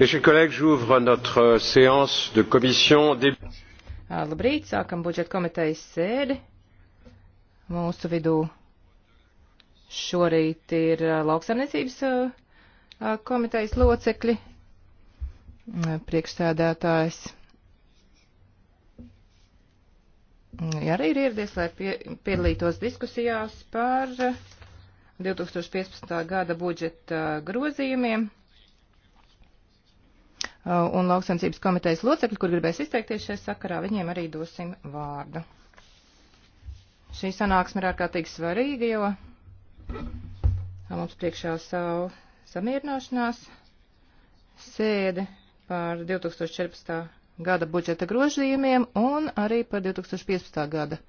Mes chers collègues, j'ouvre notre séance de commission. Ah, labrīt, sākam budžeta komitejas sēdi. Mūsu vidū šorīt ir ah, lauksaimniecības ah, komitejas locekļi, priekšsēdētājs. Mm, arī ir ieradies, lai pie, piedalītos diskusijās par 2015. gada budžeta grozījumiem. Uh, un lauksaimniecības komitejas locekļi, kur gribēs izteikties šajā sakarā, viņiem arī dosim vārdu. Šī sanāksme ir ārkārtīgi svarīga, jo uh, mums priekšā savu samierināšanās sēde par 2014. gada budžeta grozījumiem un arī par 2015. gada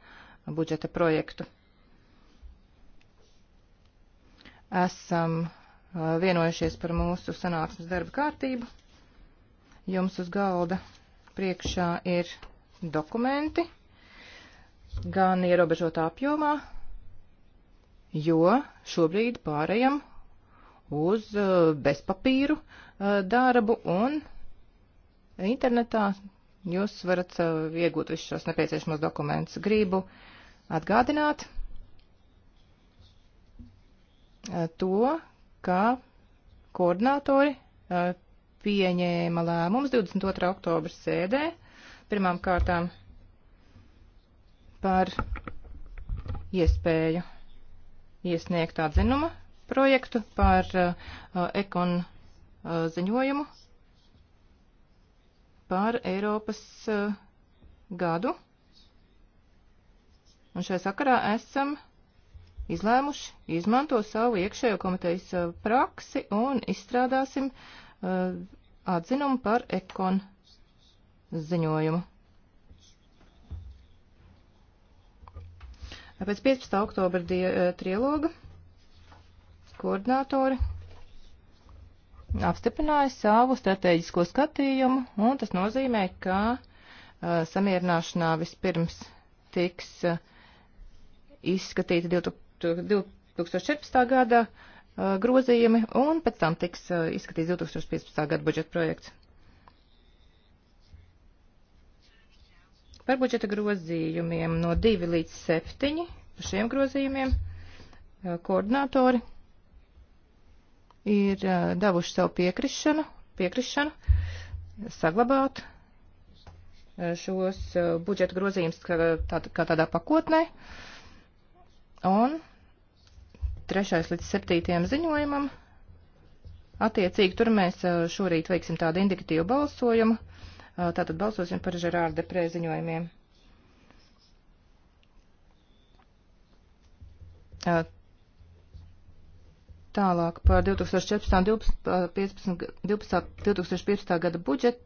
budžeta projektu. Esam uh, vienojušies par mūsu sanāksmes darba kārtību. Jums uz galda priekšā ir dokumenti, gan ierobežotā apjomā, jo šobrīd pārējam uz eh, bezpapīru eh, darbu un internetā jūs varat eh, iegūt visus šos nepieciešamos dokumentus. Gribu atgādināt to, ka koordinātori pieņēma lēmums 22. oktobra sēdē, pirmām kārtām par iespēju iesniegt atzinuma projektu par uh, ekon uh, ziņojumu par Eiropas uh, gadu. Un šajā sakarā esam izlēmuši izmanto savu iekšējo komitejas uh, praksi un izstrādāsim uh, Uh, atzinumu par ekon ziņojumu. Pēc 15. oktobra die, uh, triloga koordinātori apstiprināja savu strateģisko skatījumu, un tas nozīmē, ka uh, samierināšanā vispirms tiks uh, izskatīta 2014. gada uh, Uh, grozījumi, un pēc tam tiks uh, izskatīts 2015. gada budžeta projekts. Par budžeta grozījumiem no 2 līdz 7 par šiem grozījumiem uh, koordinātori ir devuši savu piekrišanu, piekrišanu saglabāt šos budžeta grozījumus kā, tā, kā tādā pakotnē. Un 3. līdz 7. ziņojumam. Attiecīgi tur mēs šorīt veiksim tādu indikatīvu balsojumu. Tātad balsosim par Žerārda prēziņojumiem. Tālāk par 2014. 12, 12, 2015. gada budžetu,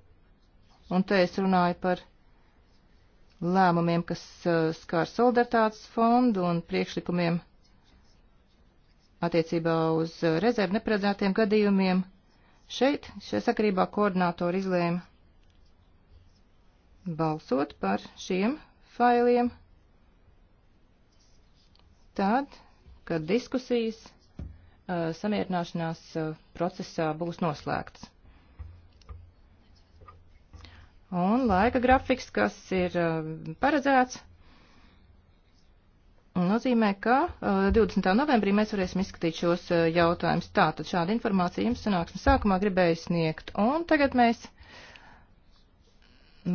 un te es runāju par lēmumiem, kas skār solidaritātes fondu un priekšlikumiem attiecībā uz uh, rezervu neparedzētiem gadījumiem. Šeit, šajā sakarībā, koordinātori izlēma balsot par šiem failiem tad, kad diskusijas uh, samierināšanās uh, procesā būs noslēgts. Un laika grafiks, kas ir uh, paredzēts, nozīmē, ka 20. Eh, novembrī mēs varēsim izskatīt šos eh, jautājumus. Tātad šāda informācija jums sanāksmes sākumā gribēju sniegt. Un tagad mēs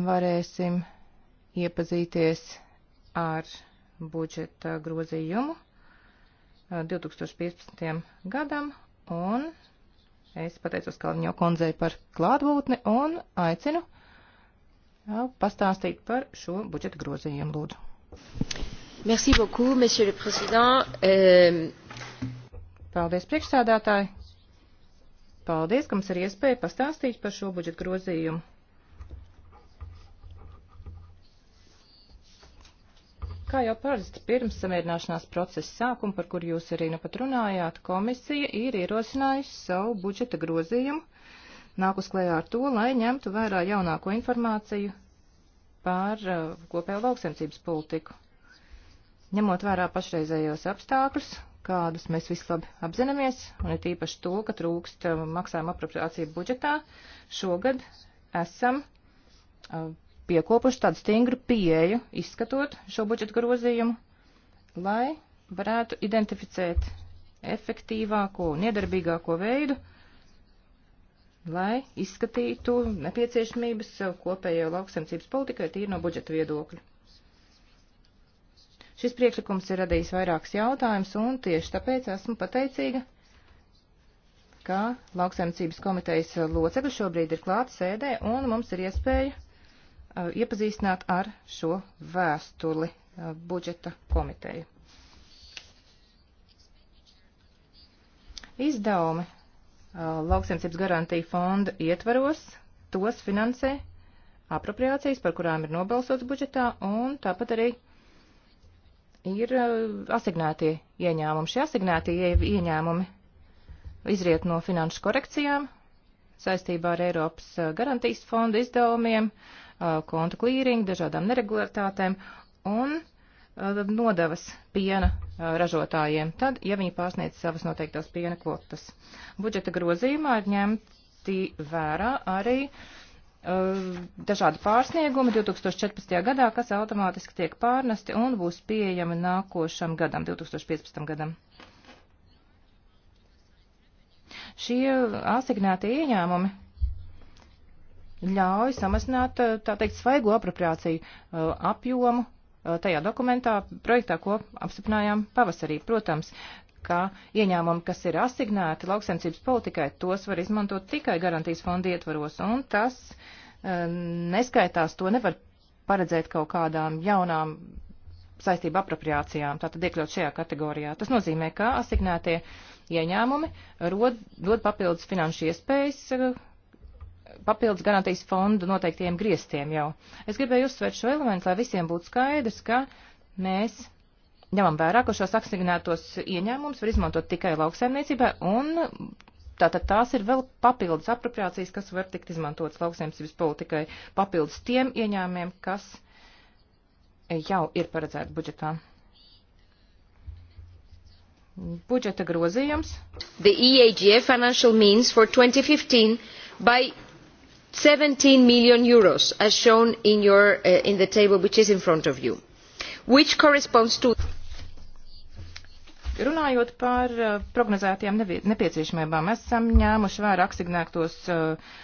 varēsim iepazīties ar budžeta grozījumu 2015. Eh, gadam. Un es pateicos Kalniņo konzei par klātbūtni un aicinu pastāstīt par šo budžeta grozījumu lūdzu. Merci beaucoup, monsieur le président. Um... Paldies, priekšsādātāji. Paldies, ka mums ir iespēja pastāstīt par šo budžeta grozījumu. Kā jau parasti pirms samierināšanās procesa sākuma, par kur jūs arī nu pat runājāt, komisija ir ierosinājusi savu budžeta grozījumu, nākus klējā ar to, lai ņemtu vērā jaunāko informāciju par uh, kopējo lauksemcības politiku. Ņemot vērā pašreizējos apstākļus, kādus mēs visi labi apzināmies, un ir tīpaši to, ka trūkst um, maksājuma apropriācija budžetā, šogad esam uh, piekopuši tādu stingru pieeju, izskatot šo budžeta grozījumu, lai varētu identificēt efektīvāko un iedarbīgāko veidu, lai izskatītu nepieciešamības uh, kopējo lauksemcības politikai tīri no budžeta viedokļa. Šis priekšlikums ir radījis vairākas jautājumas, un tieši tāpēc esmu pateicīga, ka lauksaimniecības komitejas locekļi šobrīd ir klāt sēdē, un mums ir iespēja uh, iepazīstināt ar šo vēstuli uh, budžeta komiteju. Izdevumi uh, lauksaimniecības garantija fonda ietvaros, tos finansē apropriācijas, par kurām ir nobalsots budžetā, un tāpat arī ir uh, asignētie ieņēmumi. Šie asignētie ieņēmumi izriet no finanšu korekcijām saistībā ar Eiropas uh, garantijas fonda izdevumiem, uh, kontu klīringu, dažādām neregularitātēm un nodevas piena ražotājiem, tad, ja viņi pārsniedz savas noteiktās piena kvotas. Budžeta grozījumā ir ņemti vērā arī uh, dažādi pārsniegumi 2014. gadā, kas automātiski tiek pārnesti un būs pieejami nākošam gadam, 2015. gadam. Šie asignētie ieņēmumi ļauj samazināt, tā teikt, svaigo apropriāciju apjomu tajā dokumentā, projektā, ko apstiprinājām pavasarī. Protams, ka ieņēmumi, kas ir asignēti lauksaimniecības politikai, tos var izmantot tikai garantijas fonda ietvaros, un tas eh, neskaitās, to nevar paredzēt kaut kādām jaunām saistību apropriācijām, tātad iekļaut šajā kategorijā. Tas nozīmē, ka asignētie ieņēmumi rod, dod papildus finanšu iespējas, eh, papildus garantijas fondu noteiktiem grieztiem jau. Es gribēju uzsvērt šo elementu, lai visiem būtu skaidrs, ka mēs ņemam vērā, ka šos aksignētos ieņēmumus var izmantot tikai lauksaimniecībai, un tātad tās ir vēl papildus apropriācijas, kas var tikt izmantotas lauksaimniecības politikai, papildus tiem ieņēmumiem, kas jau ir paredzēti budžetā. Budžeta grozījums. The EAGF financial means for 2015 by 17 million euros, as shown in, your, uh, in the table which is in front of you, which corresponds to Runājot par uh, prognozētajām nepieciešamībām, esam ņēmuši vērā aksignētos uh,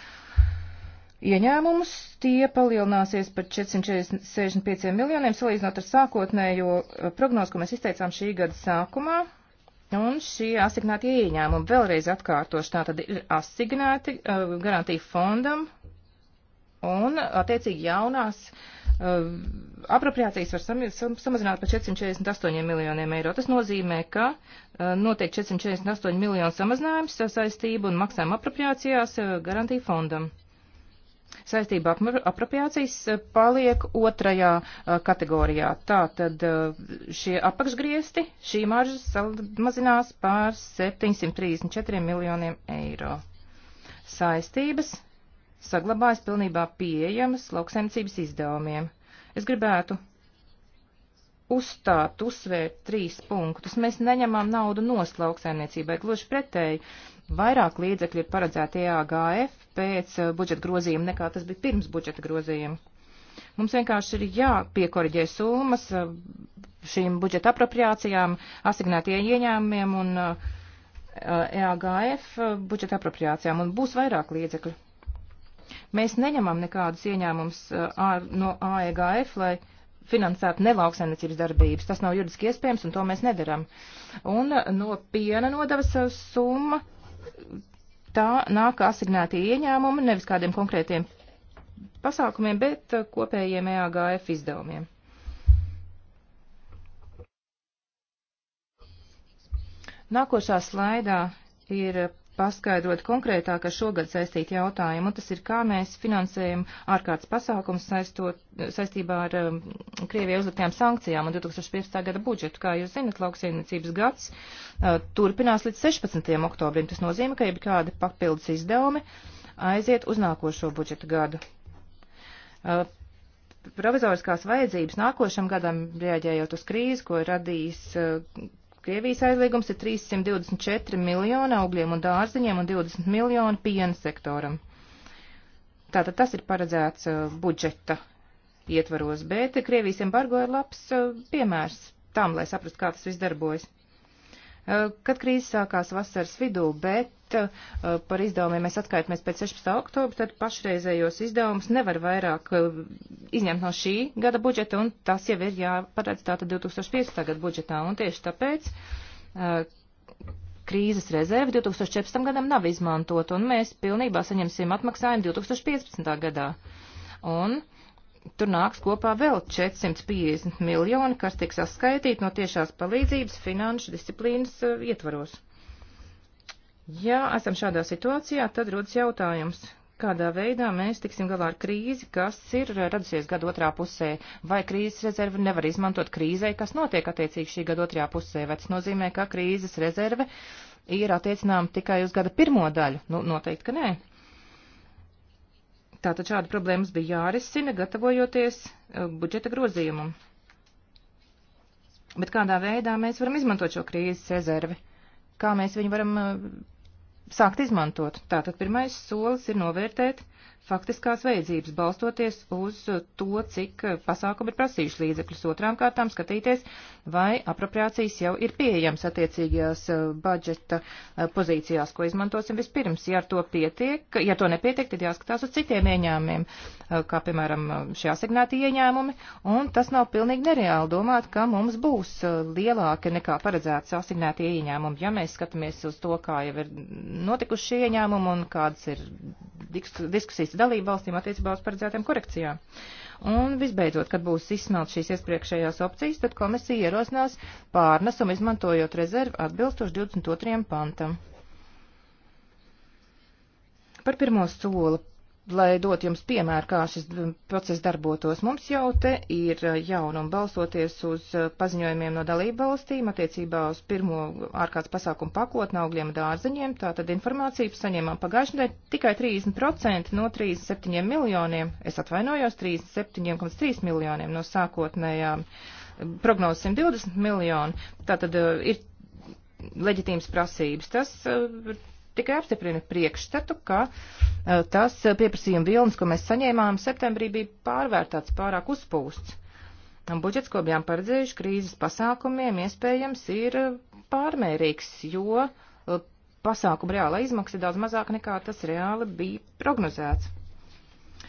ieņēmumus. Tie palielināsies par 465 miljoniem salīdzinot ar sākotnējo uh, prognozu, ko mēs izteicām šī gada sākumā. Un šie asignētie ieņēmumi vēlreiz atkārtoši tātad ir asignēti garantija fondam Un, attiecīgi, jaunās uh, apropriācijas var sam, sam, samazināt par 448 miljoniem eiro. Tas nozīmē, ka uh, notiek 448 miljonu samazinājums saistību un maksājuma apropriācijās uh, eh, garantija fondam. Saistība apropriācijas paliek otrajā kategorijā. Tātad šie apakšgriesti, šī marža samazinās pār 734 miljoniem eiro. Saistības saglabājas pilnībā pieejamas lauksaimniecības izdevumiem. Es gribētu uzstāt, uzsvērt trīs punktus. Mēs neņemam naudu nost lauksaimniecībai, gluži pretēji. Vairāk līdzekļu ir paredzēti EAGF pēc eh, budžeta grozījuma nekā tas bija pirms budžeta grozījuma. Mums vienkārši ir jāpiekoriģē summas eh, šīm budžeta apropriācijām, asignētajiem ieņēmumiem un EAGF eh, e budžeta apropriācijām, un būs vairāk līdzekļu. Mēs neņemam nekādus ieņēmumus uh, no AEGF, lai finansētu nelauksaimniecības darbības. Tas nav juridiski iespējams, un to mēs nedaram. Un uh, no piena nodevas uh, summa tā nāk asignētie ieņēmumi nevis kādiem konkrētiem pasākumiem, bet kopējiem EAGF izdevumiem. Nākošā slaidā ir paskaidrot konkrētāk ar šogad saistītu jautājumu, un tas ir, kā mēs finansējam ārkārtas pasākums saistot, saistībā ar um, Krievijai uzliktajām sankcijām un 2015. gada budžetu. Kā jūs zinat, lauksainicības gads uh, turpinās līdz 16. oktobrim. Tas nozīmē, ka ir kādi papildus izdevumi aiziet uz nākošo budžeta gadu. Uh, provizoriskās vajadzības nākošam gadam, rēģējot uz krīzi, ko radīs uh, Krievijas aizliegums ir 324 miljoni augļiem un dārziņiem un 20 miljoni piena sektoram. Tātad tas ir paredzēts uh, budžeta ietvaros, bet Krievijas embargo ir labs uh, piemērs tam, lai saprastu, kā tas viss darbojas. Eh, kad krīze sākās vasaras vidū, bet eh, par izdevumiem mēs atskaitamies pēc 16. oktobra, tad pašreizējos izdevumus nevar vairāk eh, izņemt no šī gada budžeta, un tas jau ir jāparedz tātad 2015. gada budžetā, un tieši tāpēc krīzes rezerve 2014. gadam nav izmantota, un mēs pilnībā saņemsim atmaksājumu 2015. gadā. Un uh, tur nāks kopā vēl 450 miljoni, kas tiks saskaitīti no tiešās palīdzības finanšu disciplīnas uh, ietvaros. Ja esam šādā situācijā, tad rodas jautājums, kādā veidā mēs tiksim galā ar krīzi, kas ir eh, radusies gada otrā pusē, vai krīzes rezerve nevar izmantot krīzei, kas notiek attiecīgi šī gada otrajā pusē, vai tas nozīmē, ka krīzes rezerve ir attiecināma tikai uz gada pirmo daļu? Nu, noteikti, ka nē. Uh, Tātad šāda problēmas bija jārisina, gatavojoties eh, budžeta grozījumam. Bet kādā veidā mēs varam izmantot šo krīzes rezervi? Kā mēs viņu varam eh, sākt izmantot? Tātad pirmais solis ir novērtēt uh, faktiskās vajadzības, balstoties uz to, cik pasākumi ir prasījuši līdzekļus. Otrām kārtām skatīties, vai apropriācijas jau ir pieejams attiecīgajās eh, budžeta eh, pozīcijās, ko izmantosim vispirms. Ja ar to pietiek, ja to nepietiek, tad jāskatās uz citiem ieņēmumiem, eh, kā piemēram šie asignēti ieņēmumi, un tas nav pilnīgi nereāli domāt, ka mums būs lielāki nekā paredzēts asignēti ieņēmumi, ja mēs skatāmies uz to, kā jau ir notikuši šie ieņēmumi un kādas ir diskusijas dalību valstīm attiecībā uz paredzētām korekcijām. Un visbeidzot, kad būs izsmelt šīs iespriekšējās opcijas, tad komisija ierosinās pārnesumu izmantojot rezervu atbilstoši 22. pantam. Par pirmo soli lai dot jums piemēru, kā šis process darbotos. Mums jau te ir uh, jaunumi balsoties uz uh, paziņojumiem no dalību valstīm attiecībā uz pirmo ārkārtas pasākumu pakotni augļiem dārzeņiem. Tātad informāciju saņēmām pagājušajā nedēļā tikai 30% no 37 miljoniem, es atvainojos, 37,3 miljoniem no sākotnējām uh, prognozes 120 miljonu. Tātad ir leģitīmas prasības. Tas tikai apstiprina priekšstatu, ka uh, tas pieprasījuma vilnis, ko mēs saņēmām septembrī, bija pārvērtāts pārāk uzpūsts. Budžets, ko bijām paredzējuši krīzes pasākumiem, iespējams, ir pārmērīgs, jo e, pasākumu reāla izmaksa ir daudz mazāk nekā tas reāli bija prognozēts.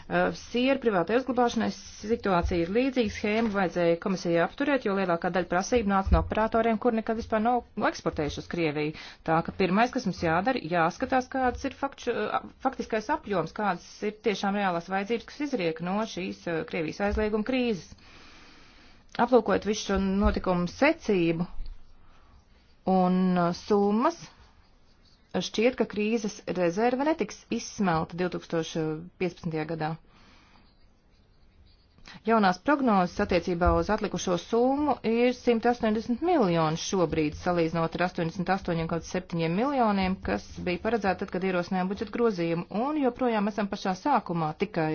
Uh, Sieru privātai uzglabāšanai situācija ir līdzīga. Schēmu vajadzēja komisijai apturēt, jo lielākā daļa prasību nāca no operatoriem, kur nekad vispār nav eksportējuši uz Krieviju. Tā ka pirmais, kas mums jādara, jāskatās, kāds ir faktu, uh, faktiskais apjoms, kādas ir tiešām reālās vajadzības, kas izriek no šīs uh, Krievijas aizlieguma krīzes. Aplūkojot visu šo notikumu secību un summas, šķiet, ka krīzes rezerve netiks izsmelta 2015. gadā. Jaunās prognozes attiecībā uz atlikušo summu ir 180 miljoni šobrīd, salīdzinot ar 88,7 miljoniem, kas bija paredzēta tad, kad ierosinājām budžeta grozījumu, un joprojām esam pašā sākumā tikai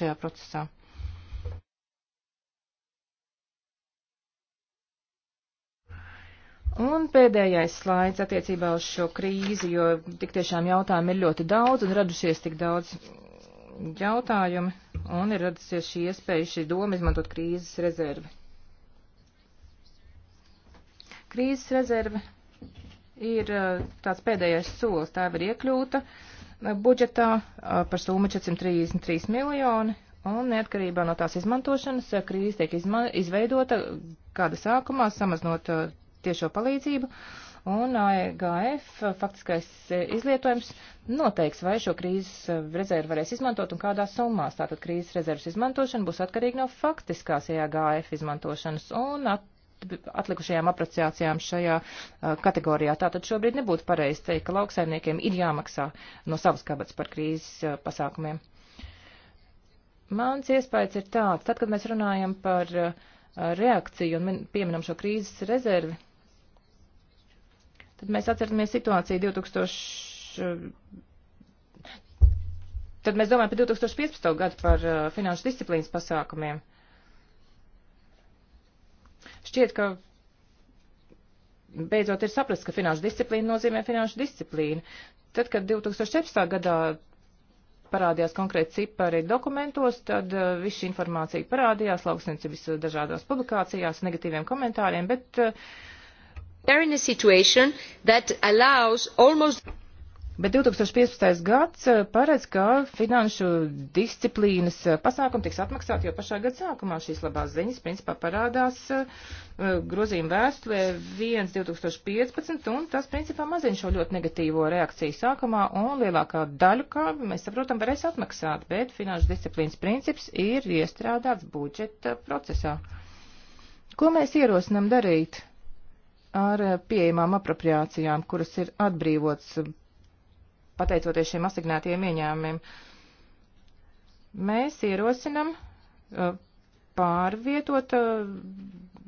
šajā procesā. Un pēdējais slaids attiecībā uz šo krīzi, jo tik tiešām jautājumu ir ļoti daudz un radušies tik daudz jautājumi un ir radusies šī iespēja, šī doma izmantot krīzes rezervi. Krīzes rezerve ir tāds pēdējais solis, tā jau ir iekļūta budžetā par summu 433 miljoni un neatkarībā no tās izmantošanas krīze tiek izma izveidota gada sākumā, samaznot tiešo palīdzību, un AGF e eh, faktiskais eh, izlietojums noteiks, vai šo krīzes eh, rezervu varēs izmantot un kādās summās. Tātad krīzes rezervas izmantošana būs atkarīga no faktiskās AGF e izmantošanas un at atlikušajām apreciācijām šajā uh, kategorijā. Tātad šobrīd nebūtu pareizi teikt, ka lauksaimniekiem ir jāmaksā no savas kabatas par krīzes uh, pasākumiem. Mans iespējas ir tāds, tad, kad mēs runājam par uh, reakciju un pieminam šo krīzes rezervi, tad mēs atceramies situāciju 2000. Tad mēs domājam par 2015. gadu par uh, finanšu disciplīnas pasākumiem. Šķiet, ka beidzot ir saprast, ka finanšu disciplīna nozīmē finanšu disciplīnu. Tad, kad 2017. gadā parādījās konkrēti cipari dokumentos, tad uh, viss šī informācija parādījās lauksniecības uh, dažādās publikācijās, negatīviem komentāriem, bet uh, are in a situation that allows almost Bet 2015. gads eh, paredz, ka finanšu disciplīnas eh, pasākumi tiks atmaksāti jau pašā gada sākumā. Šīs labās ziņas principā parādās eh, grozījuma vēstulē 1 2015, un tas principā mazina šo ļoti negatīvo reakciju sākumā, un lielākā daļa, kā mēs saprotam, varēs atmaksāt, bet finanšu disciplīnas princips ir iestrādāts budžeta procesā. Ko mēs ierosinam darīt? ar eh, pieejamām apropriācijām, kuras ir atbrīvots eh, pateicoties šiem asignētajiem ieņēmumiem. Mēs ierosinam eh, pārvietot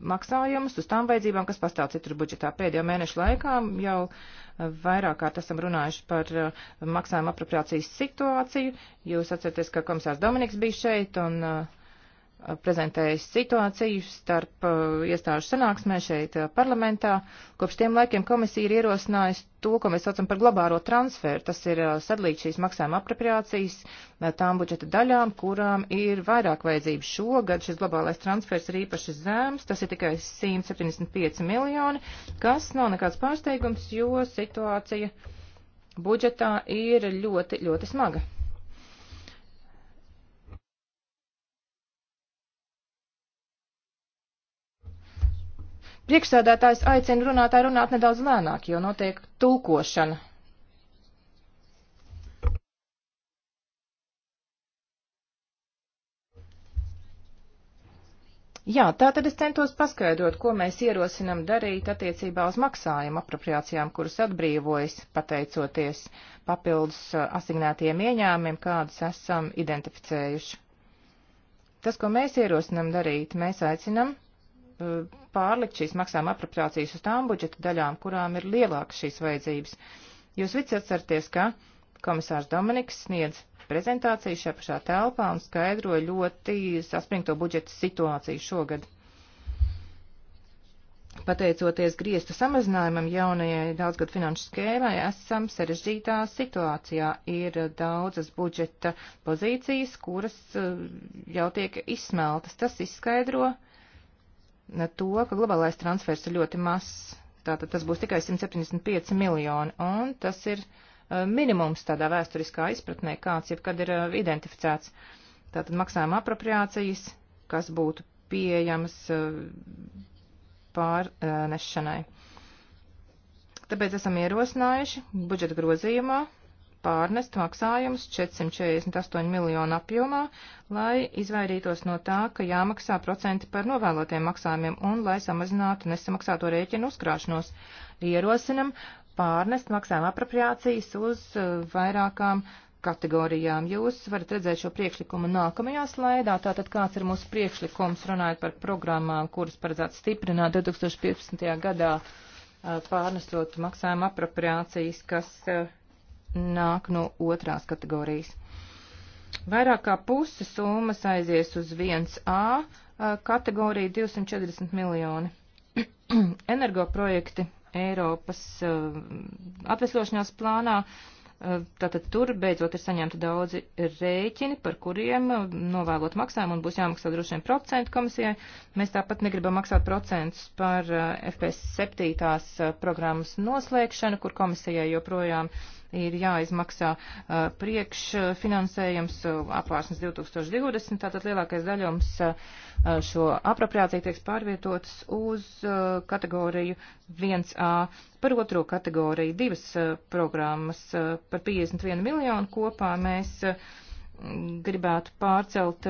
maksājumus uz tām vajadzībām, kas pastāv citur budžetā. Pēdējo mēnešu laikā jau vairāk kārt esam runājuši par maksājuma apropriācijas situāciju. Jūs atceraties, ka komisārs Dominiks bija šeit un uh, prezentējis situāciju starp uh, iestāžu sanāksmē šeit uh, parlamentā. Kopš tiem laikiem komisija ir ierosinājusi to, ko mēs saucam par globālo transferu. Tas ir uh, sadalīt šīs maksājuma apropriācijas uh, tām budžeta daļām, kurām ir vairāk vajadzības šogad. Šis globālais transfers ir īpaši zēms, tas ir tikai 175 miljoni, kas nav nekāds pārsteigums, jo situācija budžetā ir ļoti, ļoti smaga. Priekšsēdētājs aicina runātāju runāt nedaudz lēnāk, jo notiek tulkošana. Jā, tā tad es centos paskaidrot, ko mēs ierosinam darīt attiecībā uz maksājumu apropriācijām, kuras atbrīvojas pateicoties papildus uh, asignētiem ieņēmumiem, kādus esam identificējuši. Tas, ko mēs ierosinam darīt, mēs aicinam Eh, pārlikt šīs maksām apropriācijas uz tām budžeta daļām, kurām ir lielākas šīs vajadzības. Jūs visi atcerieties, ka komisārs Dominiks sniedz prezentāciju šajā pašā telpā un skaidroja ļoti saspringto budžeta situāciju šogad. Pateicoties griestu samazinājumam jaunajai daudzgad finanšu skēmai, esam sarežģītā situācijā. Ir daudzas budžeta pozīcijas, kuras eh, jau tiek izsmeltas. Tas izskaidro to, ka globālais transfers ir ļoti mazs. Tātad tas būs tikai 175 miljoni, un tas ir eh, minimums tādā vēsturiskā izpratnē, kāds jebkad ir eh, identificēts. Tātad maksājuma apropriācijas, kas būtu pieejamas eh, pārnešanai. Tāpēc esam ierosinājuši budžeta grozījumā pārnest maksājumus 448 miljonu apjomā, lai izvairītos no tā, ka jāmaksā procenti par novēlotiem maksājumiem un lai samazinātu nesamaksāto rēķinu uzkrāšanos. Ierosinam pārnest maksājuma apropriācijas uz eh, vairākām kategorijām. Jūs varat redzēt šo priekšlikumu nākamajā slaidā. Tātad kāds ir mūsu priekšlikums runājot par programmām, kuras paredzētu stiprināt 2015. gadā eh, pārnestot maksājuma apropriācijas, kas uh, nāk no otrās kategorijas. Vairāk kā puse summas aizies uz 1A kategoriju 240 miljoni. Energoprojekti Eiropas uh, atvesļošanās plānā. Uh, tātad tur beidzot ir saņemti daudzi rēķini, par kuriem uh, novēlot maksājumu un būs jāmaksā droši vien procentu komisijai. Mēs tāpat negribam maksāt procentus par FPS 7. programmas noslēgšanu, kur komisijai joprojām ir jāizmaksā uh, priekšfinansējums uh, apvārsnes 2020, tātad lielākais daļums uh, šo apropriāciju tiek pārvietotas uz kategoriju 1A. Par otro kategoriju divas programmas par 51 miljonu kopā mēs gribētu pārcelt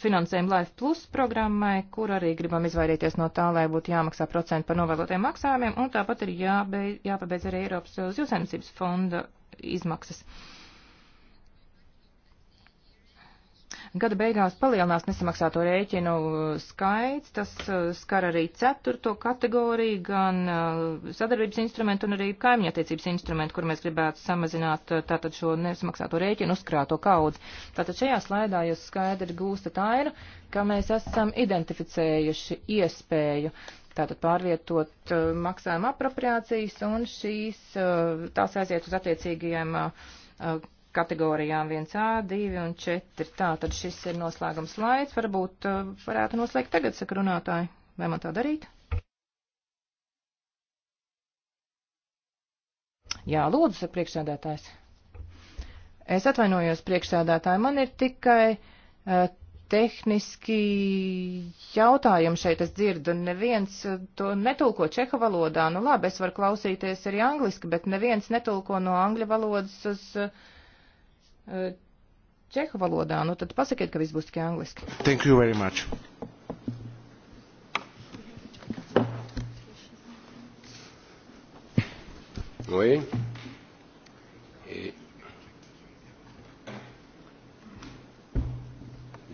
finansējumu Life Plus programmai, kur arī gribam izvairīties no tā, lai būtu jāmaksā procenti par novēlotiem maksājumiem, un tāpat ir jābeidz, jāpabeidz arī Eiropas zivsaimniecības fonda izmaksas. Uh, Gada beigās palielinās nesamaksāto rēķinu uh, skaits, tas uh, skar arī ceturto kategoriju, gan uh, sadarbības instrumentu un arī kaimiņattiecības instrumentu, kur mēs gribētu samazināt tātad šo nesamaksāto rēķinu uzkrāto kaudzi. Tātad šajā slaidā jūs skaidri gūstat ainu, ka mēs esam identificējuši iespēju tātad pārvietot uh, maksājuma apropriācijas un šīs, uh, tās aiziet uz attiecīgajiem uh, kategorijām 1A, 2 un 4. Tā tad šis ir noslēgums slaids. Varbūt uh, varētu noslēgt tagad, saka runātāji. Vai man tā darīt? Jā, lūdzu, saka priekšsēdētājs. Es atvainojos priekšsēdētāji, man ir tikai uh, tehniski jautājumi šeit es dzirdu, neviens uh, to netulko čeha valodā. Nu labi, es varu klausīties arī angliski, bet neviens netulko no angļu valodas uz. Uh, Eh, čehu valodā, nu tad pasakiet, ka viss būs tikai angliski. Thank you very much. Oui. Et... Eh,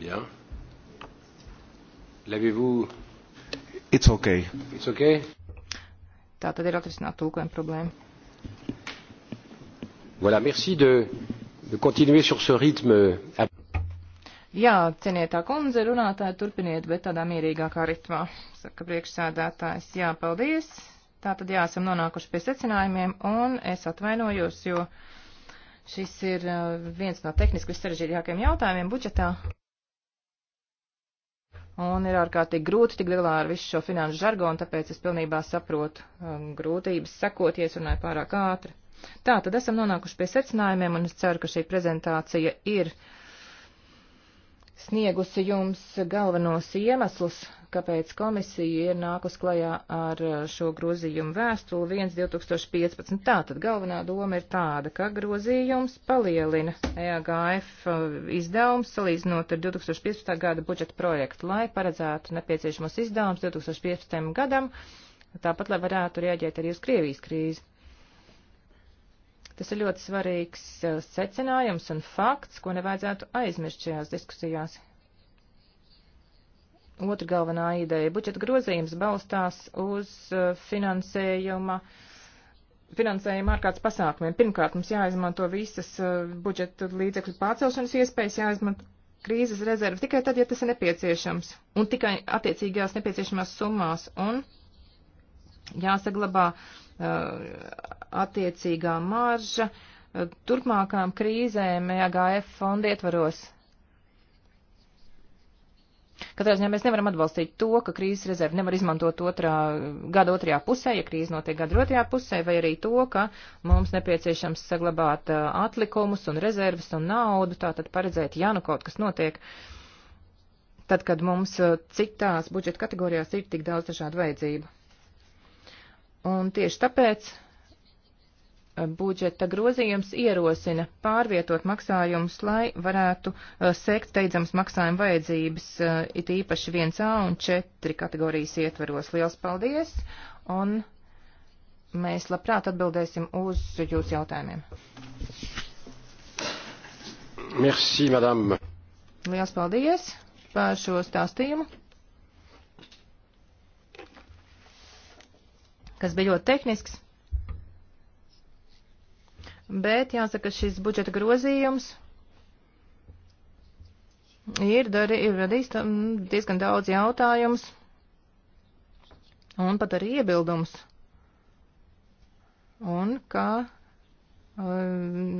bien. L'avez-vous It's okay. It's okay. Tā tad ir atrisināt tulkojuma problēma. Voilà, merci de de continuer sur ce rythme. Euh, jā, cienītā kundze, runātāji, turpiniet, bet tādā mierīgākā ritmā, saka priekšsēdētājs. Jā, paldies. Tā tad jā, esam nonākuši pie secinājumiem, un es atvainojos, jo šis ir uh, viens no tehniski sarežģītākajiem jautājumiem budžetā. Un ir ārkārtīgi grūti tik galā ar visu šo finanšu žargonu, tāpēc es pilnībā saprotu um, grūtības sekot, ja es runāju pārāk ātri. Tā, tad esam nonākuši pie secinājumiem, un es ceru, ka šī prezentācija ir sniegusi jums galvenos iemeslus, kāpēc komisija ir nākus klajā ar eh, šo grozījumu vēstuli 1.2015. Tātad galvenā doma ir tāda, ka grozījums palielina EAGF eh, izdevums salīdzinot ar 2015. gada budžeta projektu, lai paredzētu nepieciešamos izdevumus 2015. gadam, tāpat, lai varētu rēģēt arī uz Krievijas krīzi. Tas ir ļoti svarīgs uh, secinājums un fakts, ko nevajadzētu aizmirst šajās diskusijās. Otra galvenā ideja - budžeta grozījums balstās uz uh, finansējuma finansējuma ārkārtas pasākumiem. Pirmkārt, mums jāizmanto visas uh, budžeta līdzekļu pārcelšanas iespējas, jāizmanto krīzes rezerve tikai tad, ja tas ir nepieciešams, un tikai attiecīgajās nepieciešamās summās, un jāsaglabā Uh, attiecīgā marža uh, turpmākām krīzēm EAGF fonda ietvaros. Katrā ziņā mēs nevaram atbalstīt to, ka krīzes rezervi nevar izmantot otrā, gada otrajā pusē, ja krīze notiek gada otrajā pusē, vai arī to, ka mums nepieciešams saglabāt uh, atlikumus un rezerves un naudu, tātad paredzēt, ja nu kaut kas notiek, tad, kad mums citās budžeta kategorijās ir tik daudz dažādu vajadzību. Un tieši tāpēc eh, budžeta grozījums ierosina pārvietot maksājumus, lai varētu uh, sekt steidzams maksājuma vajadzības, uh, it īpaši 1A un 4 kategorijas ietveros. Liels paldies! Un mēs labprāt atbildēsim uz jūsu jautājumiem. Merci, madame! Liels paldies par šo stāstījumu! kas bija ļoti tehnisks. Bet jāsaka, šis budžeta grozījums ir, darī, ir radījis diezgan daudz jautājumus un pat arī iebildums. Un kā uh,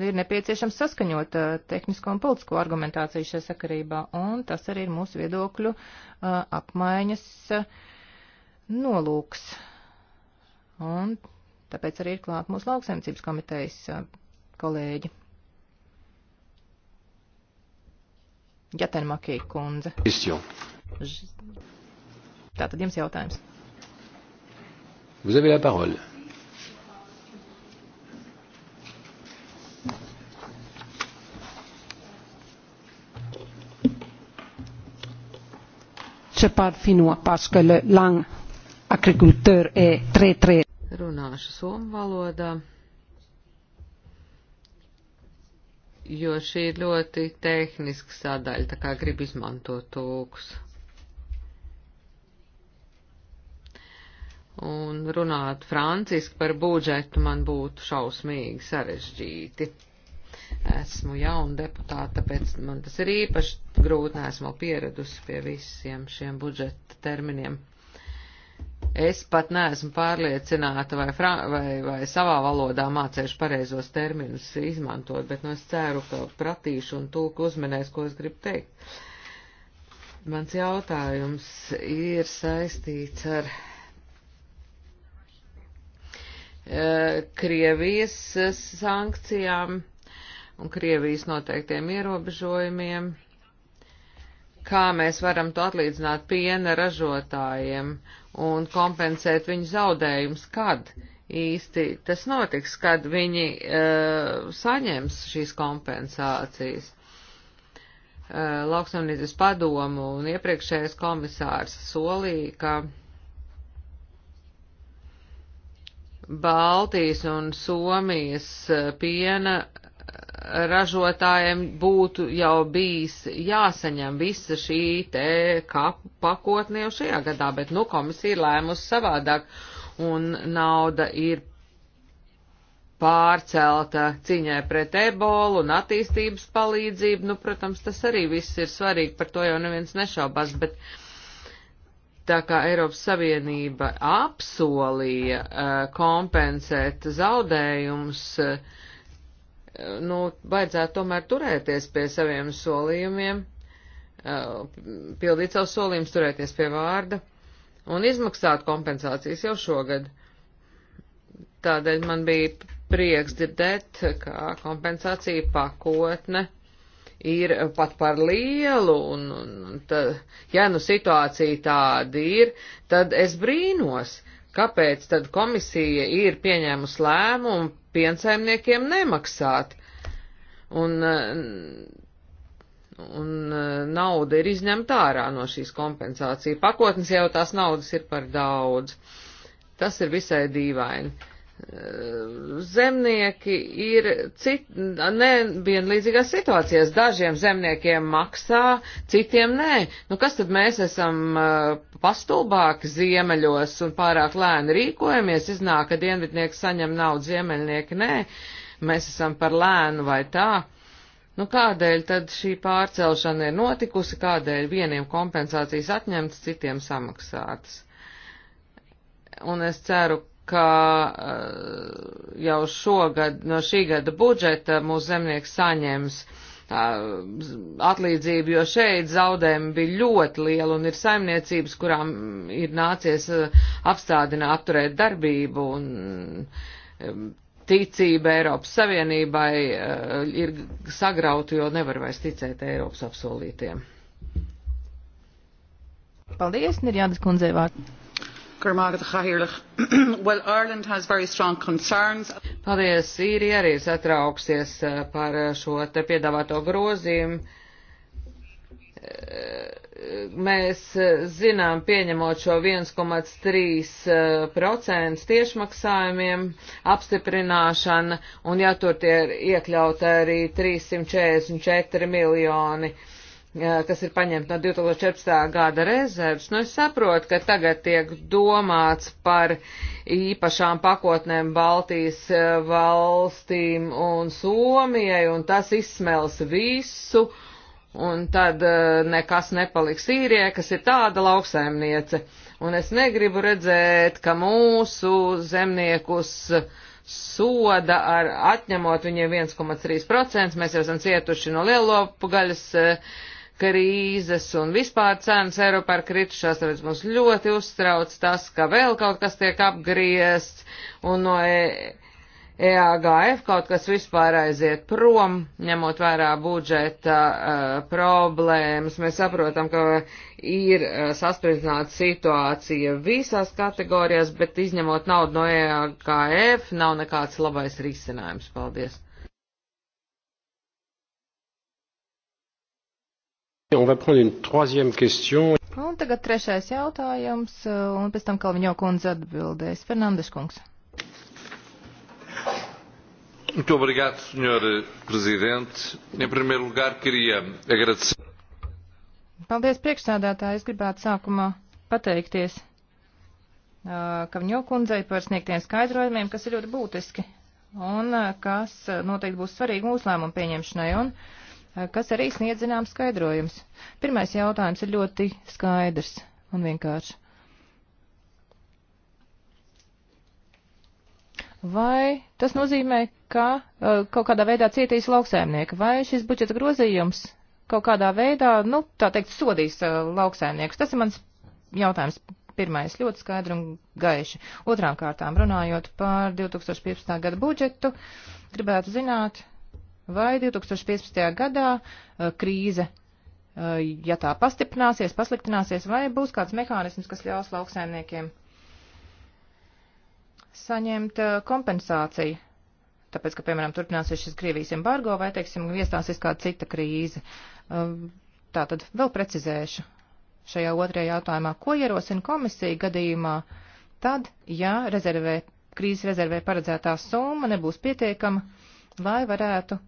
ir nepieciešams saskaņot uh, tehnisko un politisko argumentāciju šajā sakarībā, un tas arī ir mūsu viedokļu uh, apmaiņas nolūks. Un tāpēc arī ir klāt mūsu lauksaimniecības komitejas kolēģi. Jatenmakī kundze. Tātad jums jautājums. Vous avez la parole. Je parle finnois parce que le langue agriculteur est très très. Runāšu somu valodā, jo šī ir ļoti tehniska sadaļa, tā kā grib izmantot tūks. Un runāt franciski par budžetu man būtu šausmīgi sarežģīti esmu jauna deputāta, tāpēc man tas ir īpaši grūti, neesmu pieradusi pie visiem šiem budžeta terminiem. Es pat neesmu pārliecināta, vai, fra, vai, vai savā valodā mācēšu pareizos terminus izmantot, bet nu, es ceru, ka pratīšu un tūku uzminēs, ko es gribu teikt. Mans jautājums ir saistīts ar uh, Krievijas sankcijām un Krievijas noteiktiem ierobežojumiem kā mēs varam to atlīdzināt piena ražotājiem un kompensēt viņu zaudējumus, kad īsti tas notiks, kad viņi uh, saņems šīs kompensācijas. Uh, Lauksaimniecības padomu un iepriekšējais komisārs solīja, ka Baltijas un Somijas eh, piena ražotājiem būtu jau bijis jāsaņem visa šī te pakotnie jau šajā gadā, bet nu komisija ir lēmusi savādāk un nauda ir pārcelta ciņai pret ebolu un attīstības palīdzību. Nu, protams, tas arī viss ir svarīgi, par to jau neviens nešaubās, bet tā kā Eiropas Savienība apsolīja uh, kompensēt zaudējumus, uh, nu, baidzētu tomēr turēties pie saviem solījumiem, pildīt savus solījumus, turēties pie vārda un izmaksāt kompensācijas jau šogad. Tādēļ man bija prieks dzirdēt, ka kompensācija pakotne ir pat par lielu, un, un tad, ja nu situācija tāda ir, tad es brīnos, kāpēc tad komisija ir pieņēmusi lēmumu piensaimniekiem nemaksāt. Un, eh, un eh, nauda ir izņemta ārā no šīs kompensācija pakotnes, jau tās naudas ir par daudz. Tas ir visai dīvaini. Eh, zemnieki ir cit, nevienlīdzīgās situācijās. Dažiem zemniekiem maksā, citiem nē. Nu, kas tad mēs esam eh, pastulbāki ziemeļos un pārāk lēni rīkojamies? Iznāk, ka dienvidnieki saņem naudu, ziemeļnieki nē. Mēs esam par lēnu vai tā. Nu, kādēļ tad šī pārcelšana ir notikusi, kādēļ vieniem kompensācijas atņemtas, citiem samaksātas? Un es ceru, ka eh, jau šogad no šī gada budžeta mūsu zemnieks saņems eh, atlīdzību, jo šeit zaudējumi bija ļoti lieli un ir saimniecības, kurām ir nācies eh, apstādināt, apturēt darbību un ticība Eiropas Savienībai ir sagrauta, jo nevar vairs ticēt Eiropas apsolītiem. Paldies, Nirjādas kundzei vārdu. Well, Ireland has very strong concerns. Paldies, Sīrija arī satrauksies eh, par eh, šo te piedāvāto grozījumu. Eh, mēs zinām, pieņemot šo 1,3% tiešmaksājumiem apstiprināšana, un ja tur tie ir iekļauta arī 344 miljoni uh, kas ir paņemta no 2014. gada rezerves. Nu, es saprotu, ka tagad tiek domāts par īpašām pakotnēm Baltijas eh, valstīm un Somijai, un tas izsmels visu, un tad eh, nekas nepaliks īrie, kas ir tāda lauksaimniece. Un es negribu redzēt, ka mūsu zemniekus soda ar atņemot viņiem 1,3%. Mēs jau esam cietuši no lielopu gaļas uh, krīzes un vispār cenas Eiropā ir kritušās, tāpēc mums ļoti uztrauc tas, ka vēl kaut kas tiek apgriezts un no EAGF e kaut kas vispār aiziet prom, ņemot vērā budžeta uh, problēmas. Mēs saprotam, ka ir uh, sasprindzināta situācija visās kategorijās, bet izņemot naudu no EAGF nav nekāds labais risinājums. Paldies! Un tagad trešais jautājums, un pēc tam Kalviņo kundze atbildēs. Fernandes kungs. Muito obrigado, Sr. Presidente. Em primeiro lugar, queria agradecer. Paldies, priekšsādātāji. Es gribētu sākumā pateikties uh, Kavņo kundzei par sniegtiem skaidrojumiem, kas ir ļoti būtiski un uh, kas noteikti būs svarīgi mūsu lēmumu pieņemšanai. Un, uh, Eh, kas arī sniedz zinām skaidrojums. Pirmais jautājums ir ļoti skaidrs un vienkārši. Vai tas nozīmē, ka eh, kaut kādā veidā cietīs lauksēmnieki, vai šis budžeta grozījums kaut kādā veidā, nu, tā teikt, sodīs eh, lauksēmniekus? Tas ir mans jautājums pirmais ļoti skaidri un gaiši. Otrām kārtām runājot par 2015. gada budžetu, gribētu zināt, vai 2015. gadā uh, krīze, uh, ja tā pastiprināsies, pasliktināsies, vai būs kāds mehānisms, kas ļaus lauksaimniekiem saņemt uh, kompensāciju. Tāpēc, ka, piemēram, turpināsies šis Krievijas embargo vai, teiksim, iestāsies kāda cita krīze. Um, tā tad vēl precizēšu šajā otrajā jautājumā, ko ierosina komisija gadījumā tad, ja rezervē, krīzes rezervē paredzētā summa nebūs pietiekama, lai varētu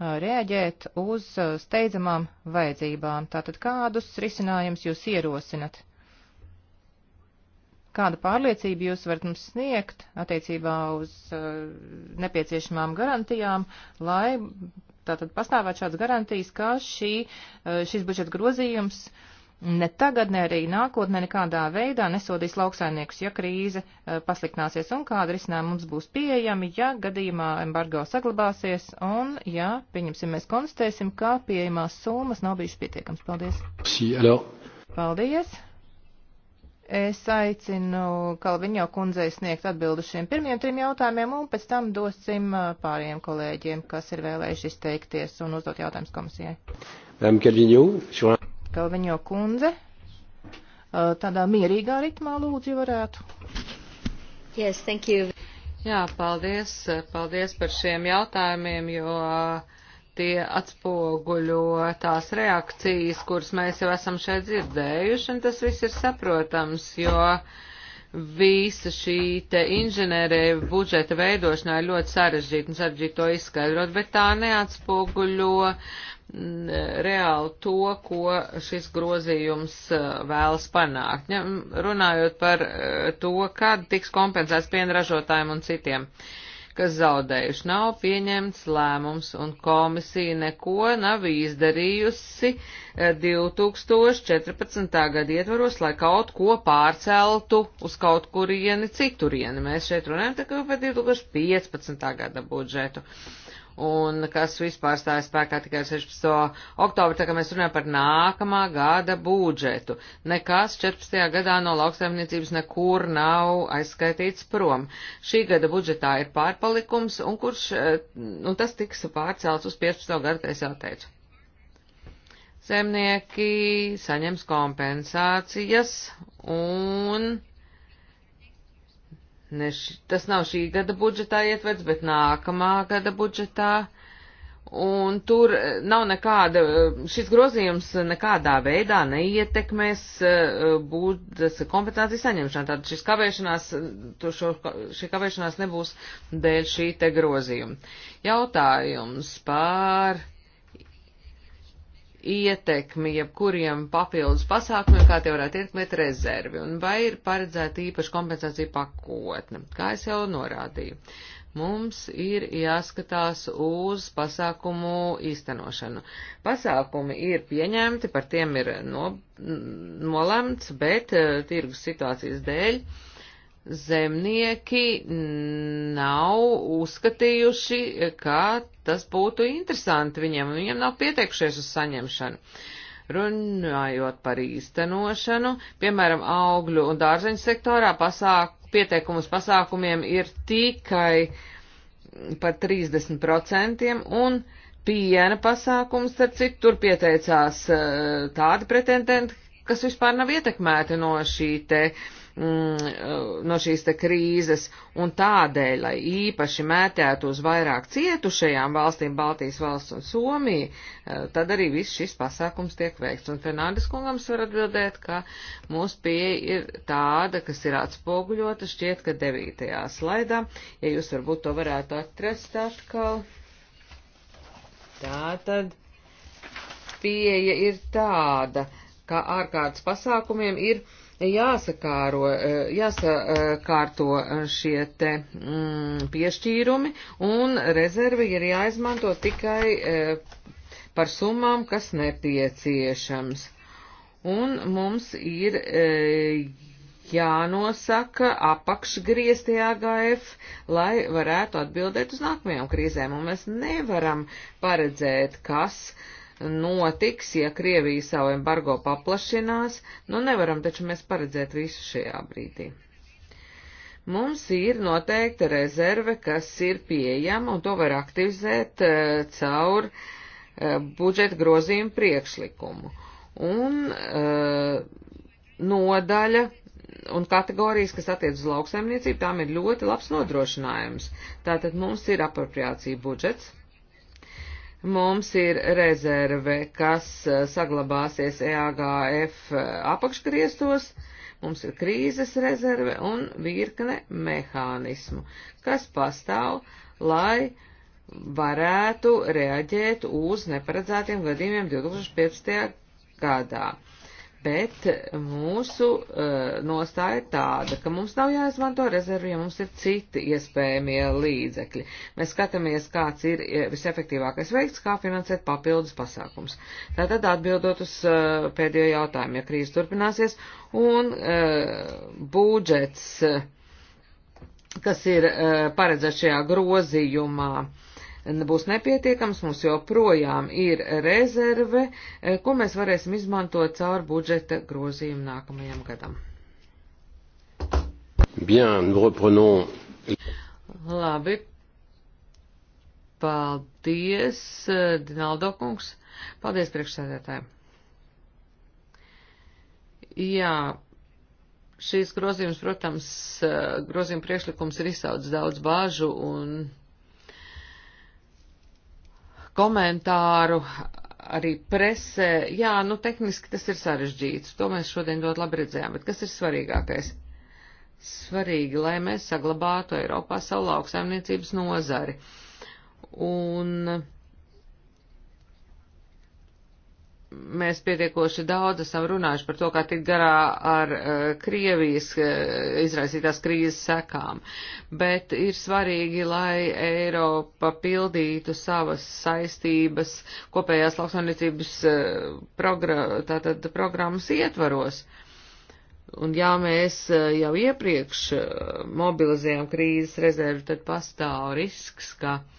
reaģēt uz steidzamām vajadzībām. Tātad kādus risinājumus jūs ierosinat? Kādu pārliecību jūs varat mums sniegt attiecībā uz nepieciešamām garantijām, lai tātad pastāvētu šāds garantijas, ka šī, šis budžeta grozījums uh, ne tagad, ne arī nākotnē nekādā veidā nesodīs lauksainiekus, ja krīze eh, pasliktināsies un kāda risinājuma mums būs pieejami, ja gadījumā embargo saglabāsies un, ja, pieņemsim, mēs konstatēsim, ka pieejamās summas nav bijušas pietiekams. Paldies! Si, Paldies! Es aicinu Kalviņo kundzei sniegt atbildu šiem pirmiem trim jautājumiem, un pēc tam dosim eh, pāriem kolēģiem, kas ir vēlējuši izteikties un uzdot jautājumus komisijai. Madame Calvino, sur un... Kalviņo kundze, uh, tādā mierīgā ritmā lūdzu varētu. Yes, thank you. Jā, paldies, paldies par šiem jautājumiem, jo uh, tie atspoguļo tās reakcijas, kuras mēs jau esam šeit dzirdējuši, un tas viss ir saprotams, jo uh, visa šī te inženērija budžeta veidošanā ir ļoti sarežģīta un sarežģīta to izskaidrot, bet tā neatspoguļo mm, reāli to, ko šis grozījums eh, vēlas panākt. Ja, runājot par eh, to, kad tiks kompensēts pienražotājiem un citiem. Uh, kas zaudējuši. Nav pieņemts lēmums, un komisija neko nav izdarījusi 2014. Eh, gada ietvaros, lai kaut ko pārceltu uz kaut kurieni citurieni. Mēs šeit runājam tikai par 2015. gada budžetu. Uh, un kas vispār stāja spēkā tikai 16. oktobra, tā kā mēs runājam par nākamā gada budžetu. Nekas 14. gadā no lauksaimniecības nekur nav aizskaitīts prom. Šī gada budžetā ir pārpalikums, un, kurš, eh, un tas tiks pārcelts uz 15. gadu, es jau teicu. Zemnieki saņems kompensācijas un Ne š, tas nav šī gada budžetā ietverts, bet nākamā gada budžetā. Un tur eh, nav nekāda, eh, šis grozījums nekādā veidā neietekmēs eh, būdas kompetenci saņemšanu. Tātad šis kavēšanās, šo, šī kavēšanās nebūs dēļ šī te grozījuma. Jautājums par ietekmi jebkuriem papildus pasākumiem, kā tie varētu ietekmēt rezervi, un vai ir paredzēta īpaša kompensācija pakotne, kā es jau norādīju. Mums ir jāskatās uz pasākumu īstenošanu. Pasākumi ir pieņemti, par tiem ir no, nolemts, bet eh, tirgus situācijas dēļ uh, zemnieki nav uzskatījuši, ka tas būtu interesanti viņiem, un viņiem nav pieteikušies uz saņemšanu. Runājot par īstenošanu, piemēram, augļu un dārzeņu sektorā pasāk, pieteikumus pasākumiem ir tikai par 30%, un piena pasākums, starp citu, tur pieteicās eh, tādi pretendenti, kas vispār nav ietekmēti no šī te uh, mm, no šīs te krīzes, un tādēļ, lai īpaši mētētu uz vairāk cietušajām valstīm, Baltijas valsts un Somija, eh, tad arī viss šis pasākums tiek veikts. Un Fernandes kungams var atbildēt, ka mūsu pieeja ir tāda, kas ir atspoguļota šķiet, ka devītajā slaidā, ja jūs varbūt to varētu atrast atkal. Tā tad pieeja ir tāda, ka ārkārtas pasākumiem ir uh, jāsakāro, eh, jāsakārto eh, šie te mm, piešķīrumi, un rezervi ir jāizmanto tikai eh, par summām, kas nepieciešams. Un mums ir jānosaka apakšgriezti AGF, lai varētu atbildēt uz nākamajām krīzēm, un mēs nevaram paredzēt, kas uh, notiks, ja Krievija savu embargo paplašinās, nu nevaram taču mēs paredzēt visu šajā brīdī. Mums ir noteikta rezerve, kas ir pieejama, un to var aktivizēt uh, caur uh, budžeta grozījumu priekšlikumu. Un uh, nodaļa un kategorijas, kas attiec uz lauksaimniecību, tām ir ļoti labs nodrošinājums. Tātad mums ir apropriācija budžets, Mums ir rezerve, kas eh, saglabāsies EAGF eh, apakšgriestos, mums ir krīzes rezerve un virkne mehānismu, kas pastāv, lai varētu reaģēt uz neparedzētiem gadījumiem 2015. gadā bet mūsu uh, nostāja ir tāda, ka mums nav jāizmanto rezervi, ja mums ir citi iespējamie līdzekļi. Mēs skatāmies, kāds ir eh, visefektīvākais veids, kā finansēt papildus pasākums. Tātad atbildot uz uh, pēdējo jautājumu, ja krīze turpināsies un uh, budžets, uh, kas ir uh, paredzēts šajā grozījumā, uh, būs nepietiekams, mums joprojām ir rezerve, eh, ko mēs varēsim izmantot caur budžeta grozījumu nākamajam gadam. Bien, reprenons. Labi. Paldies, eh, Dinaldo kungs. Paldies priekšsēdētājiem. Jā, šīs grozījums, protams, eh, grozījuma priekšlikums ir izsaucis daudz bāžu un komentāru arī presē. Jā, nu tehniski tas ir sarežģīts, to mēs šodien ļoti labi redzējām, bet kas ir svarīgākais? Svarīgi, lai mēs saglabātu Eiropā savu lauksaimniecības nozari. Un mēs pietiekoši daudz esam runājuši par to, kā tikt garā ar uh, Krievijas uh, izraisītās krīzes sekām, bet ir svarīgi, lai Eiropa pildītu savas saistības kopējās lauksaimniecības uh, progra tātad, programmas ietvaros. Un jā, mēs jau iepriekš mobilizējam krīzes rezervi, tad pastāv risks, ka uh,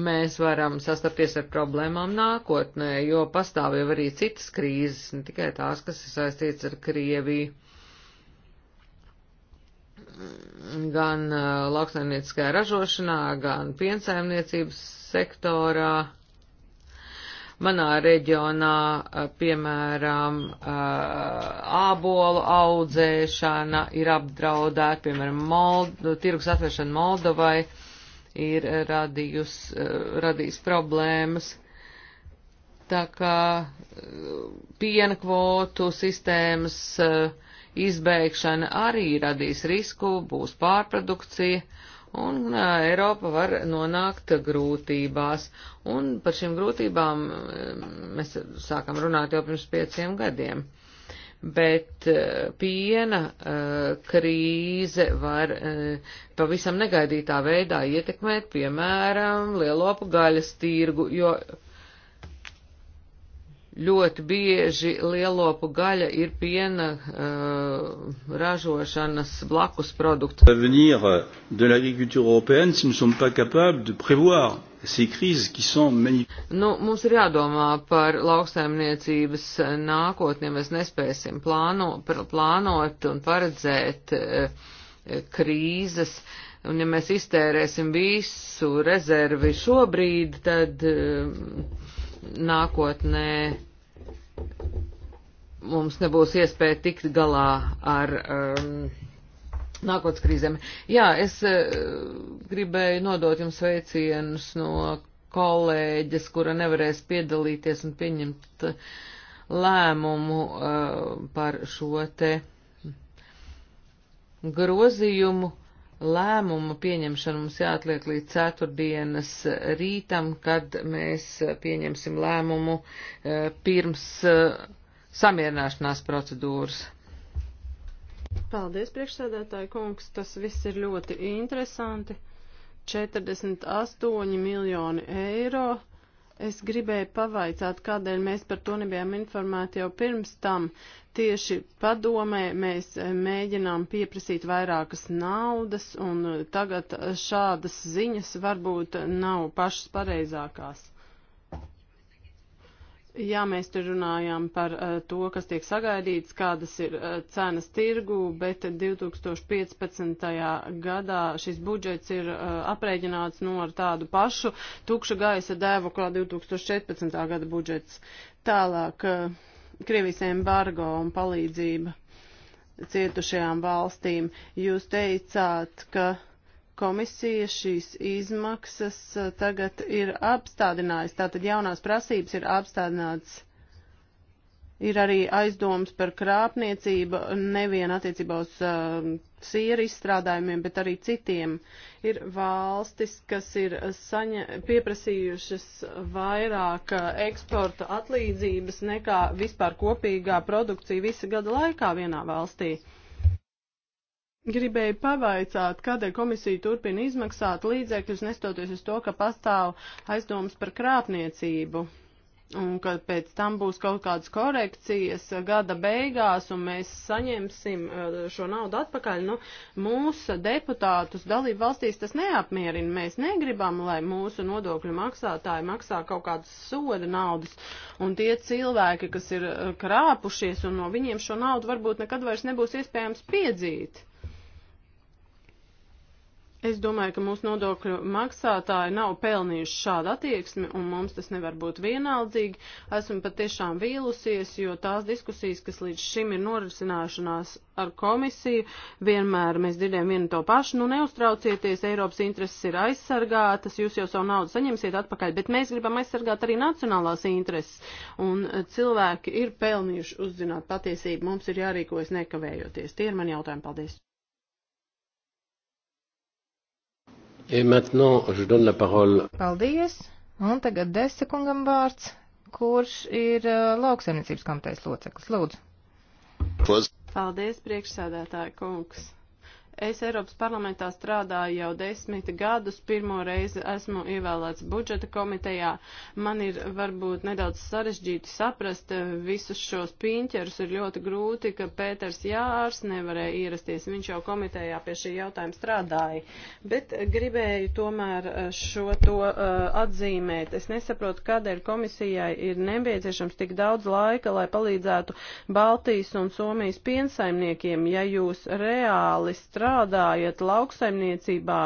mēs varam sastapties ar problēmām nākotnē, jo pastāv jau arī citas krīzes, ne tikai tās, kas ir saistīts ar Krieviju gan uh, lauksaimnieciskajā ražošanā, gan piensaimniecības sektorā. Manā reģionā, uh, piemēram, uh, ābolu audzēšana ir apdraudēta, piemēram, Mold nu, tirgus atvēršana Moldovai. Uh, ir radījus, radījis problēmas. Tā kā eh, piena kvotu sistēmas eh, izbēgšana arī radīs risku, būs pārprodukcija, un eh, Eiropa var nonākt grūtībās. Un par šīm grūtībām mēs sākam runāt jau pirms pieciem gadiem bet eh, piena eh, krīze var eh, pavisam negaidītā veidā ietekmēt, piemēram, lielopu gaļas tirgu, jo ļoti bieži lielopu gaļa ir piena uh, ražošanas blakus produkts. L'avenir de l'agriculture européenne si nous ne sommes pas capables de prévoir Nu, mums ir jādomā par lauksaimniecības nākotni, ja mēs nespēsim plāno, plānot un paredzēt eh, krīzes, un ja mēs iztērēsim visu rezervi šobrīd, tad eh, nākotnē mums nebūs iespēja tikt galā ar. Um, nākotnes krīzēm. Jā, es eh, gribēju nodot jums veicienus no kolēģis, kura nevarēs piedalīties un pieņemt eh, lēmumu uh, par šo te grozījumu. Lēmumu pieņemšanu mums jāatliek līdz ceturtdienas rītam, kad mēs pieņemsim lēmumu uh, pirms uh, samierināšanās procedūras. Paldies, priekšsēdētāji kungs, tas viss ir ļoti interesanti. 48 miljoni eiro. Es gribēju pavaicāt, kādēļ mēs par to nebijām informēti jau pirms tam. Tieši padomē mēs mēģinām pieprasīt vairākas naudas, un tagad šādas ziņas varbūt nav pašas pareizākās. Jā, mēs tur runājām par uh, to, kas tiek sagaidīts, kādas ir uh, cenas tirgu, bet 2015. gadā šis budžets ir uh, aprēķināts no nu, ar tādu pašu tukša gaisa dēvu kā 2014. gada budžets. Tālāk uh, Krievijas embargo un palīdzība cietušajām valstīm. Jūs teicāt, ka. Uh, komisija šīs izmaksas eh, tagad ir apstādinājusi. Tātad jaunās prasības ir apstādināts. Ir arī aizdoms par krāpniecību nevien attiecībā uz uh, sieru izstrādājumiem, bet arī citiem. Ir valstis, kas ir saņa, pieprasījušas vairāk eh, eksporta atlīdzības nekā vispār kopīgā produkcija visa gada laikā vienā valstī. Uh, Gribēju pavaicāt, kādēļ komisija turpina izmaksāt līdzekļus, nestoties uz to, ka pastāv aizdomas par krāpniecību. Un ka pēc tam būs kaut kādas korekcijas gada beigās, un mēs saņemsim uh, šo naudu atpakaļ. Nu, mūsu deputātus dalību valstīs tas neapmierina. Mēs negribam, lai mūsu nodokļu maksātāji maksā kaut kādas soda naudas. Un tie cilvēki, kas ir uh, krāpušies, un no viņiem šo naudu varbūt nekad vairs nebūs iespējams piedzīt. Es domāju, ka mūsu nodokļu maksātāji nav pelnījuši šādu attieksmi, un mums tas nevar būt vienaldzīgi. Esmu patiešām vīlusies, jo tās diskusijas, kas līdz šim ir norisināšanās ar komisiju, vienmēr mēs dzirdējam vienu to pašu. Nu, neuztraucieties, Eiropas intereses ir aizsargātas, jūs jau savu naudu saņemsiet atpakaļ, bet mēs gribam aizsargāt arī nacionālās intereses, un e, cilvēki ir pelnījuši uzzināt patiesību. Mums ir jārīkojas nekavējoties. Tie ir mani jautājumi. Paldies! Paldies! Un tagad desekungam vārds, kurš ir uh, lauksaimniecības komitejas loceklis. Lūdzu! Paldies, priekšsādātāja kungs! Es Eiropas parlamentā strādāju jau desmit gadus, pirmo reizi esmu ievēlēts budžeta komitejā. Man ir varbūt nedaudz sarežģīti saprast eh, visus šos piņķerus, ir ļoti grūti, ka Pēters Jārs nevarēja ierasties, viņš jau komitejā pie šī jautājuma strādāja, bet gribēju tomēr eh, šo to uh, atzīmēt. Es nesaprotu, kādēļ komisijai ir nepieciešams tik daudz laika, lai palīdzētu Baltijas un Somijas piensaimniekiem, ja jūs reāli strādājat strādājat lauksaimniecībā,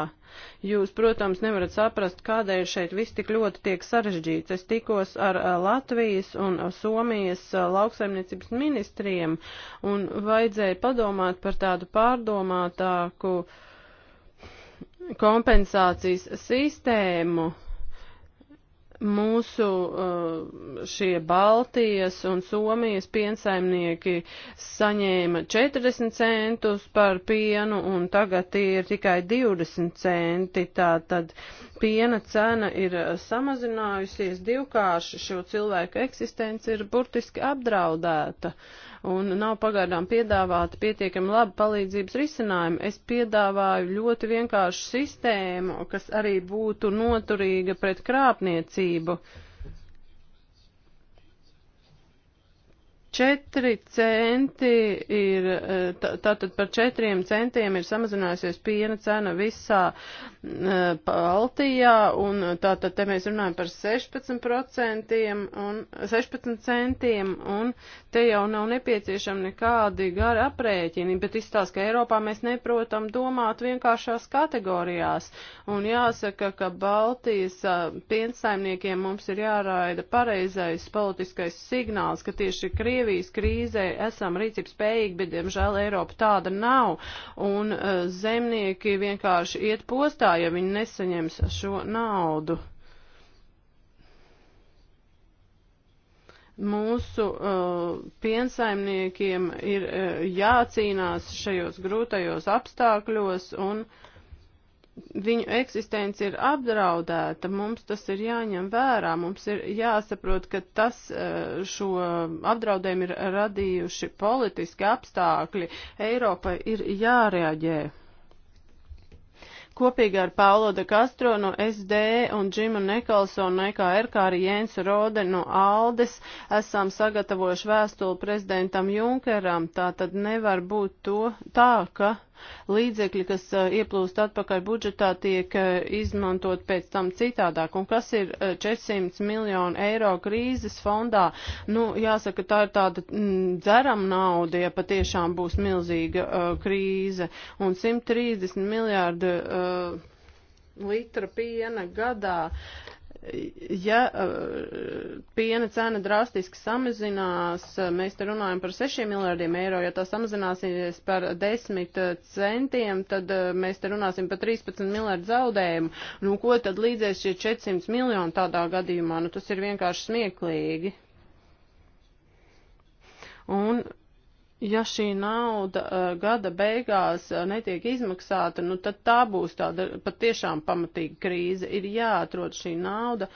Jūs, protams, nevarat saprast, kādēļ šeit viss tik ļoti tiek sarežģīts. Es tikos ar Latvijas un Somijas lauksaimniecības ministriem un vajadzēja padomāt par tādu pārdomātāku kompensācijas sistēmu mūsu uh, šie Baltijas un Somijas piensaimnieki saņēma 40 centus par pienu un tagad tie ir tikai 20 centi, tā tad piena cena ir samazinājusies divkārši, šo cilvēku eksistence ir burtiski apdraudēta. Uh, un nav pagaidām piedāvāta pietiekami laba palīdzības risinājuma. Es piedāvāju ļoti vienkāršu sistēmu, kas arī būtu noturīga pret krāpniecību. Uh, 4 centi ir, eh, tātad par 4 centiem ir samazinājusies piena cena visā eh, Baltijā, un eh, tātad te mēs runājam par 16% un 16 centiem, un te jau nav nepieciešami nekādi gari aprēķini, bet izstās, ka Eiropā mēs neprotam domāt vienkāršās kategorijās, un jāsaka, ka Baltijas piensaimniekiem mums ir jāraida pareizais politiskais signāls, ka tieši Krievi Krievijas krīzē esam rīcības spējīgi, bet, diemžēl, Eiropa tāda nav. Un uh, zemnieki vienkārši iet postā, ja viņi nesaņems šo naudu. mūsu uh, piensaimniekiem ir uh, jācīnās šajos grūtajos apstākļos un uh, viņu eksistence ir apdraudēta, mums tas ir jāņem vērā, mums ir jāsaprot, ka tas eh, šo apdraudējumu ir radījuši politiski apstākļi. Eiropai ir jārēģē. Kopīgi ar Paulo de Castro no SD un Džimu Nikolsonu no EKR, kā arī Jēnsu Rode no Aldes, esam sagatavojuši vēstuli prezidentam Junkeram. Tā tad nevar būt to tā, ka līdzekļi, kas ieplūst atpakaļ budžetā, tiek izmantot pēc tam citādāk. Un kas ir 400 miljonu eiro krīzes fondā? Nu, jāsaka, tā ir tāda mm, dzeram nauda, ja patiešām būs milzīga uh, krīze. Un 130 miljārdu uh, litra piena gadā. Uh, Ja eh, piena cena drastiski samazinās, eh, mēs te runājam par 6 miljārdiem eiro, ja tā samazināsies par 10 eh, centiem, tad mēs te runāsim par 13 miljārdu zaudējumu. Nu, ko tad līdzēs šie 400 miljoni tādā gadījumā? Nu, tas ir vienkārši smieklīgi. Un Ja šī nauda uh, gada beigās uh, netiek izmaksāta, nu tad tā būs tāda patiešām pamatīga krīze. Ir jāatrod šī nauda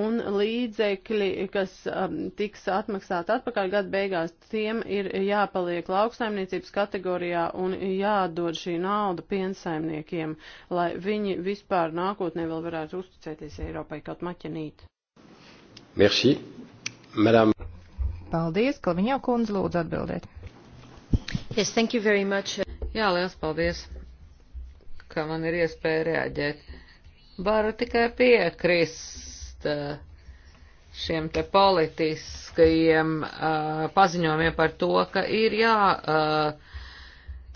un līdzekļi, kas um, tiks atmaksāti atpakaļ gada beigās, tiem ir jāpaliek lauksaimniecības kategorijā un jādod šī nauda piensaimniekiem, lai viņi vispār nākotnē vēl varētu uzticēties Eiropai kaut maķenīt. Merci. Madame. Paldies, Kalviņā kundze, lūdzu atbildēt. Yes, thank you very much. Jā, liels paldies, ka man ir iespēja reaģēt. Varu tikai piekrist eh, šiem te politiskajiem uh, paziņojumiem par to, ka ir jā. Uh,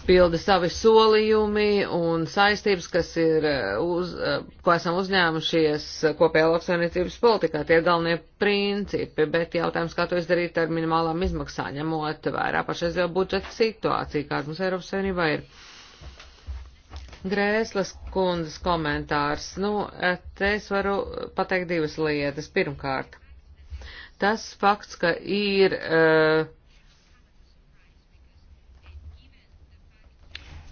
pilda savi solījumi un saistības, kas ir, eh, uz, eh, ko esam uzņēmušies eh, kopējā lauksaimniecības politikā. Tie ir galvenie principi, bet jautājums, kā to izdarīt ar minimālām izmaksām, ņemot vērā pašreizējo budžeta situāciju, kāda mums Eiropas Savienībā ir. Grēslas kundzes komentārs. Nu, te es varu pateikt divas lietas. Pirmkārt, tas fakts, ka ir. Uh,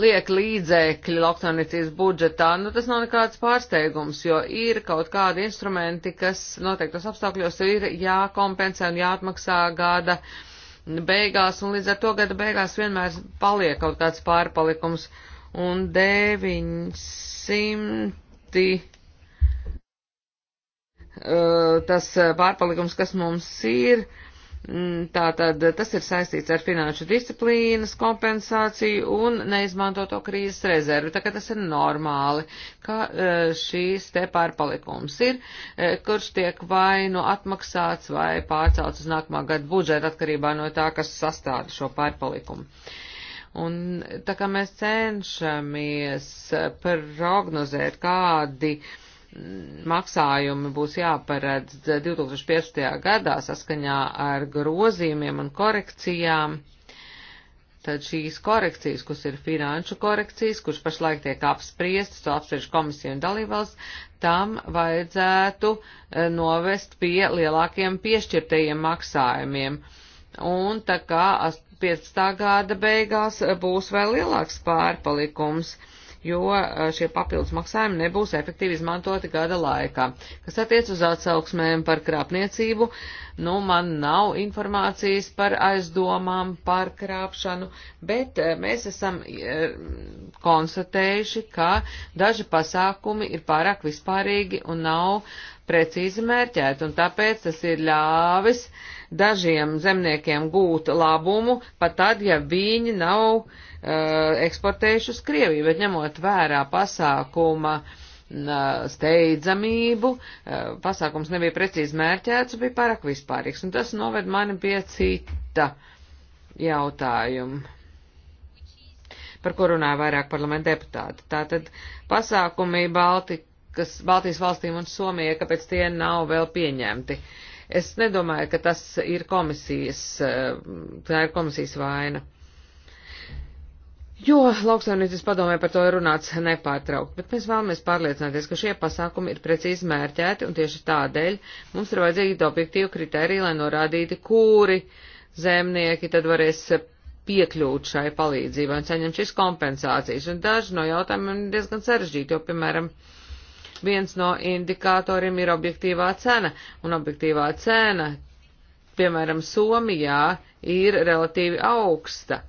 liek līdzēkļi lauksaimniecības budžetā, nu tas nav nekāds pārsteigums, jo ir kaut kādi instrumenti, kas noteiktos apstākļos ir jākompensē un jāatmaksā gada beigās, un līdz ar to gada beigās vienmēr paliek kaut kāds pārpalikums. Un 900 uh, tas uh, pārpalikums, kas mums ir, uh, Mm, tātad eh, tas ir saistīts ar finanšu disciplīnas kompensāciju un neizmantoto krīzes rezervi. Tā kā tas ir normāli, ka eh, šīs te pārpalikums ir, eh, kurš tiek vai nu atmaksāts vai pārcelts uz nākamā gada budžetu atkarībā no tā, kas sastāda šo pārpalikumu. Un tā kā mēs cenšamies prognozēt, kādi uh, maksājumi būs jāparedz 2015. gadā saskaņā ar grozījumiem un korekcijām. Tad šīs korekcijas, kuras ir finanšu korekcijas, kuras pašlaik tiek apspriestas, to apspriež komisija un dalībvalsts, tam vajadzētu eh, novest pie lielākiem piešķirtajiem maksājumiem. Un tā kā 15. gada beigās eh, būs vēl lielāks pārpalikums. Uh, jo eh, šie papildus maksājumi nebūs efektīvi izmantoti gada laikā. Kas attiec uz atsauksmēm par krāpniecību, nu man nav informācijas par aizdomām par krāpšanu, bet eh, mēs esam eh, konstatējuši, ka daži pasākumi ir pārāk vispārīgi un nav precīzi mērķēti, un tāpēc tas ir ļāvis dažiem zemniekiem gūt labumu, pat tad, ja viņi nav uh, Uh, eksportējuši uz Krieviju, bet ņemot vērā pasākuma uh, steidzamību, uh, pasākums nebija precīzi mērķēts, bija pārāk vispārīgs, un tas noved mani pie cita jautājuma, par ko runāja vairāk parlamenta deputāti. Tātad pasākumi Baltikas, Baltijas valstīm un Somijai, kāpēc tie nav vēl pieņemti. Es nedomāju, ka tas ir komisijas, tā ir komisijas vaina jo lauksaimniecības padomē par to ir runāts nepārtraukt, bet mēs vēlamies pārliecināties, ka šie pasākumi ir precīzi mērķēti, un tieši tādēļ mums ir vajadzīgi objektīvi kriteriji, lai norādītu, kuri zemnieki tad varēs piekļūt šai palīdzībai un saņemt šīs kompensācijas. Un daži no jautājumiem ir diezgan sarežģīti, jo, piemēram, viens no indikatoriem ir objektīvā cena, un objektīvā cena, piemēram, Somijā ir relatīvi augsta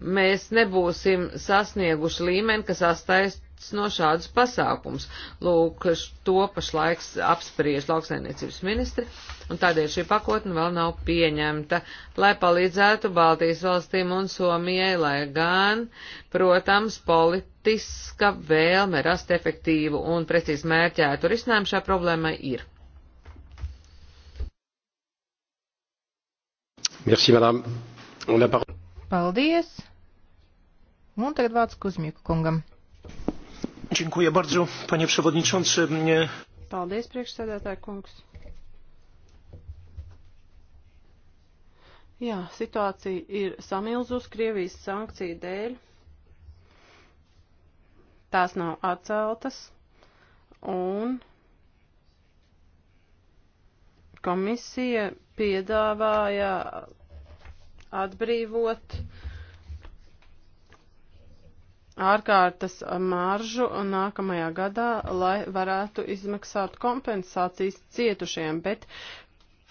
mēs nebūsim sasnieguši līmeni, kas astaists no šādus pasākums. Lūk, to pašlaik apspriež lauksainiecības ministri, un tādēļ šī pakotne vēl nav pieņemta, lai palīdzētu Baltijas valstīm un Somijai, lai gan, protams, politiska vēlme rast efektīvu un precīzi mērķētu risinājumu šā problēma ir. Merci, madame. Paldies! Un tagad vārds Kuzmīku kungam. Dziękuję bardzo, panie przewodniczący. Paldies, priekšsēdētāji kungs. Jā, situācija ir samilzus Krievijas sankciju dēļ. Tās nav atceltas. Un komisija piedāvāja atbrīvot uh, ārkārtas maržu nākamajā gadā, lai varētu izmaksāt kompensācijas cietušiem, bet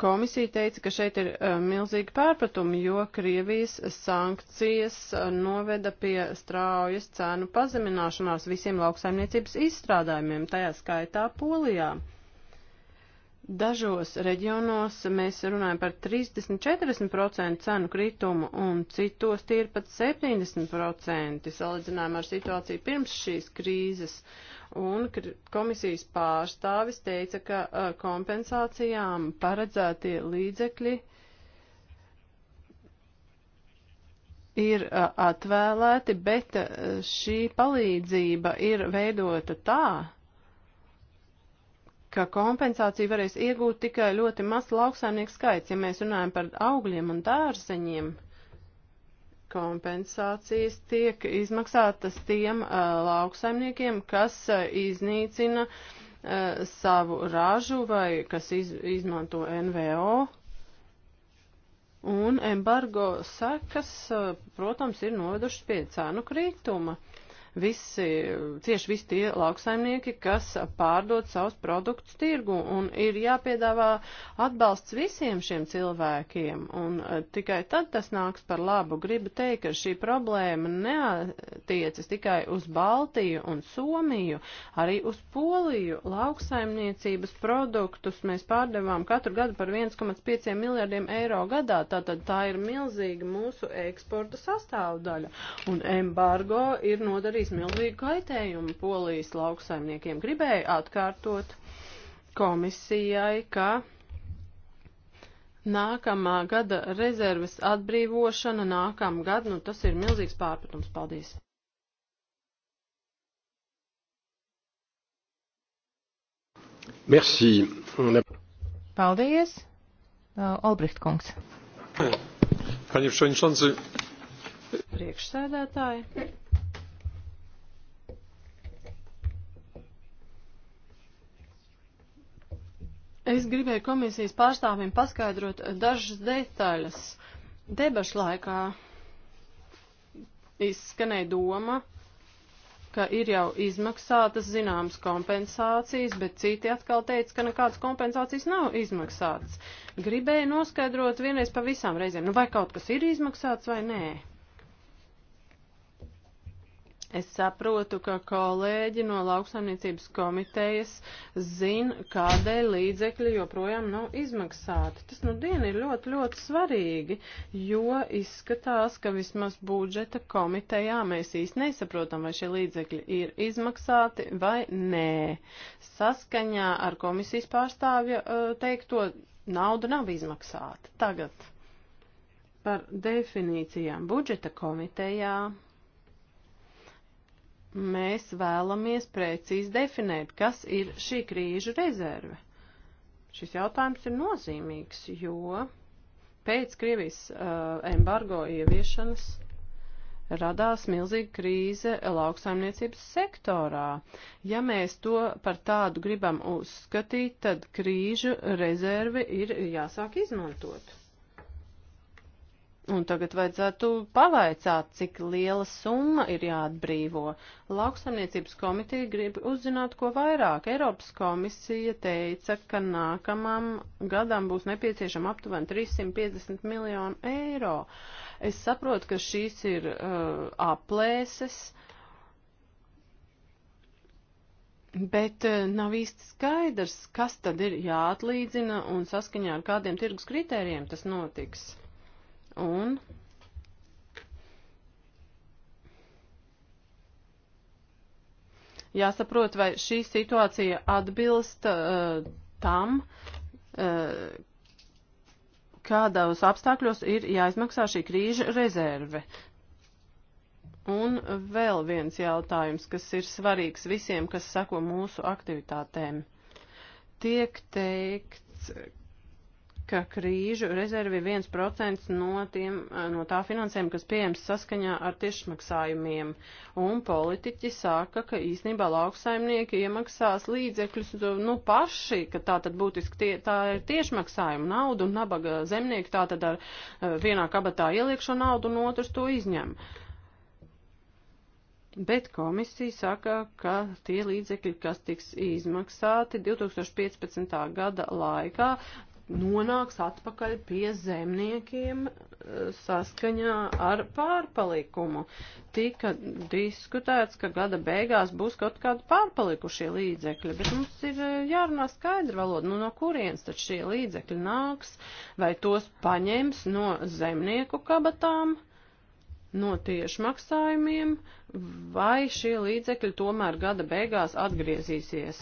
Komisija teica, ka šeit ir uh, milzīgi pārpratumi, jo Krievijas sankcijas uh, noveda pie straujas cēnu pazemināšanās visiem lauksaimniecības izstrādājumiem, tajā skaitā Polijā. Uh, Dažos reģionos mēs runājam par 30-40% cenu kritumu un citos tie ir pat 70% salīdzinājumā ar situāciju pirms šīs krīzes. Un komisijas pārstāvis teica, ka kompensācijām paredzētie līdzekļi ir atvēlēti, bet šī palīdzība ir veidota tā, ka kompensāciju varēs iegūt tikai ļoti maz lauksaimnieku skaits. Ja mēs runājam par augļiem un dārzeņiem, kompensācijas tiek izmaksātas tiem uh, lauksaimniekiem, kas uh, iznīcina uh, savu ražu vai kas iz, izmanto NVO. Un embargo sekas, uh, protams, ir novedušas pie cēnu krītuma. Uh, visi, cieši visi tie lauksaimnieki, kas pārdod savus produktus tirgu, un ir jāpiedāvā atbalsts visiem šiem cilvēkiem, un e, tikai tad tas nāks par labu. Gribu teikt, ka šī problēma neatiecas tikai uz Baltiju un Somiju, arī uz Poliju lauksaimniecības produktus mēs pārdevām katru gadu par 1,5 miljardiem eiro gadā, tātad tā ir milzīga mūsu eksporta sastāvdaļa, un embargo ir nodarīta nodarījis milzīgu kaitējumu polijas lauksaimniekiem. Gribēju atkārtot komisijai, ka nākamā gada rezerves atbrīvošana nākamā gada, nu tas ir milzīgs pārpratums. Paldies! Merci. Paldies, Olbricht uh, kungs. Panie przewodniczący. Priekšsēdētāji. Es gribēju komisijas pārstāvim paskaidrot dažas detaļas. Debašu laikā izskanēja doma, ka ir jau izmaksātas zināmas kompensācijas, bet citi atkal teica, ka nekādas kompensācijas nav izmaksātas. Gribēju noskaidrot vienreiz pa visām reizēm, nu vai kaut kas ir izmaksāts vai nē. Es saprotu, ka kolēģi no lauksaimniecības komitejas zina, kādēļ līdzekļi joprojām nav izmaksāti. Tas nu dien ir ļoti, ļoti svarīgi, jo izskatās, ka vismaz budžeta komitejā mēs īsti nesaprotam, vai šie līdzekļi ir izmaksāti vai nē. Saskaņā ar komisijas pārstāvja teikto, nauda nav izmaksāta. Tagad par definīcijām budžeta komitejā mēs vēlamies precīzi definēt, kas ir šī krīžu rezerve. Šis jautājums ir nozīmīgs, jo pēc Krievijas uh, embargo ieviešanas radās milzīga krīze lauksaimniecības sektorā. Ja mēs to par tādu gribam uzskatīt, tad krīžu rezervi ir jāsāk izmantot. Un tagad vajadzētu pavaicāt, cik liela summa ir jāatbrīvo. Lauksaimniecības komiteja grib uzzināt, ko vairāk. Eiropas komisija teica, ka nākamam gadam būs nepieciešama aptuveni 350 miljonu eiro. Es saprotu, ka šīs ir uh, aplēses, bet uh, nav īsti skaidrs, kas tad ir jāatlīdzina un saskaņā ar kādiem tirgus kritērijiem tas notiks. Un jāsaprot, vai šī situācija atbilst uh, tam, uh, kādos apstākļos ir jāizmaksā šī krīža rezerve. Un vēl viens jautājums, kas ir svarīgs visiem, kas sako mūsu aktivitātēm. Tiek teikts, ka krīžu rezervi ir 1% no, tiem, eh, no tā finansējuma, kas pieejams saskaņā ar tiešmaksājumiem. Un politiķi saka, ka īsnībā lauksaimnieki iemaksās līdzekļus eh, nu, paši, ka tā tad būtiski tie, tā ir tiešmaksājuma nauda un nabaga zemnieki tā tad ar eh, vienā kabatā ieliekšo naudu un otrs to izņem. Bet komisija saka, ka tie līdzekļi, kas tiks izmaksāti 2015. gada laikā, nonāks atpakaļ pie zemniekiem eh, saskaņā ar pārpalikumu. Tika diskutēts, ka gada beigās būs kaut kādi pārpalikušie līdzekļi, bet mums ir eh, jārunā skaidra valoda, nu no kurienes tad šie līdzekļi nāks, vai tos paņems no zemnieku kabatām, no tiešmaksājumiem, vai šie līdzekļi tomēr gada beigās atgriezīsies.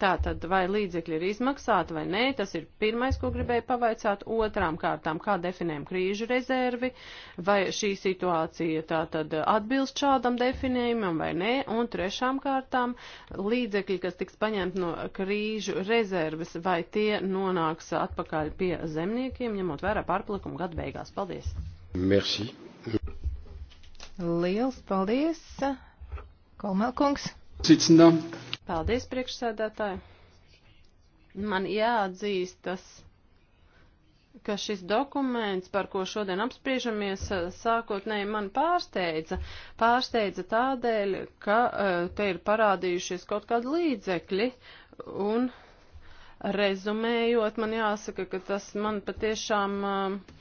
Tātad, vai līdzekļi ir izmaksāti vai nē, tas ir pirmais, ko gribēju pavaicāt. Otrām kārtām, kā definējam krīžu rezervi, vai šī situācija tātad atbilst šādam definējumam vai nē. Un trešām kārtām, līdzekļi, kas tiks paņemti no krīžu rezerves, vai tie nonāks atpakaļ pie zemniekiem, ņemot vērā pārplikumu gadu beigās. Paldies! Merci. Liels paldies, Kolmelkungs! Sicinām. Paldies, priekšsēdētāji. Man jāatzīstas, ka šis dokuments, par ko šodien apspriežamies, eh, sākotnēji man pārsteidza. Pārsteidza tādēļ, ka eh, te ir parādījušies kaut kādi līdzekļi un rezumējot, man jāsaka, ka tas man patiešām uh,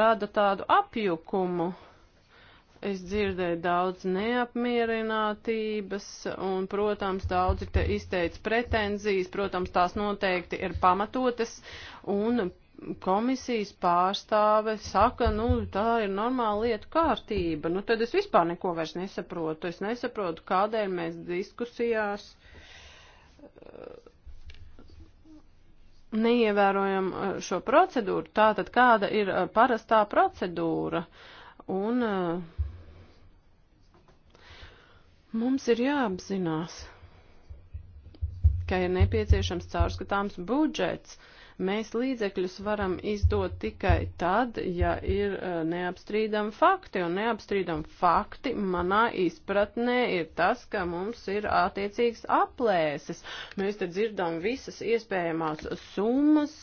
rada tādu apjukumu. Uh, es dzirdēju daudz neapmierinātības, un, protams, daudzi te izteica pretenzijas, protams, tās noteikti ir pamatotas, un komisijas pārstāve saka, nu, tā ir normāla lietu kārtība. Nu, tad es vispār neko vairs nesaprotu. Es nesaprotu, kādēļ mēs diskusijās uh, neievērojam uh, šo procedūru. Tātad, kāda ir uh, parastā procedūra? Un uh, Mums ir jāapzinās, ka ir nepieciešams caurskatāms budžets. Mēs līdzekļus varam izdot tikai tad, ja ir e, neapstrīdami fakti, un neapstrīdami fakti manā izpratnē ir tas, ka mums ir attiecīgs aplēses. Mēs te dzirdam visas iespējamās summas,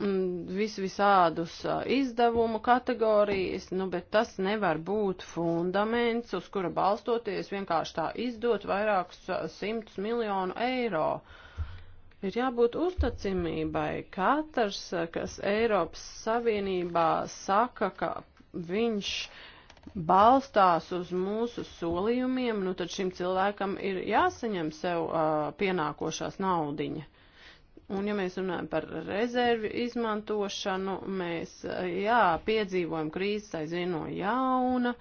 Mm, vis visādus izdevumu kategorijas, nu, bet tas nevar būt fundaments, uz kura balstoties vienkārši tā izdot vairākus simtus miljonu eiro. Ir jābūt uzticamībai. Katrs, kas Eiropas Savienībā saka, ka viņš balstās uz mūsu solījumiem, nu tad šim cilvēkam ir jāsaņem sev uh, pienākošās naudiņa. Un ja mēs runājam par rezervi izmantošanu, mēs, jā, piedzīvojam krīzes aizvien no jauna.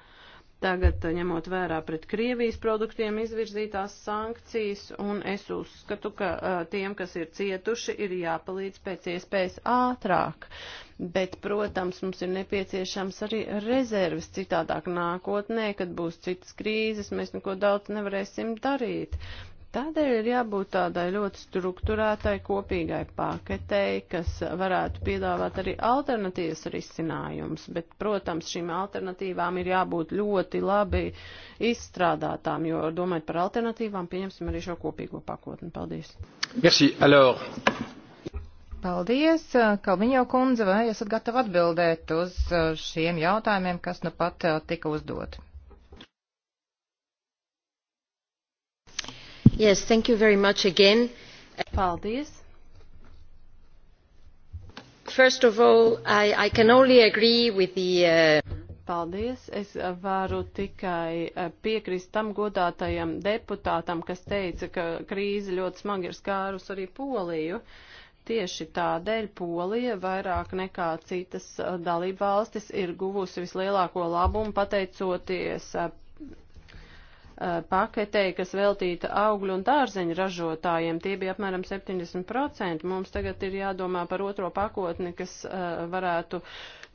Tagad ņemot vērā pret Krievijas produktiem izvirzītās sankcijas, un es uzskatu, ka tiem, kas ir cietuši, ir jāpalīdz pēc iespējas ātrāk. Bet, protams, mums ir nepieciešams arī rezerves citādāk nākotnē, kad būs citas krīzes, mēs neko daudz nevarēsim darīt. Tādēļ ir jābūt tādai ļoti struktūrētai kopīgai paketei, kas varētu piedāvāt arī alternatīvas risinājumus, bet, protams, šīm alternatīvām ir jābūt ļoti labi izstrādātām, jo domājot par alternatīvām, pieņemsim arī šo kopīgo pakotni. Paldies! Merci, alors... Paldies, Kalviņo kundze, vai esat gatavi atbildēt uz šiem jautājumiem, kas nu pat eh, tika uzdoti? Yes, thank you very much again. Paldies. First of all, I, I can only agree with the uh, Paldies. Es varu tikai uh, piekrist tam godātajam deputātam, kas teica, ka krīze ļoti smagi ir skārus arī Poliju. Tieši tādēļ Polija vairāk nekā citas uh, dalībvalstis ir guvusi vislielāko labumu pateicoties uh, Uh, paketei, kas veltīta augļu un dārzeņu ražotājiem. Tie bija apmēram 70%. Mums tagad ir jādomā par otro pakotni, kas uh, varētu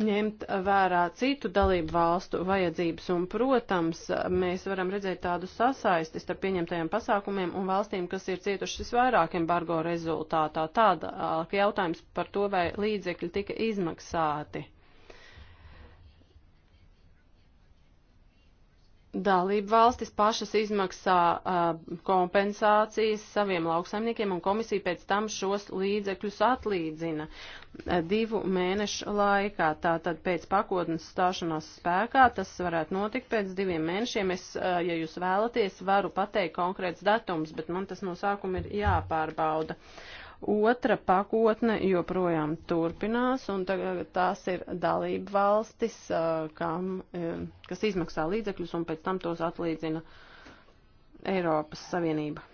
ņemt vērā citu dalību valstu vajadzības. Un, protams, mēs varam redzēt tādu sasaisti starp pieņemtajiem pasākumiem un valstīm, kas ir cietušas visvairāk embargo rezultātā. Tāda uh, jautājums par to, vai līdzekļi tika izmaksāti. Dalība valstis pašas izmaksā uh, kompensācijas saviem lauksaimniekiem, un komisija pēc tam šos līdzekļus atlīdzina uh, divu mēnešu laikā. Tātad pēc pakotnes stāšanās spēkā tas varētu notikt pēc diviem mēnešiem. Es, uh, ja jūs vēlaties, varu pateikt konkrēts datums, bet man tas no sākuma ir jāpārbauda. Uh, Otra pakotne joprojām turpinās, un tās ir dalība valstis, kam, kas izmaksā līdzekļus un pēc tam tos atlīdzina Eiropas Savienība.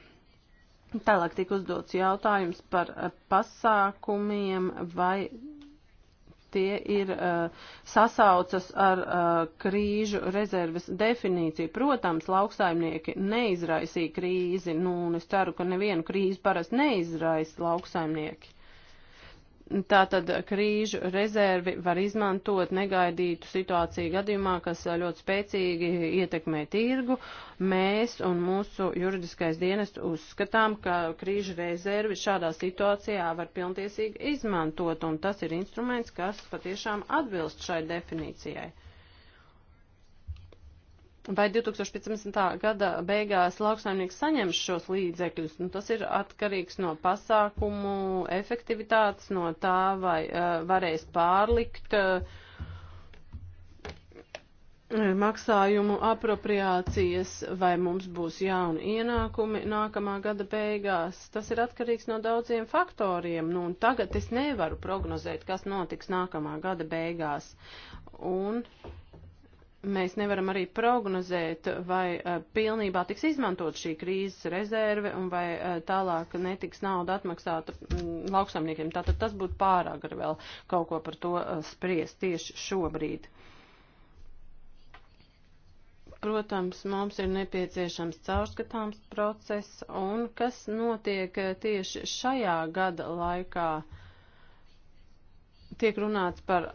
Tālāk tika uzdots jautājums par pasākumiem vai tie ir uh, sasaucas ar uh, krīžu rezerves definīciju. Protams, lauksaimnieki neizraisīja krīzi, nu, un es ceru, ka nevienu krīzi parasti neizraisa lauksaimnieki. Tātad krīžu rezervi var izmantot negaidītu situāciju gadījumā, kas ļoti spēcīgi ietekmē tirgu. Mēs un mūsu juridiskais dienests uzskatām, ka krīžu rezervi šādā situācijā var pilntiesīgi izmantot, un tas ir instruments, kas patiešām atbilst šai definīcijai vai 2015. gada beigās lauksaimnieks saņems šos līdzekļus. Nu, tas ir atkarīgs no pasākumu efektivitātes, no tā, vai uh, varēs pārlikt uh, maksājumu apropriācijas, vai mums būs jauni ienākumi nākamā gada beigās. Tas ir atkarīgs no daudziem faktoriem. Nu, tagad es nevaru prognozēt, kas notiks nākamā gada beigās. Un mēs nevaram arī prognozēt, vai uh, pilnībā tiks izmantot šī krīzes rezerve un vai uh, tālāk netiks nauda atmaksāta mm, lauksamniekiem. Tātad tas būtu pārāk ar vēl kaut ko par to uh, spriest tieši šobrīd. Protams, mums ir nepieciešams caurskatāms process un kas notiek tieši šajā gada laikā. Tiek runāts par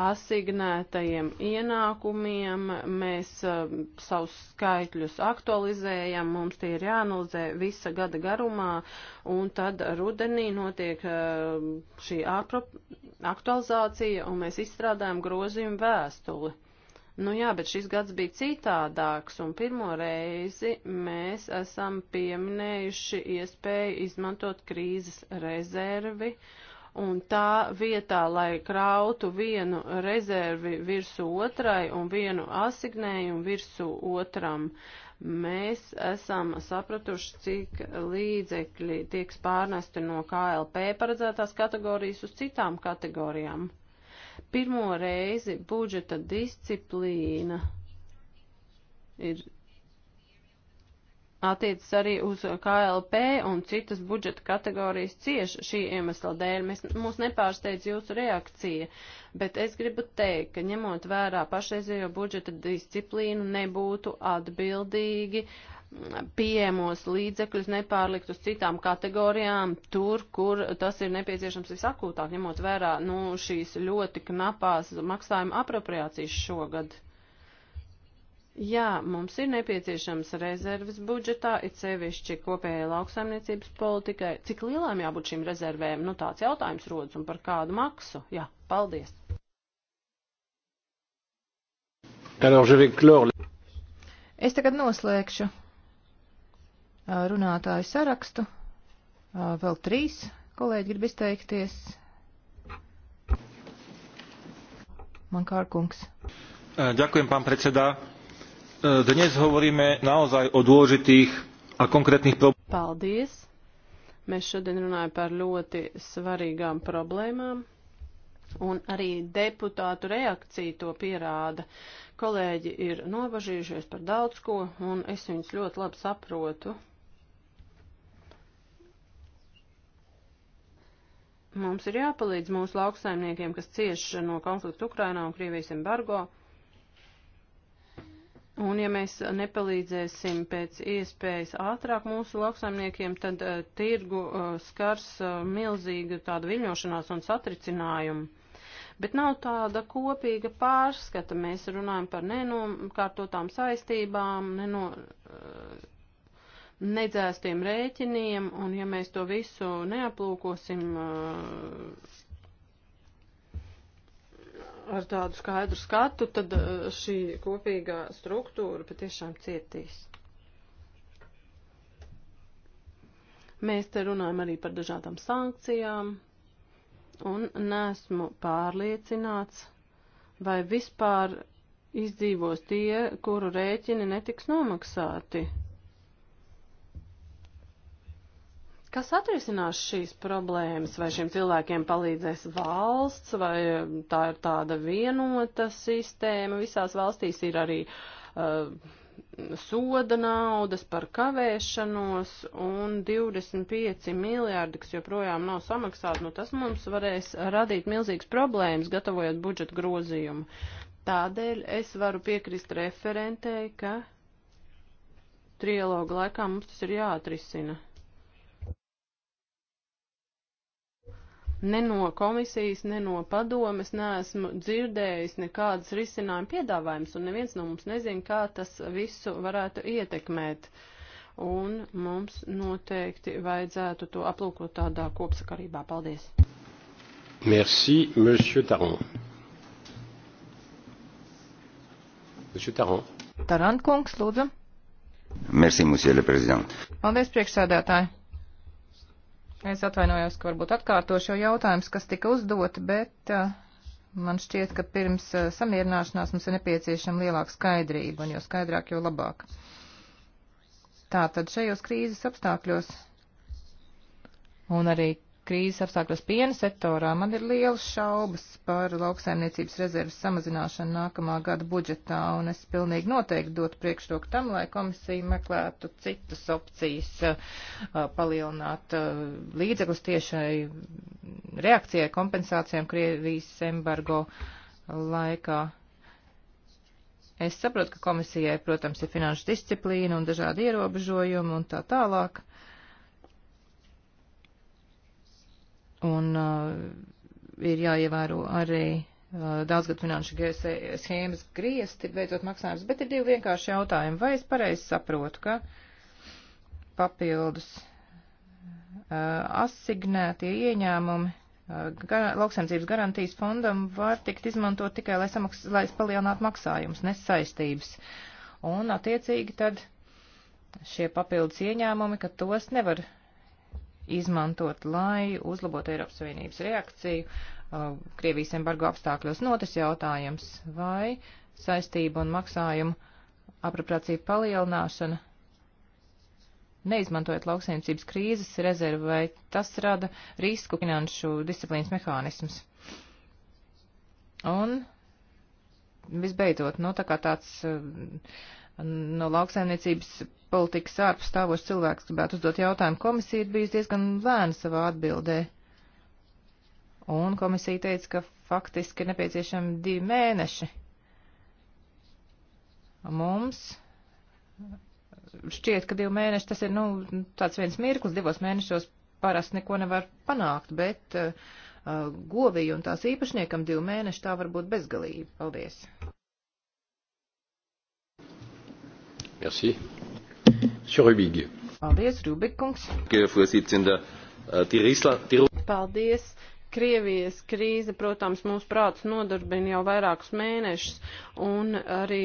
asignētajiem ienākumiem, mēs uh, savus skaitļus aktualizējam, mums tie ir jāanalizē visa gada garumā, un tad rudenī notiek uh, šī aktualizācija, un mēs izstrādājam grozījumu vēstuli. Nu jā, bet šis gads bija citādāks, un pirmo reizi mēs esam pieminējuši iespēju izmantot krīzes rezervi, uh, un tā vietā, lai krautu vienu rezervi virsū otrai un vienu asignējumu virsū otram, mēs esam sapratuši, cik līdzekļi tiek pārnesti no KLP paredzētās kategorijas uz citām kategorijām. Pirmo reizi budžeta disciplīna ir attiecas arī uz KLP un citas budžeta kategorijas cieši šī iemesla dēļ. Mēs, mūs nepārsteidz jūsu reakcija, bet es gribu teikt, ka ņemot vērā pašreizējo budžeta disciplīnu nebūtu atbildīgi uh, pieejamos līdzekļus nepārlikt uz citām kategorijām, tur, kur tas ir nepieciešams visakūtāk, ņemot vērā nu, šīs ļoti knapās maksājuma apropriācijas šogad. Jā, mums ir nepieciešams rezerves budžetā, it sevišķi kopējai lauksaimniecības politikai. Cik lielām jābūt šīm rezervēm? Nu, tāds jautājums rodas un par kādu maksu. Jā, paldies. Es tagad noslēgšu runātāju sarakstu. Vēl trīs kolēģi grib izteikties. Man kārkungs. Ďakujem, pán predseda E, dnes hovoríme naozaj o dôležitých a konkrétnych problémoch. Paldies! Mēs šodien runājam par ļoti svarīgām problēmām, un arī deputātu reakcija to pierāda. Kolēģi ir nobažījušies par daudz ko, un es viņus ļoti labi saprotu. Mums ir jāpalīdz mūsu lauksaimniekiem, kas cieš no konflikta Ukrainā un Krievijas embargo. Un ja mēs nepalīdzēsim pēc iespējas ātrāk mūsu lauksaimniekiem, tad uh, tirgu uh, skars uh, eh, milzīga tāda viļņošanās un satricinājuma. Bet nav tāda kopīga pārskata. Mēs runājam par nenokārtotām saistībām, neno, uh, nedzēstiem rēķiniem, un ja mēs to visu neaplūkosim. Uh, ar tādu skaidru skatu, tad eh, šī kopīgā struktūra patiešām cietīs. Mēs te runājam arī par dažādām sankcijām, un nesmu pārliecināts, vai vispār izdzīvos tie, kuru rēķini netiks nomaksāti. Kas atrisinās šīs problēmas? Vai šiem cilvēkiem palīdzēs valsts, vai eh, tā ir tāda vienota sistēma? Visās valstīs ir arī uh, soda naudas par kavēšanos un 25 miljārdi, kas joprojām nav samaksāti, nu tas mums varēs radīt milzīgas problēmas, gatavojot budžeta grozījumu. Tādēļ es varu piekrist referentei, ka trialoga laikā mums tas ir jāatrisina. ne no komisijas, ne no padomes neesmu dzirdējis nekādas risinājuma piedāvājums, un neviens no mums nezina, kā tas visu varētu ietekmēt. Un mums noteikti vajadzētu to aplūkot tādā kopsakarībā. Paldies! Merci, Monsieur Taron. Monsieur Taron. Tarant kungs, lūdzu. Merci, Monsieur le Président. Paldies, priekšsēdētāji. Es atvainojos, ka varbūt atkārtošu jautājumus, kas tika uzdoti, bet uh, man šķiet, ka pirms uh, samierināšanās mums ir nepieciešama lielāka skaidrība, un jo skaidrāk, jo labāk. Tātad šajos krīzes apstākļos un arī krīzes apstākļos piena sektorā, man ir liels šaubas par lauksaimniecības rezerves samazināšanu nākamā gada budžetā, un es pilnīgi noteikti dotu priekšroku tam, lai komisija meklētu citas opcijas uh, palielināt uh, līdzekļus tiešai reakcijai, kompensācijām Krievijas embargo laikā. Es saprotu, ka komisijai, protams, ir finanšu disciplīna un dažādi ierobežojumi un tā tālāk. Un uh, ir jāievēro arī uh, daudzgad finanšu schēmas griezti, veidot maksājumus, bet ir divi vienkārši jautājumi. Vai es pareizi saprotu, ka papildus uh, asignētie ieņēmumi uh, gar, lauksaimniecības garantijas fondam var tikt izmantot tikai, lai, samaks, lai palielinātu maksājumus, nesaistības. Un attiecīgi tad šie papildus ieņēmumi, ka tos nevar uh, izmantot, lai uzlabotu Eiropas Savienības reakciju uh, Krievijas embargo apstākļos. Notis jautājums, vai saistību un maksājumu apropriāciju palielināšana, neizmantojot lauksainicības krīzes rezervu, vai tas rada risku finanšu disciplīnas mehānismus. Un visbeidzot, nu, tā kā tāds uh, no lauksaimniecības politikas ārpus stāvošs cilvēks gribētu uzdot jautājumu. Komisija ir bijusi diezgan lēna savā atbildē. Un komisija teica, ka faktiski ir nepieciešami divi mēneši. Mums šķiet, ka divi mēneši tas ir, nu, tāds viens mirklis, divos mēnešos parasti neko nevar panākt, bet uh, uh goviju un tās īpašniekam divi mēneši tā var būt bezgalība. Paldies! Merci. Šorubīgi. Paldies, Rubikungs. Paldies. Krievijas krīze, protams, mūsu prātus nodarbina jau vairākus mēnešus, un arī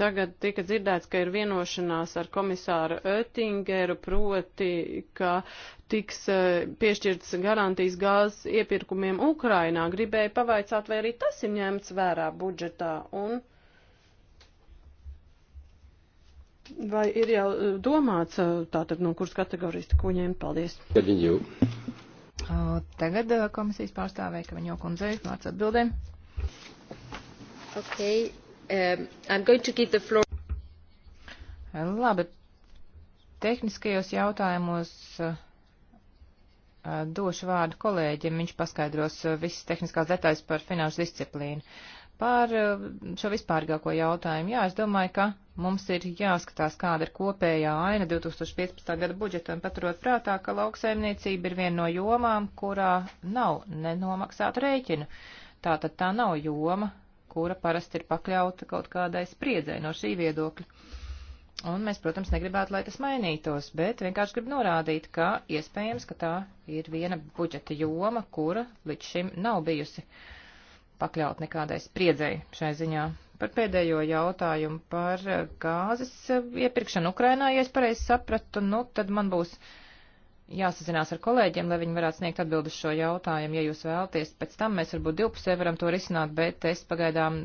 Tagad tika dzirdēts, ka ir vienošanās ar komisāru Oettingeru, proti, ka tiks piešķirtas garantijas gāzes iepirkumiem Ukrainā. Gribēju pavaicāt, vai arī tas ir ņemts vērā budžetā. Un Vai ir jau eh, domāts eh, tātad no kuras kategorijas ko ņemt? Paldies. Tagad eh, komisijas pārstāvēja, ka viņa jau kundzei vārds atbildēm. Okay. Um, I'm going to give the floor. Labi. Tehniskajos jautājumos uh, došu vārdu kolēģim. Viņš paskaidros uh, visas tehniskās detaļas par finanšu disciplīnu. Par uh, šo vispārīgāko jautājumu. Jā, es domāju, ka Mums ir jāskatās, kāda ir kopējā aina 2015. gada budžetam, paturot prātā, ka lauksaimniecība ir viena no jomām, kurā nav nenomaksāta rēķina. Tātad tā nav joma, kura parasti ir pakļauta kaut kādai spriedzei no šī viedokļa. Un mēs, protams, negribētu, lai tas mainītos, bet vienkārši gribu norādīt, ka iespējams, ka tā ir viena budžeta joma, kura līdz šim nav bijusi pakļaut nekādai spriedzei šai ziņā. Par pēdējo jautājumu par eh, gāzes eh, iepirkšanu Ukrainā, ja es pareizi sapratu, nu tad man būs jāsazinās ar kolēģiem, lai viņi varētu sniegt atbildu šo jautājumu, ja jūs vēlaties. Pēc tam mēs varbūt divpusē varam to risināt, bet es pagaidām,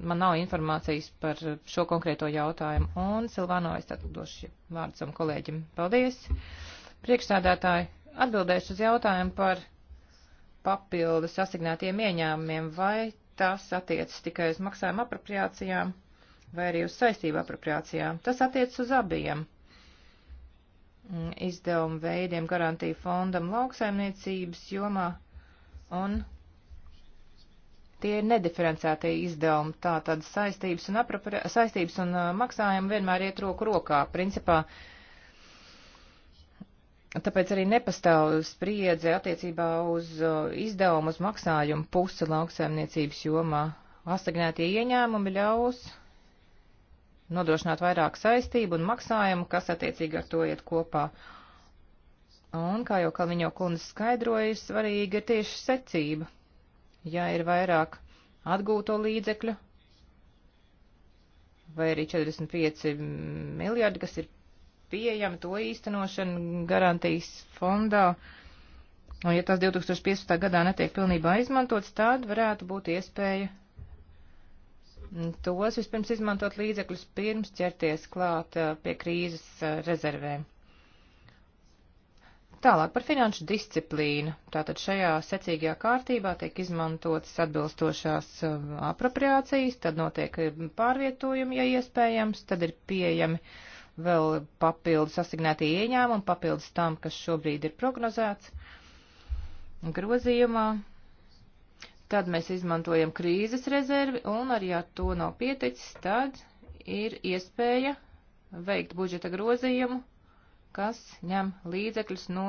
man nav informācijas par šo konkrēto jautājumu. Un Silvāno, es tad došu vārdu savam kolēģim. Paldies. Priekšsādātāji, atbildēšu uz jautājumu par papildus asignētiem ieņēmumiem, vai tas attiecas tikai uz maksājuma apropriācijām vai arī uz saistību apropriācijām. Tas attiecas uz abiem mm, izdevumu veidiem garantija fondam lauksaimniecības jomā un tie ir nediferencētie izdevumi. Tātad saistības un, apropri... saistības un uh, maksājumi vienmēr iet roku rokā. Principā uh, Tāpēc arī nepastāv spriedze attiecībā uz izdevumu, uz maksājumu pusi lauksaimniecības jomā. Astagnētie ieņēmumi ļaus nodrošināt vairāk saistību un maksājumu, kas attiecīgi ar to iet kopā. Un, kā jau Kalniņo kundze skaidroja, svarīga ir tieši secība. Ja ir vairāk atgūto līdzekļu, vai arī 45 miljardi, kas ir pieejami, to īstenošana garantijas fondā. Un ja tas 2015. gadā netiek pilnībā izmantots, tad varētu būt iespēja tos vispirms izmantot līdzekļus pirms ķerties klāt eh, pie krīzes eh, rezervēm. Tālāk par finanšu disciplīnu. Tātad šajā secīgajā kārtībā tiek izmantotas atbilstošās eh, apropriācijas, tad notiek pārvietojumi, ja iespējams, tad ir pieejami uh, vēl papildus asignētie ieņēmumi, papildus tam, kas šobrīd ir prognozēts grozījumā. Tad mēs izmantojam krīzes rezervi, un arī ja to nav pieticis, tad ir iespēja veikt budžeta grozījumu, kas ņem līdzekļus no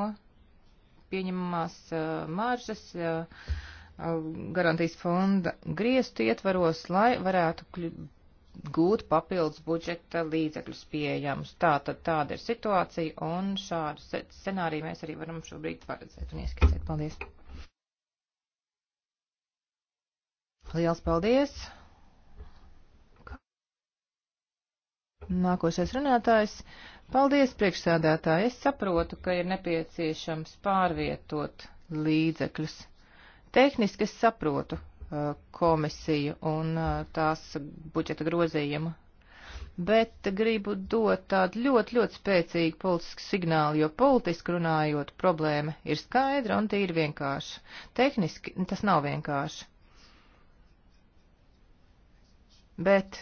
pieņemamās uh, maržas uh, uh garantijas fonda griestu ietvaros, lai varētu gūt papildus budžeta līdzekļus pieejamus. Tā tad tāda ir situācija, un šādu scenāriju mēs arī varam šobrīd paredzēt un ieskicēt. Paldies! Liels paldies! Nākošais runātājs. Paldies, priekšsēdētāji. Es saprotu, ka ir nepieciešams pārvietot līdzekļus. Tehniski es saprotu komisiju un tās budžeta grozījumu. Bet gribu dot tādu ļoti, ļoti spēcīgu politisku signālu, jo politiski runājot, problēma ir skaidra un tīri vienkārša. Tehniski tas nav vienkārši. Bet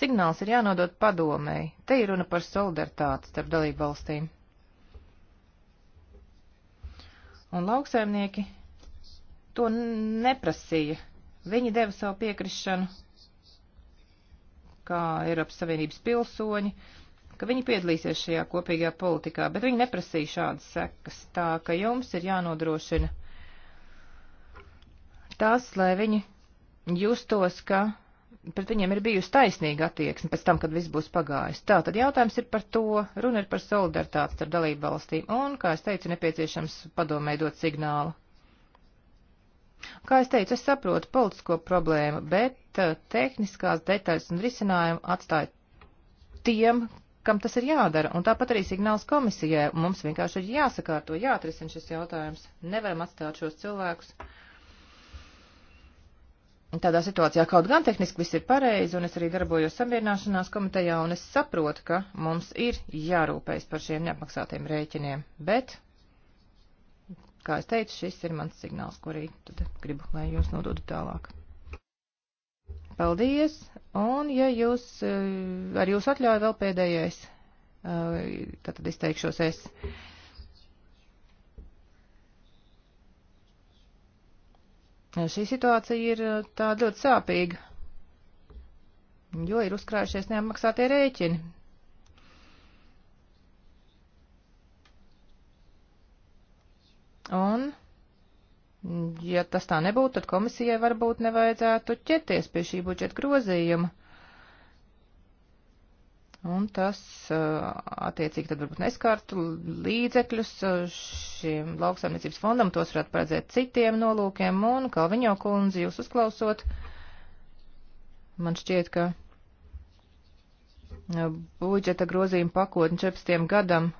signāls ir jānodot padomēji. Te ir runa par solidaritāti starp dalību valstīm. Un lauksaimnieki to neprasīja. Viņi deva savu piekrišanu, kā Eiropas Savienības pilsoņi, ka viņi piedalīsies šajā kopīgajā politikā, bet viņi neprasīja šādas sekas, tā ka jums ir jānodrošina tas, lai viņi justos, ka pret viņiem ir bijusi taisnīga attieksme pēc tam, kad viss būs pagājis. Tā tad jautājums ir par to, runa ir par solidaritāti starp dalību valstīm, un, kā es teicu, nepieciešams padomē dot signālu, Kā es teicu, es saprotu politisko problēmu, bet eh, tehniskās detaļas un risinājumu atstāju tiem, kam tas ir jādara, un tāpat arī signāls komisijai, un mums vienkārši ir jāsakārto, jāatrisina šis jautājums. Nevaram atstāt šos cilvēkus. Tādā situācijā kaut gan tehniski viss ir pareizi, un es arī darbojos samierināšanās komitejā, un es saprotu, ka mums ir jārūpējas par šiem neapmaksātiem rēķiniem, bet kā es teicu, šis ir mans signāls, ko arī gribu, lai jūs nododu tālāk. Paldies! Un, ja jūs, eh, ar jūs atļauju vēl pēdējais, eh, tad izteikšos es. Šī situācija ir eh, tāda ļoti sāpīga, jo ir uzkrājušies neapmaksātie rēķini. Un, ja tas tā nebūtu, tad komisijai varbūt nevajadzētu ķerties pie šī budžeta grozījuma. Un tas uh, attiecīgi tad varbūt neskārtu līdzekļus uh, šim lauksaimniecības fondam, tos varētu paredzēt citiem nolūkiem, un Kalviņo kundzi jūs uzklausot, man šķiet, ka uh, budžeta grozījuma pakotni 14. gadam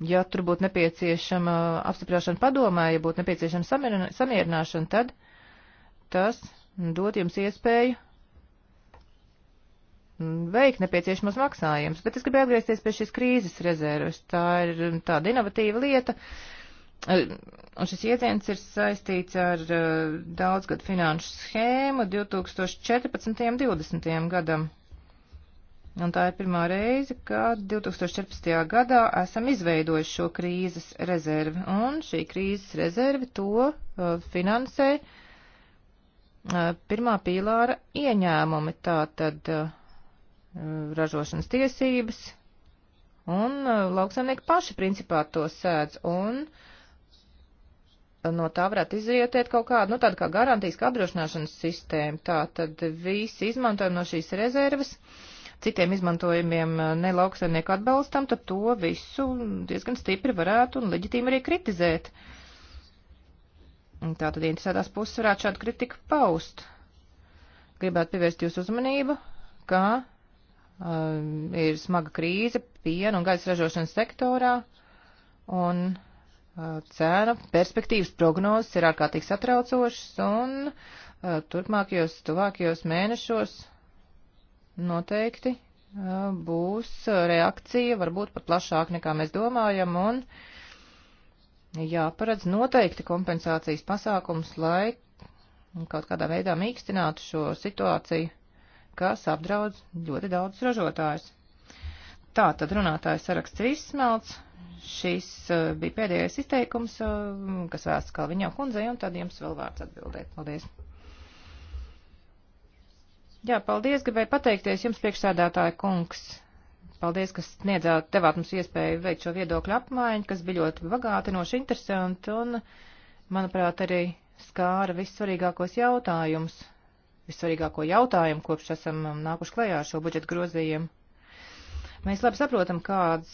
ja tur būtu nepieciešama apstiprināšana padomē, ja būtu nepieciešama samierināšana, tad tas dot jums iespēju veikt nepieciešamos maksājumus. Bet es gribēju atgriezties pie šīs krīzes rezerves. Tā ir tāda inovatīva lieta. Eh, un šis jēdziens ir saistīts ar eh, daudzgadu finanšu schēmu 2014. un 2020. gadam. Un tā ir pirmā reize, kad 2014. gadā esam izveidojuši šo krīzes rezervi, un šī krīzes rezervi to uh, finansē uh, pirmā pīlāra ieņēmumi, tātad uh, ražošanas tiesības, un uh, lauksaimnieki paši principā to sēdz, un uh, no tā varētu izrietēt kaut kādu, nu tādu kā garantijas, kā apdrošināšanas sistēmu, tātad visi izmantojumi no šīs rezerves. Uh, citiem izmantojumiem eh, ne lauksaimnieku atbalstam, tad to visu diezgan stipri varētu un leģitīmi arī kritizēt. Tātad interesētās puses varētu šādu kritiku paust. Gribētu pievērst jūsu uzmanību, ka um, ir smaga krīze piena un gaisa ražošanas sektorā, un uh, eh, cēna perspektīvas prognozes ir ārkārtīgi satraucošas, un uh, turpmākajos, tuvākajos mēnešos uh, noteikti uh, būs reakcija, varbūt pat plašāk nekā mēs domājam, un jāparedz noteikti kompensācijas pasākums, lai kaut kādā veidā mīkstinātu šo situāciju, kas apdraudz ļoti daudz ražotājus. Tā tad runātājs saraksts ir izsmelts. Šis uh, bija pēdējais izteikums, uh, kas vēsts Kalviņā kundzei, un tad jums vēl vārds atbildēt. Paldies! Jā, paldies, gribēju pateikties jums priekšsēdētāja kungs. Paldies, kas sniedzāt, devāt mums iespēju veikt šo viedokļu apmaiņu, kas bija ļoti bagātinoši interesanti un, manuprāt, arī skāra vissvarīgākos jautājumus, vissvarīgāko jautājumu, kopš esam nākuši klajā ar šo budžetu grozījumu. Mēs labi saprotam, kāds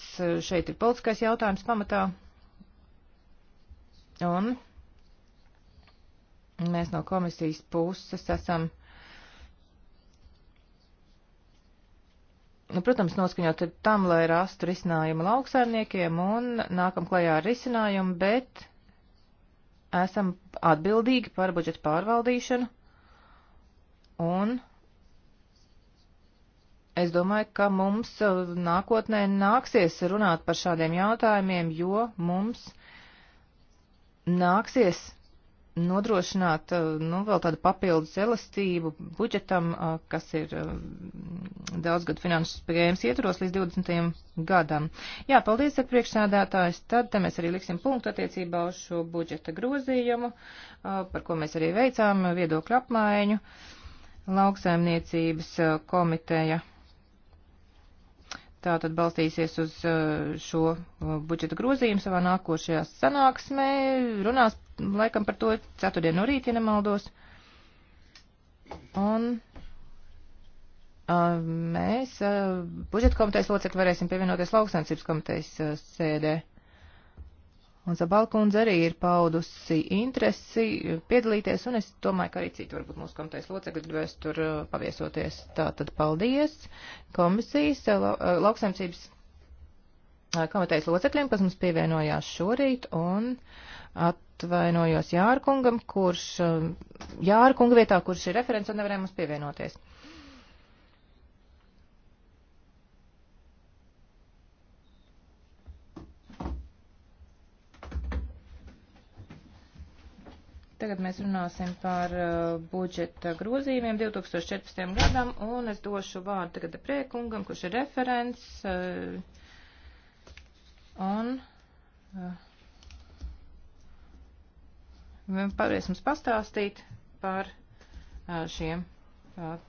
šeit ir politiskais jautājums pamatā. Un mēs no komisijas puses esam. Uh, nu, protams, noskaņot tam, lai rastu risinājumu lauksaimniekiem un nākam klajā ar risinājumu, bet esam atbildīgi par budžetu pārvaldīšanu un es domāju, ka mums uh, nākotnē nāksies runāt par šādiem jautājumiem, jo mums nāksies nodrošināt eh, nu, vēl tādu papildus elastību budžetam, eh, kas ir eh, daudzgad finanšu spējams ietvaros līdz 20. gadam. Jā, paldies, ar priekšsēdētājs. Tad te mēs arī liksim punktu attiecībā uz šo budžeta grozījumu, par ko mēs arī veicām viedokļu apmaiņu. Lauksaimniecības komiteja tātad balstīsies uz šo budžeta grozījumu savā nākošajā sanāksmē, runās laikam par to ceturtdien no rīta, ja nemaldos. Un mēs budžeta komitejas locekļi varēsim pievienoties lauksaimniecības komitejas sēdē. Un Zabalkundze arī ir paudusi interesi piedalīties, un es domāju, ka arī citi varbūt mūsu komitejas locekļi gribēs tur paviesoties. Tātad paldies komisijas lauksaimniecības komitejas locekļiem, kas mums pievienojās šorīt, un uh, atvainojos Jārkungam, kurš Jārkunga vietā, kurš ir referents un nevarēja mums pievienoties. Tagad mēs runāsim par uh, budžeta grozījumiem 2014. gadam, un es došu vārdu tagad priekungam, kurš ir referents. Uh, un, uh, Pavarēs mums pastāstīt par šiem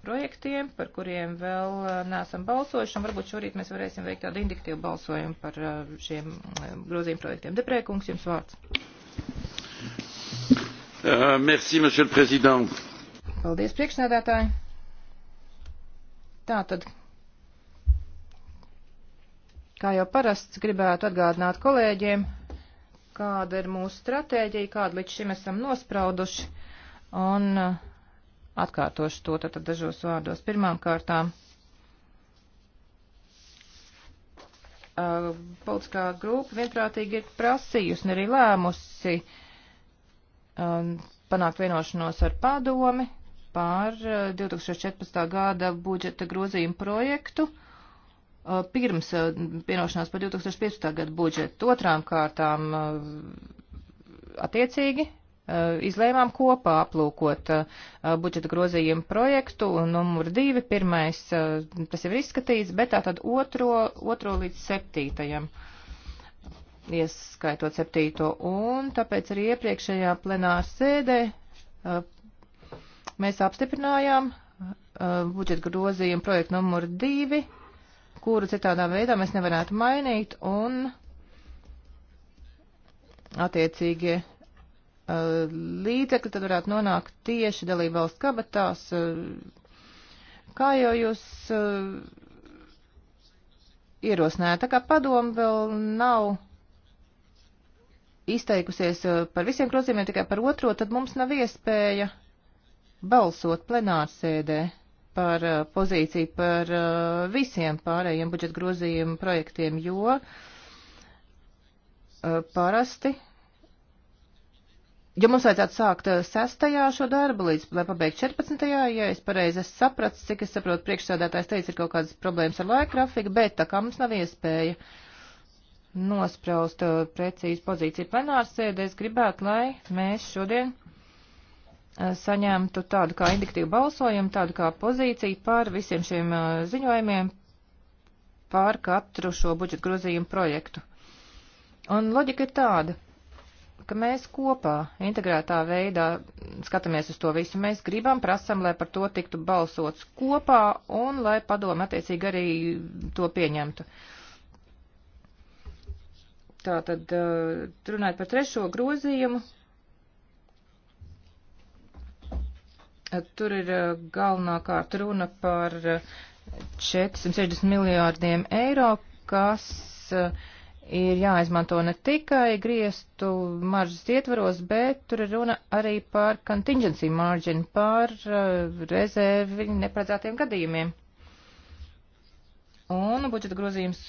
projektiem, par kuriem vēl neesam balsojuši, un varbūt šorīt mēs varēsim veikt tādu indiktīvu balsojumu par šiem grozījumu projektiem. Deprēkungs, jums vārds. Uh, merci, monsieur le président. Paldies, priekšnēdētāji. Tā tad, kā jau parasts, gribētu atgādināt kolēģiem, kāda ir mūsu stratēģija, kādu līdz šim esam nosprauduši, un uh, atkārtošu to tad dažos vārdos. Pirmām kārtām. Uh, politiskā grupa vienprātīgi ir prasījusi un arī lēmusi um, panākt vienošanos ar padomi pār 2014. Uh, gada budžeta grozījumu projektu, Uh, pirms pienošanās uh, par 2015. gadu budžetu. Otrām kārtām uh, attiecīgi izlēmām kopā aplūkot budžeta grozījumu projektu numur divi. Pirmais, tas jau ir izskatīts, bet tā tad otro, otro līdz septītajam ieskaitot septīto. Un tāpēc arī iepriekšējā plenāra sēdē mēs apstiprinājām budžeta grozījumu projektu numur divi kuru citādā veidā mēs nevarētu mainīt, un attiecīgie uh, līdzekļi tad varētu nonākt tieši dalību valsts kabatās. Uh, kā jau jūs uh, ierosinājāt, tā kā padomu vēl nav izteikusies uh, par visiem grozījumiem, tikai par otro, tad mums nav iespēja balsot plenārsēdē. sēdē par eh, pozīciju par eh, visiem pārējiem budžeta grozījumu projektiem, jo eh, parasti, jo mums vajadzētu sākt sestajā šo darbu līdz, lai pabeigtu 14. ja es pareizi esmu sapratis, cik es saprotu, priekšsādātājs teica, ir kaut kādas problēmas ar laika grafiku, bet tā kā mums nav iespēja nospraust precīzi pozīciju plenārsēdē, es gribētu, lai mēs šodien Eh, saņemtu tādu kā indiktīvu balsojumu, tādu kā pozīciju par visiem šiem eh, ziņojumiem, par katru šo budžeta grozījumu projektu. Un loģika ir tāda, ka mēs kopā, integrētā veidā skatāmies uz to visu. Mēs gribam, prasam, lai par to tiktu balsots kopā un lai padomu attiecīgi arī to pieņemtu. Tātad, eh, runājot par trešo grozījumu, Tur ir eh, galvenokārt runa par 460 eh, miljārdiem eiro, kas eh, ir jāizmanto ne tikai griestu maržas ietvaros, bet tur ir runa arī par contingency margin, par rezervi neparedzētiem gadījumiem. Un budžeta grozījums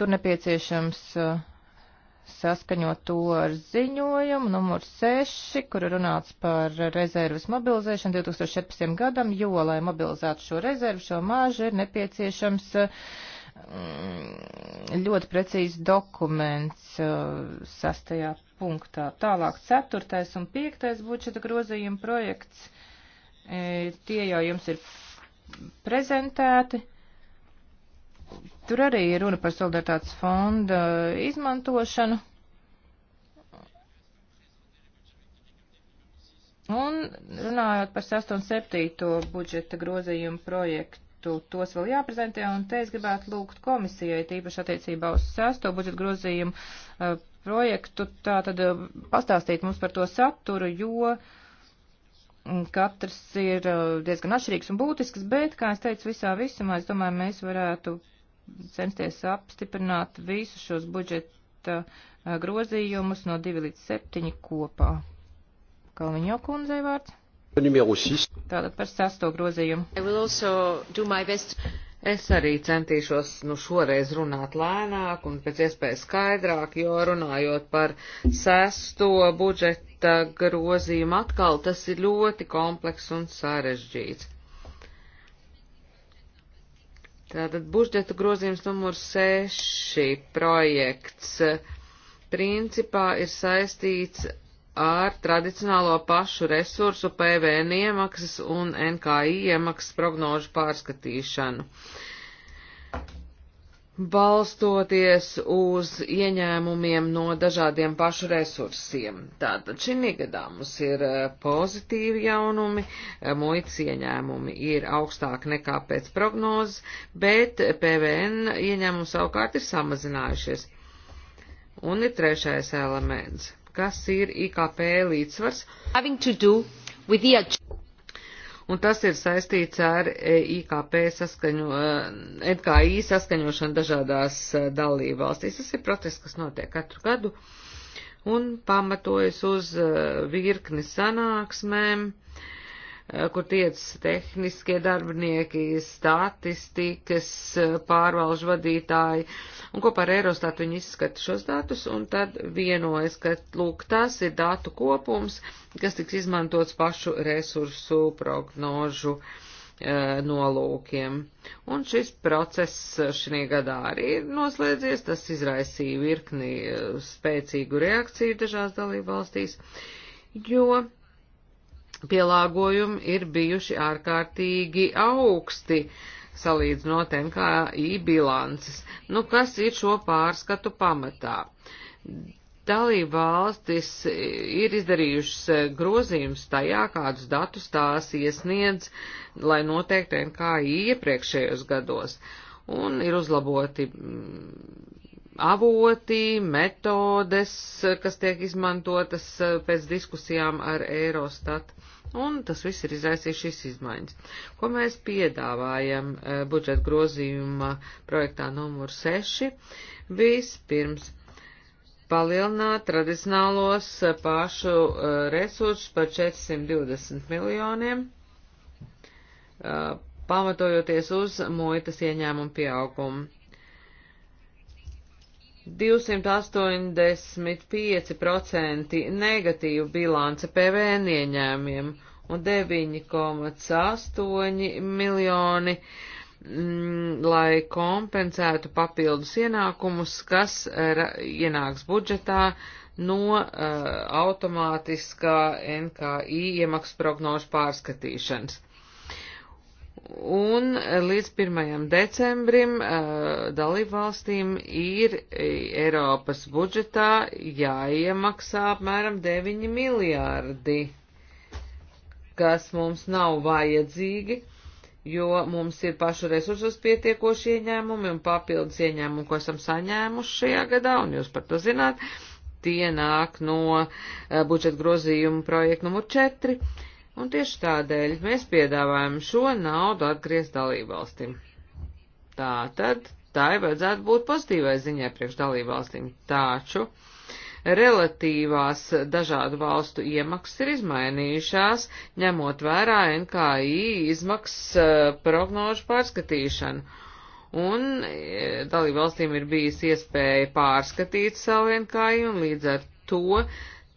tur nepieciešams uh, saskaņot to ar ziņojumu numur 6, kur runāts par rezervas mobilizēšanu 2014. gadam, jo, lai mobilizētu šo rezervu, šo māžu, ir nepieciešams mm, ļoti precīzi dokuments uh, sastajā punktā. Tālāk ceturtais un piektais budžeta grozījuma projekts. E, tie jau jums ir prezentēti. Tur arī ir runa par solidaritātes fonda izmantošanu. Un runājot par 6 un 7 budžeta grozījumu projektu, tos vēl jāprezentē, un te es gribētu lūgt komisijai, tīpaši attiecībā uz 6 budžeta grozījumu uh, projektu, tā tad uh, eh, pastāstīt mums par to saturu, jo uh, katrs ir eh, diezgan atšķirīgs un būtisks, bet, kā es teicu, visā visumā, es domāju, mēs varētu censties apstiprināt visus šos budžeta eh, grozījumus no 2 līdz 7 kopā. Kalviņo kundzei vārds. Tātad par sesto grozījumu. Es arī centīšos nu šoreiz runāt lēnāk un pēc iespējas skaidrāk, jo runājot par sesto budžeta grozījumu atkal, tas ir ļoti kompleks un sarežģīts. Tātad budžeta grozījums numur 6 projekts principā ir saistīts ar tradicionālo pašu resursu PVN iemaksas un NKI iemaksas prognožu pārskatīšanu. Uh, balstoties uz ieņēmumiem no dažādiem pašu resursiem. Tātad šī gadā mums ir eh, pozitīvi jaunumi, eh, muitas ieņēmumi ir augstāki nekā pēc prognozes, bet PVN ieņēmumi savukārt ir samazinājušies. Un ir trešais elements, kas ir IKP līdzsvars un tas ir saistīts ar e, IKP saskaņo, e, NKI saskaņošanu dažādās e, dalību valstīs. Tas ir process, kas notiek katru gadu un pamatojas uz virkni sanāksmēm. Uh, Eh, kur tiec tehniskie darbinieki, statistikas eh, pārvalžu vadītāji, un kopā ar Eurostatu viņi izskata šos datus, un tad vienojas, ka, lūk, tas ir datu kopums, kas tiks izmantots pašu resursu prognožu e, nolūkiem. Un šis process šī gadā arī ir noslēdzies, tas izraisīja virkni spēcīgu reakciju dažās dalību valstīs, jo pielāgojumi ir bijuši ārkārtīgi augsti salīdzinot NKI bilances. Nu, kas ir šo pārskatu pamatā? Dalība valstis ir izdarījušas grozījums tajā, kādus datus tās iesniedz, lai noteiktu NKI iepriekšējos gados, un ir uzlaboti avoti, metodes, kas tiek izmantotas eh, pēc diskusijām ar Eurostat. Un tas viss ir izraisījis šīs izmaiņas. Ko mēs piedāvājam eh, budžeta grozījuma projektā numur 6? Vispirms palielināt tradicionālos eh, pašu resursus par 420 miljoniem, pamatojoties uz muitas ieņēmumu pieaugumu 285% negatīvu bilance PVN ieņēmiem un 9,8 miljoni, m, mm, lai kompensētu papildus ienākumus, kas eh, ra, ienāks budžetā no uh, automātiskā NKI iemaksu prognožu pārskatīšanas. Un līdz 1. decembrim uh, dalībvalstīm ir Eiropas budžetā jāiemaksā apmēram 9 miljārdi, kas mums nav vajadzīgi, jo mums ir pašu resursus pietiekoši ieņēmumi un papildus ieņēmumi, ko esam saņēmuši šajā gadā, un jūs par to zināt, tie nāk no uh, budžeta grozījuma projekta numur 4 Un tieši tādēļ mēs piedāvājam šo naudu atgriezt dalībvalstim. Tā tad tā ir vajadzētu būt pozitīvai ziņai priekš dalībvalstīm, taču relatīvās dažādu valstu iemaksas ir izmainījušās, ņemot vērā NKI izmaksas uh, prognožu pārskatīšanu. Un e, dalībvalstīm ir bijis iespēja pārskatīt savu NKI un līdz ar to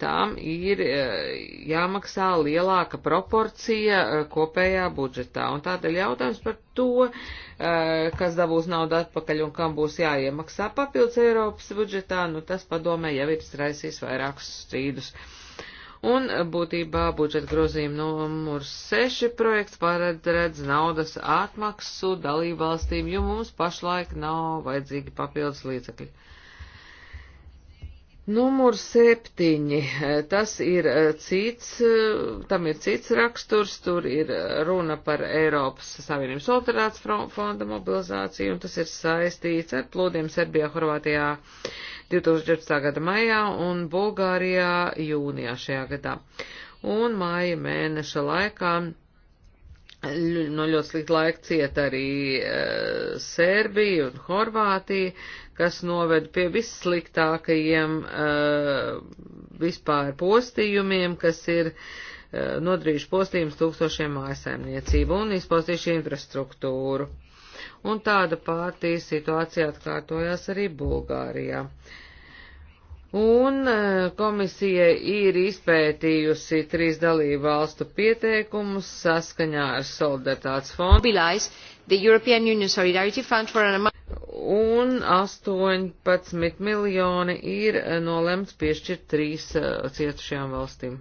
tām ir eh, jāmaksā lielāka proporcija eh, kopējā budžetā. Un tādēļ jautājums par to, eh, kas dabūs naudu atpakaļ un kam būs jāiemaksā papildus Eiropas budžetā, nu tas padomē jau ir izraisījis vairākus strīdus. Un būtībā budžeta grozījuma numur 6 projekts paredz naudas atmaksu dalību valstīm, jo mums pašlaik nav vajadzīgi papildus līdzekļi. Numur septiņi, tas ir e, cits, e, tam ir cits raksturs, tur ir runa par Eiropas Savienības solidaritātes fonda mobilizāciju, un tas ir saistīts ar plūdiem Serbijā, Horvātijā 2014. gada maijā un Bulgārijā jūnijā šajā gadā. Un māja mēneša laikā no ļoti slikta laika cieta arī e, Serbija un Horvātija, kas noved pie vissliktākajiem uh, vispār postījumiem, kas ir uh, eh, nodarījuši postījums tūkstošiem mājasaimniecību un izpostījuši infrastruktūru. Un tāda pati situācija atkārtojās arī Bulgārijā. Un uh, komisija ir izpētījusi trīs dalību valstu pieteikumus saskaņā ar Solidaritātes fondu un 18 miljoni ir nolemts piešķirt trīs eh, cietušajām valstīm.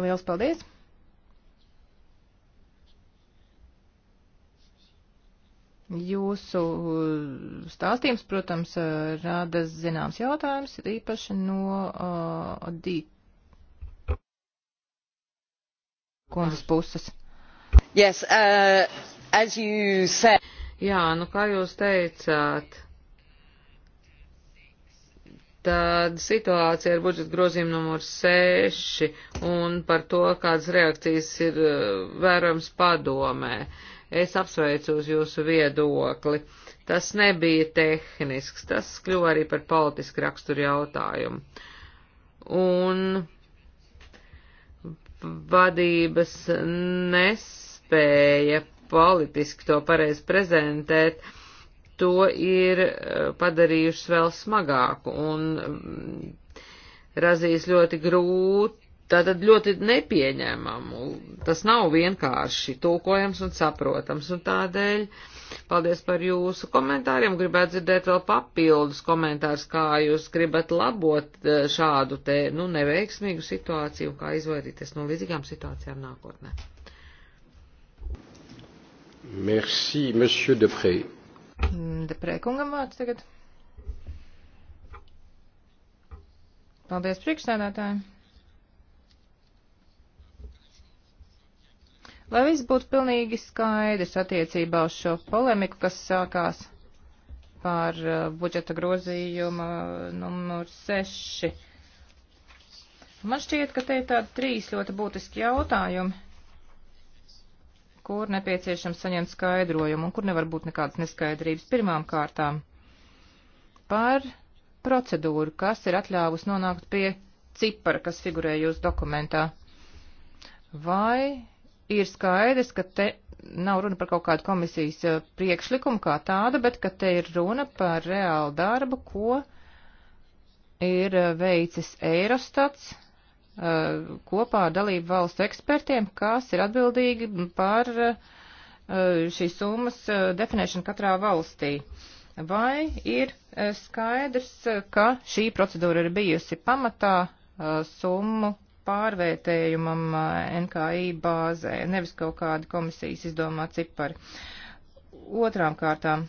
Liels paldies! Jūsu stāstījums, protams, rada zināms jautājums, īpaši no uh, D. kundzes puses. Yes, uh, as you said. Jā, nu kā jūs teicāt, tad situācija ar budžeta grozījumu numur 6 un par to, kādas reakcijas ir eh, vērojams padomē. Es apsveicu uz jūsu viedokli. Tas nebija tehnisks, tas kļuva arī par politisku raksturu jautājumu. Un vadības nespēja politiski to pareizi prezentēt, to ir eh, padarījušas vēl smagāku un mm, razīs ļoti grūti, tātad ļoti nepieņēmamu. Tas nav vienkārši tūkojams un saprotams, un tādēļ paldies par jūsu komentāriem. Gribētu dzirdēt vēl papildus komentārus, kā jūs gribat labot eh, šādu te, nu, neveiksmīgu situāciju, kā izvairīties no līdzīgām situācijām nākotnē. Merci, monsieur Depré. Mm, Deprē kungam vārds tagad. Paldies priekšsēdētājiem. Lai viss būtu pilnīgi skaidrs attiecībā uz šo polemiku, kas sākās par uh, budžeta grozījuma numur 6. Man šķiet, ka te ir tādi trīs ļoti būtiski jautājumi kur nepieciešams saņemt skaidrojumu un kur nevar būt nekādas neskaidrības pirmām kārtām par procedūru, kas ir atļāvus nonākt pie cipara, kas figurē jūsu dokumentā. Vai ir skaidrs, ka te nav runa par kaut kādu komisijas eh, priekšlikumu kā tādu, bet ka te ir runa par reālu darbu, ko ir eh, veicis Eirostats Uh, kopā ar dalību valstu ekspertiem, kas ir atbildīgi par uh, šīs summas uh, definēšanu katrā valstī. Vai ir skaidrs, ka šī procedūra ir bijusi pamatā summu pārvērtējumam NKI bāzē, nevis kaut kādi komisijas izdomā cipari? Otrām kārtām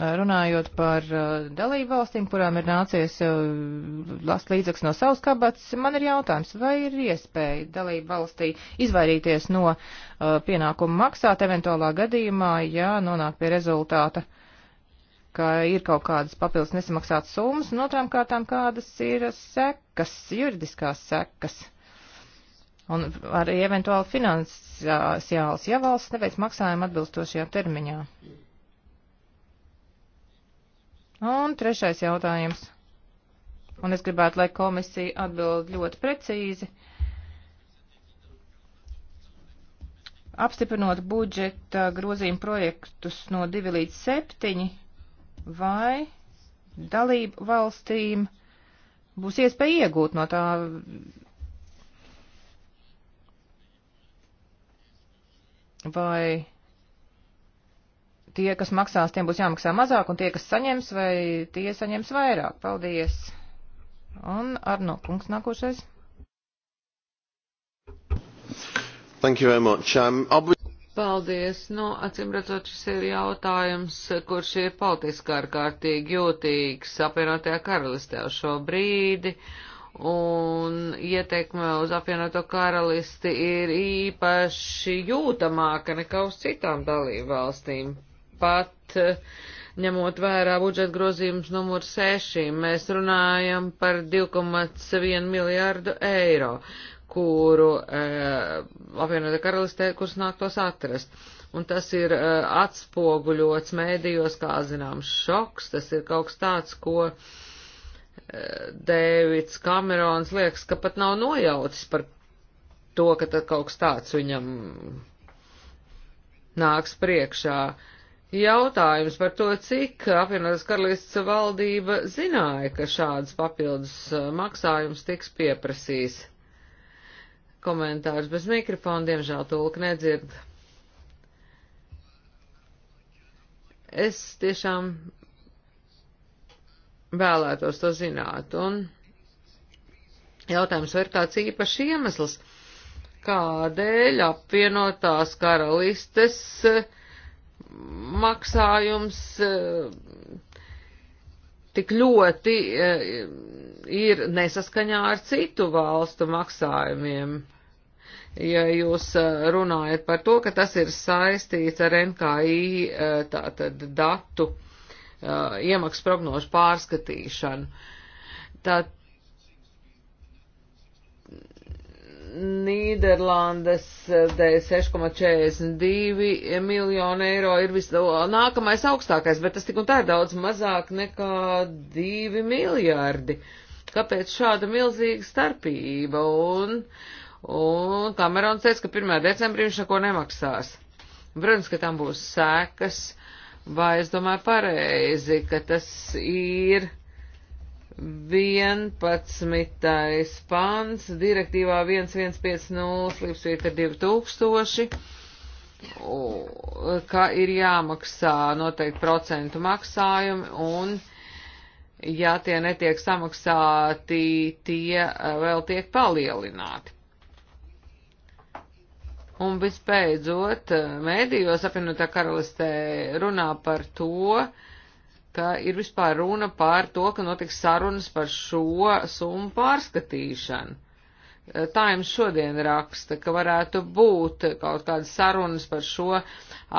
Runājot par uh, dalību valstīm, kurām ir nācies uh, last līdzaks no savas kabatas, man ir jautājums, vai ir iespēja dalību valstī izvairīties no uh, pienākuma maksāt eventuālā gadījumā, ja nonāk pie rezultāta ka ir kaut kādas papildus nesamaksātas summas, un otrām kārtām kādas ir sekas, juridiskās sekas. Un arī eventuāli finansiāls, ja valsts neveic maksājumu atbilstošajā termiņā. Un trešais jautājums. Un es gribētu, lai komisija atbild ļoti precīzi. Apstiprinot budžeta grozījumu projektus no 2 līdz 7 vai dalību valstīm būs iespēja iegūt no tā vai tie, kas maksās, tiem būs jāmaksā mazāk, un tie, kas saņems, vai tie saņems vairāk. Paldies! Un Arno kungs nākošais. Thank you very much. Um, obvi... Paldies. Nu, acīm redzot, šis ir jautājums, kurš ir politiski ārkārtīgi jūtīgs apvienotajā karalistē šo brīdi. Un ietekme uz apvienoto karalisti ir īpaši jūtamāka nekā uz citām dalību valstīm. Tāpat, eh, ņemot vērā budžeta grozījums numur 6, mēs runājam par 2,1 miljārdu eiro, kuru eh, apvienotā karalistē, kurus nāktos atrast. Un tas ir eh, atspoguļots mēdījos, kā zināms, šoks, tas ir kaut kas tāds, ko eh, Dēvids Kamerons liekas, ka pat nav nojaucis par to, ka tad kaut kas tāds viņam nāks priekšā. Eh, Jautājums par to, cik apvienotās karalists valdība zināja, ka šāds papildus uh, maksājums tiks pieprasīs. Komentārs bez mikrofona, diemžēl tulk nedzird. Es tiešām vēlētos to zināt, un jautājums vai ir kāds īpašs iemesls, kādēļ apvienotās karalistes uh, maksājums eh, tik ļoti eh, ir nesaskaņā ar citu valstu maksājumiem. Ja jūs eh, runājat par to, ka tas ir saistīts ar NKI tātad datu iemaksu prognožu pārskatīšanu, tad Nīderlandes 6,42 eh, miljonu eiro ir vis, nākamais augstākais, bet tas tik un tā ir daudz mazāk nekā 2 miljārdi. Kāpēc šāda milzīga starpība? Un, un Kamerons teica, ka 1. decembrī viņš neko nemaksās. Protams, ka tam būs sēkas, vai es domāju pareizi, ka tas ir 11. pants, direktīvā 1150 līdzsvīta 2000, ka ir jāmaksā noteikti procentu maksājumi un, ja tie netiek samaksāti, tie eh, vēl tiek palielināti. Un visbeidzot, eh, mēdījos apvienotā karalistē runā par to, uh, ka ir vispār runa par to, ka notiks sarunas par šo summu pārskatīšanu. Eh, Times šodien raksta, ka varētu būt kaut kādas sarunas par šo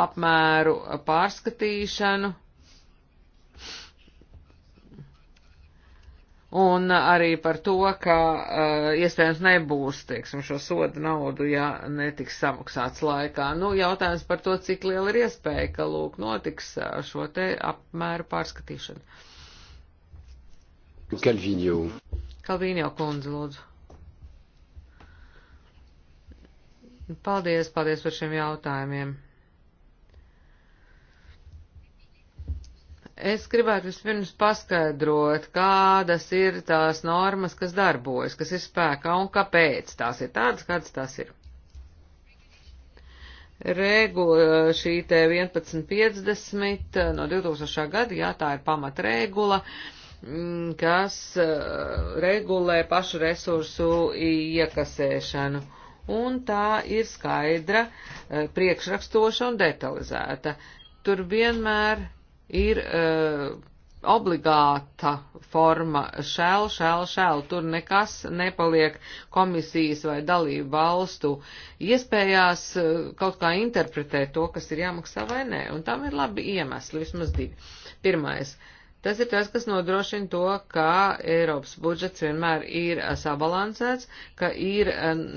apmēru eh, pārskatīšanu, un arī par to, ka uh, iespējams nebūs, teiksim, šo sodu naudu, ja netiks samaksāts laikā. Nu, jautājums par to, cik liela ir iespēja, ka, lūk, notiks eh, šo te apmēru pārskatīšana. Kalvīņo. Kalvīņo kundze, lūdzu. Paldies, paldies par šiem jautājumiem. Es gribētu vispirms paskaidrot, kādas ir tās normas, kas darbojas, kas ir spēkā un kāpēc tās ir tādas, kādas tās ir. Regula šī te 1150 eh, no 2000. gada, jā, tā ir pamatregula, mm, kas eh, regulē pašu resursu iekasēšanu un tā ir skaidra, eh, priekšrakstoša un detalizēta. Tur vienmēr ir uh, obligāta forma šēl, šēl, šēl. Tur nekas nepaliek komisijas vai dalību valstu iespējās uh, kaut kā interpretēt to, kas ir jāmaksā vai nē. Un tam ir labi iemesli, vismaz divi. Pirmais. Tas ir tas, kas nodrošina to, ka Eiropas budžets vienmēr ir eh, sabalansēts, ka ir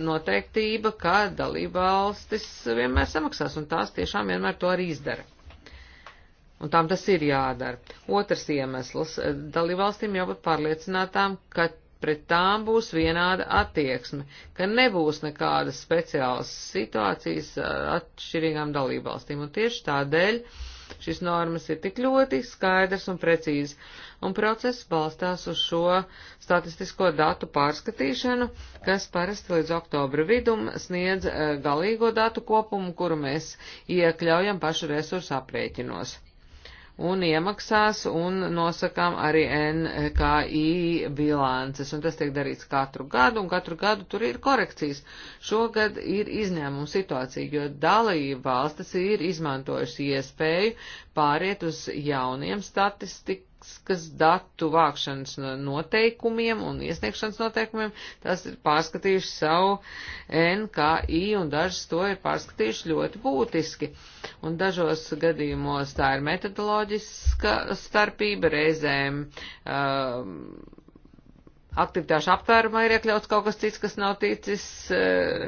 noteiktība, ka dalībvalstis vienmēr samaksās, un tās tiešām vienmēr to arī izdara. Un tām tas ir jādara. Otrs iemesls - dalībvalstīm jābūt pārliecinātām, ka pret tām būs vienāda attieksme, ka nebūs nekādas speciālas situācijas uh, atšķirīgām dalībvalstīm. Un tieši tādēļ šis normas ir tik ļoti skaidrs un precīzi, un process balstās uz šo statistisko datu pārskatīšanu, kas parasti līdz oktobra vidum sniedz uh, galīgo datu kopumu, kuru mēs iekļaujam pašu resursu aprēķinos un iemaksās un nosakām arī NKI bilances, un tas tiek darīts katru gadu, un katru gadu tur ir korekcijas. Šogad ir izņēmuma situācija, jo dalība valstis ir izmantojusi iespēju pāriet uz jauniem statistika kas datu vākšanas noteikumiem un iesniegšanas noteikumiem, tas ir pārskatījuši savu NKI un dažas to ir pārskatījuši ļoti būtiski. Un dažos gadījumos tā ir metodoloģiska starpība, reizēm um, aktivitāšu aptvērumā ir iekļauts kaut kas cits, kas nav ticis e,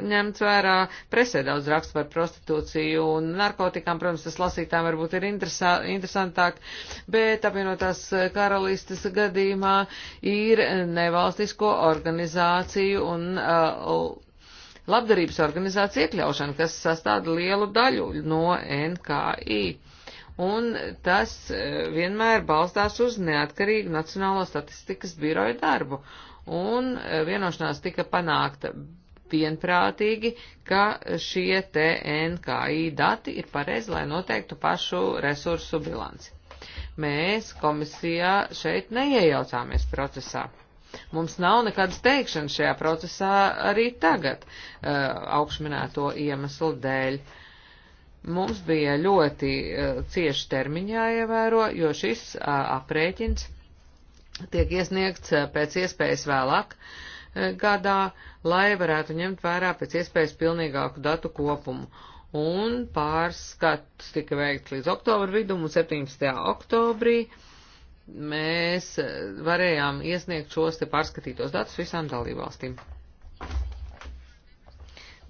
ņemts vērā. Presē daudz raksta par prostitūciju un narkotikām, protams, tas lasītām varbūt ir interesā, interesantāk, bet apvienotās e, karalistes gadījumā ir nevalstisko organizāciju un e, labdarības organizāciju iekļaušana, kas sastāda lielu daļu no NKI un tas e, vienmēr balstās uz neatkarīgu Nacionālo statistikas biroju darbu. Un e, vienošanās tika panākta vienprātīgi, ka šie TNKI dati ir pareizi, lai noteiktu pašu resursu bilanci. Mēs komisijā šeit neiejaucāmies procesā. Mums nav nekādas teikšanas šajā procesā arī tagad, uh, augšminēto iemeslu dēļ. Uh, Mums bija ļoti uh, cieši termiņā ievēro, jo šis uh, aprēķins tiek iesniegts uh, pēc iespējas vēlāk uh, gadā, lai varētu ņemt vērā pēc iespējas pilnīgāku datu kopumu. Un pārskats tika veikts līdz oktobra vidum un 17. oktobrī mēs varējām iesniegt šos te pārskatītos datus visām dalībvalstīm.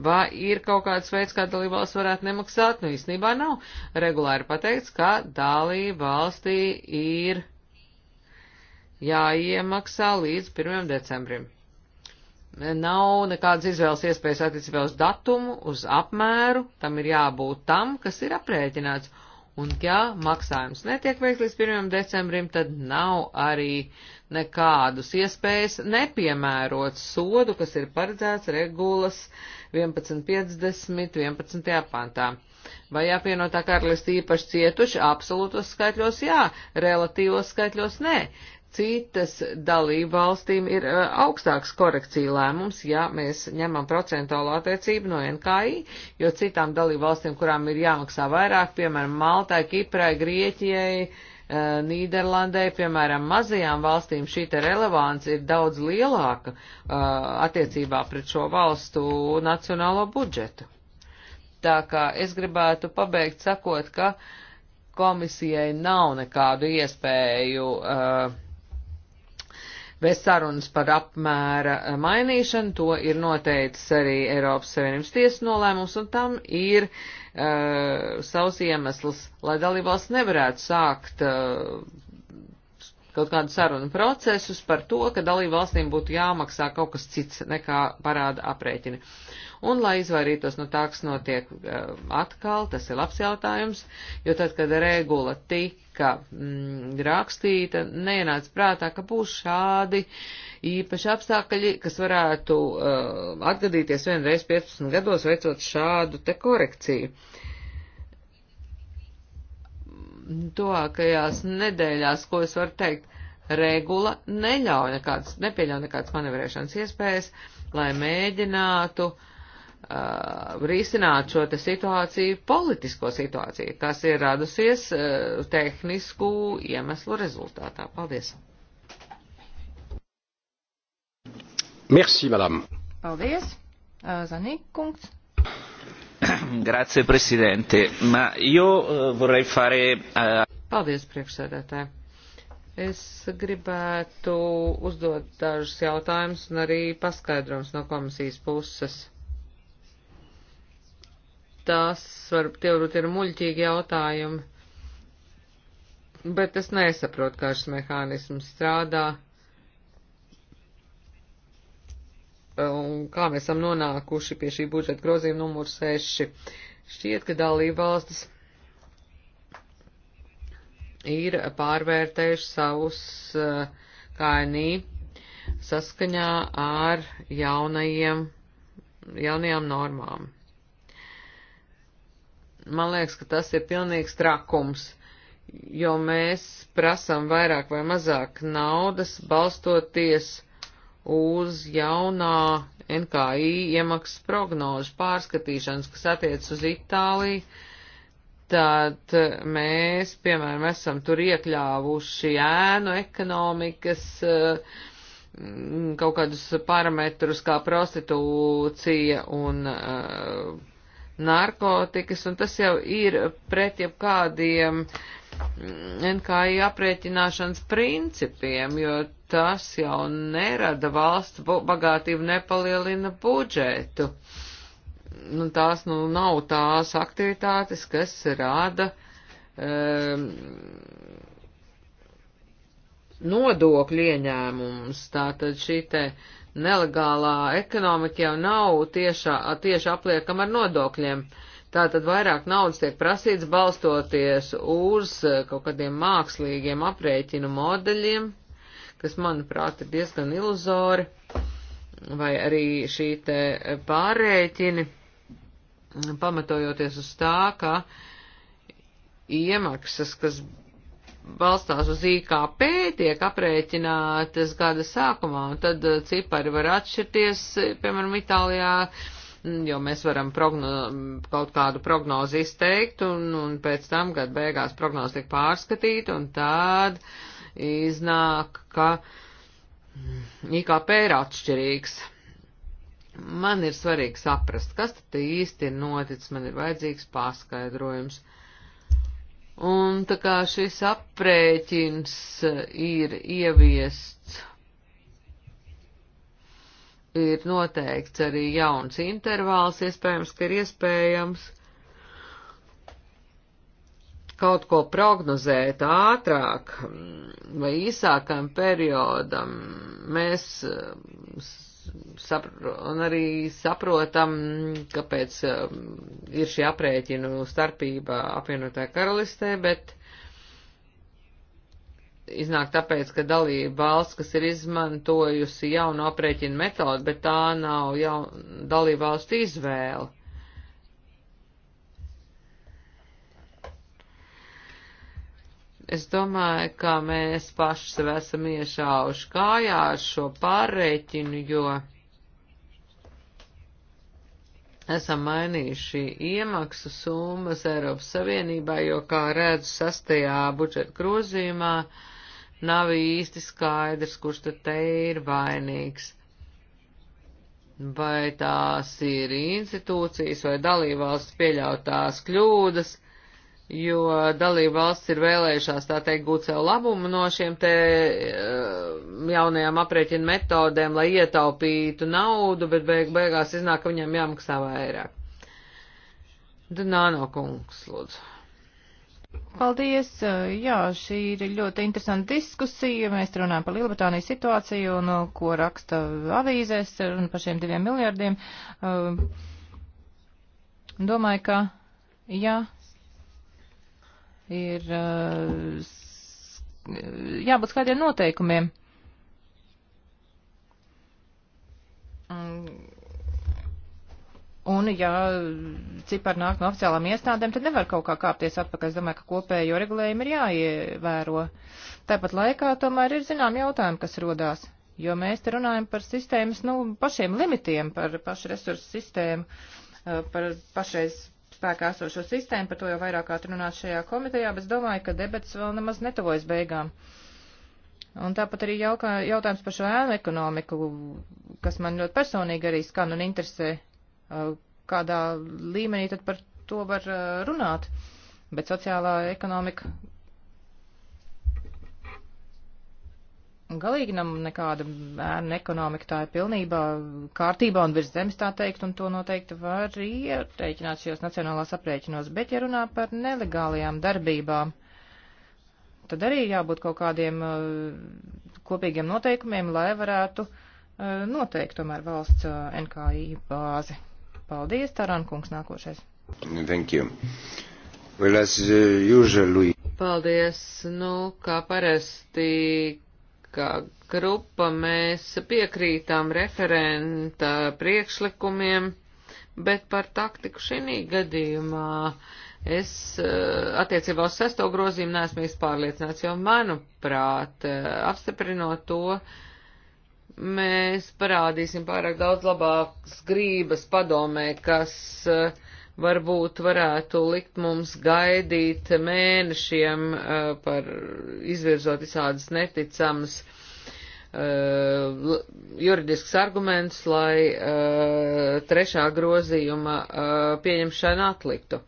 Vai ir kaut kāds veids, kā dalība valsts varētu nemaksāt? Nu, īstenībā nav regulāri pateikts, ka dalība valstī ir jāiemaksā līdz 1. decembrim. Nav nekādas izvēles iespējas attiecībā uz datumu, uz apmēru, tam ir jābūt tam, kas ir aprēķināts. Un ja maksājums netiek veikts līdz 1. decembrim, tad nav arī nekādus iespējas nepiemērot sodu, kas ir paredzēts regulas uh, 11.50, 11. pantā. Vai apvienotā karalista īpaši cietuši? Absolūtos skaitļos jā, relatīvos skaitļos nē. Citas dalība valstīm ir uh, augstāks korekcija lēmums, ja mēs ņemam procentuālu attiecību no NKI, jo citām dalību valstīm, kurām ir jāmaksā vairāk, piemēram, Maltai, Kiprai, Grieķijai, uh, Eh, Nīderlandē, piemēram, mazajām valstīm šī te relevance ir daudz lielāka eh, attiecībā pret šo valstu nacionālo budžetu. Tā kā es gribētu pabeigt sakot, ka komisijai nav nekādu iespēju Bez eh, sarunas par apmēra mainīšanu to ir noteicis arī Eiropas Savienības tiesas nolēmums, un tam ir uh, uh, savus iemeslus, lai dalībvalsts nevarētu sākt uh, kaut kādu sarunu procesus par to, ka dalībvalstīm būtu jāmaksā kaut kas cits nekā parāda aprēķini. Un, lai izvairītos no tā, kas notiek uh, atkal, tas ir labs jautājums, jo tad, kad regula tika mm, rakstīta, neienāca prātā, ka būs šādi uh, īpaši apstākļi, kas varētu uh, atgadīties vienreiz 15 gados veicot šādu te korekciju. Tuvākajās nedēļās, ko es varu teikt, regula neļauj nekādas, nepieļauj nekādas manevrēšanas iespējas, lai mēģinātu uh, Uh, risināt šo te situāciju, politisko situāciju, kas ir radusies uh, tehnisku iemeslu rezultātā. Paldies! Merci, madam. Paldies. Zanīkungs. Grazie, prezidente. Ma io vorrei fare. Uh... Paldies, priekšsēdētāji. Es gribētu uzdot dažus jautājumus un arī paskaidrums no komisijas puses. Tas var, tie varbūt ir muļķīgi jautājumi, bet es nesaprotu, kā šis mehānisms strādā un kā mēs esam nonākuši pie šī budžeta grozījuma numur 6. Šķiet, ka dalībvalstis ir pārvērtējuši savus eh, kainī saskaņā ar jaunajiem, jaunajām normām. Man liekas, ka tas ir pilnīgs trakums jo mēs prasām vairāk vai mazāk naudas, balstoties uz jaunā NKI iemaksas prognožu pārskatīšanas, kas attiec uz Itāliju, tad eh, mēs, piemēram, esam tur iekļāvuši ēnu ekonomikas eh, kaut kādus parametrus kā prostitūcija un uh, narkotikas, un tas jau ir pret jau kādiem mm, NKI aprēķināšanas principiem, jo tas jau nerada valsts bagātību, nepalielina budžetu. Nu, tās nu, nav tās aktivitātes, kas rada um, nodokļu ieņēmumus. Tātad šī te nelegālā ekonomika jau nav tiešā, tieši apliekama ar nodokļiem. Tātad vairāk naudas tiek prasīts balstoties uz eh, kaut kādiem mākslīgiem aprēķinu modeļiem kas, manuprāt, ir diezgan iluzori, vai arī šī te pārēķini, pamatojoties uz tā, ka iemaksas, kas balstās uz IKP, tiek aprēķinātas gada sākumā, un tad uh, cipari var atšķirties, piemēram, Itālijā, mm, jo mēs varam progno, kaut kādu prognozi izteikt, un, un pēc tam gada beigās prognozi tiek pārskatīta, un tāda iznāk, ka IKP ir atšķirīgs. Man ir svarīgi saprast, kas tad īsti ir noticis, man ir vajadzīgs paskaidrojums. Un tā kā šis aprēķins ir ieviests, ir noteikts arī jauns intervāls, iespējams, ka ir iespējams, kaut ko prognozēt ātrāk vai īsākam periodam, mēs eh, sapro, un arī saprotam, kāpēc eh, ir šī aprēķinu starpība apvienotā karalistē, bet iznāk tāpēc, ka dalība valsts, kas ir izmantojusi jaunu aprēķinu metodu, bet tā nav jaun, dalība valsts izvēle Es domāju, ka mēs paši sev esam iešāvuši kājā ar šo pārreķinu, jo esam mainījuši iemaksu summas Eiropas Savienībā, jo, kā redzu, sastajā budžeta grozījumā nav īsti skaidrs, kurš tad te ir vainīgs. Vai tās ir institūcijas vai dalībvalsts pieļautās kļūdas, jo dalība valsts ir vēlējušās, tā teikt, gūt sev labumu no šiem te eh, jaunajām aprēķinu metodēm, lai ietaupītu naudu, bet beig beigās iznāk, ka viņam jāmaksā vairāk. Dunāno kungs, lūdzu. Paldies! Jā, šī ir ļoti interesanta diskusija. Mēs runājam par Lielbritānijas situāciju un ko raksta avīzēs un par šiem diviem miljardiem. Domāju, ka, jā, ir eh, jābūt kādiem noteikumiem. Un, ja cipari nāk no oficiālām iestādēm, tad nevar kaut kā kāpties atpakaļ. Es domāju, ka kopējo regulējumu ir jāievēro. Tāpat laikā tomēr ir zinām jautājumi, kas rodās. Jo mēs te runājam par sistēmas, nu, pašiem limitiem, par pašu resursu sistēmu, eh, par pašreiz spēkā esošo sistēmu, par to jau vairāk kārt runāts šajā komitejā, bet es domāju, ka debats vēl nemaz netavojas beigām. Un tāpat arī jaukā, jautājums par šo ēnu ekonomiku, kas man ļoti personīgi arī skan un interesē, uh, kādā līmenī tad par to var uh, runāt. Bet sociālā ekonomika galīgi nav nekāda bērnu ekonomika, tā ir pilnībā kārtībā un virs zemes tā teikt, un to noteikti var ierēķināt šajos nacionālās aprēķinos. Bet, ja runā par nelegālajām darbībām, tad arī jābūt kaut kādiem uh, kopīgiem noteikumiem, lai varētu uh, noteikt tomēr valsts uh, NKI bāzi. Paldies, Tarankungs, nākošais. Thank you. Well, as usual, Louis. Paldies. Nu, kā parasti kā grupa mēs piekrītām referenta priekšlikumiem, bet par taktiku šī gadījumā es eh, attiecībā uz sesto grozījumu neesmu īsti pārliecināts, jo manuprāt, eh, apstiprinot to, mēs parādīsim pārāk daudz labākas grības padomē, kas uh, varbūt varētu likt mums gaidīt mēnešiem eh, par izvirzot visādas neticamas eh, juridisks arguments, lai eh, trešā grozījuma pieņemšana atliktu.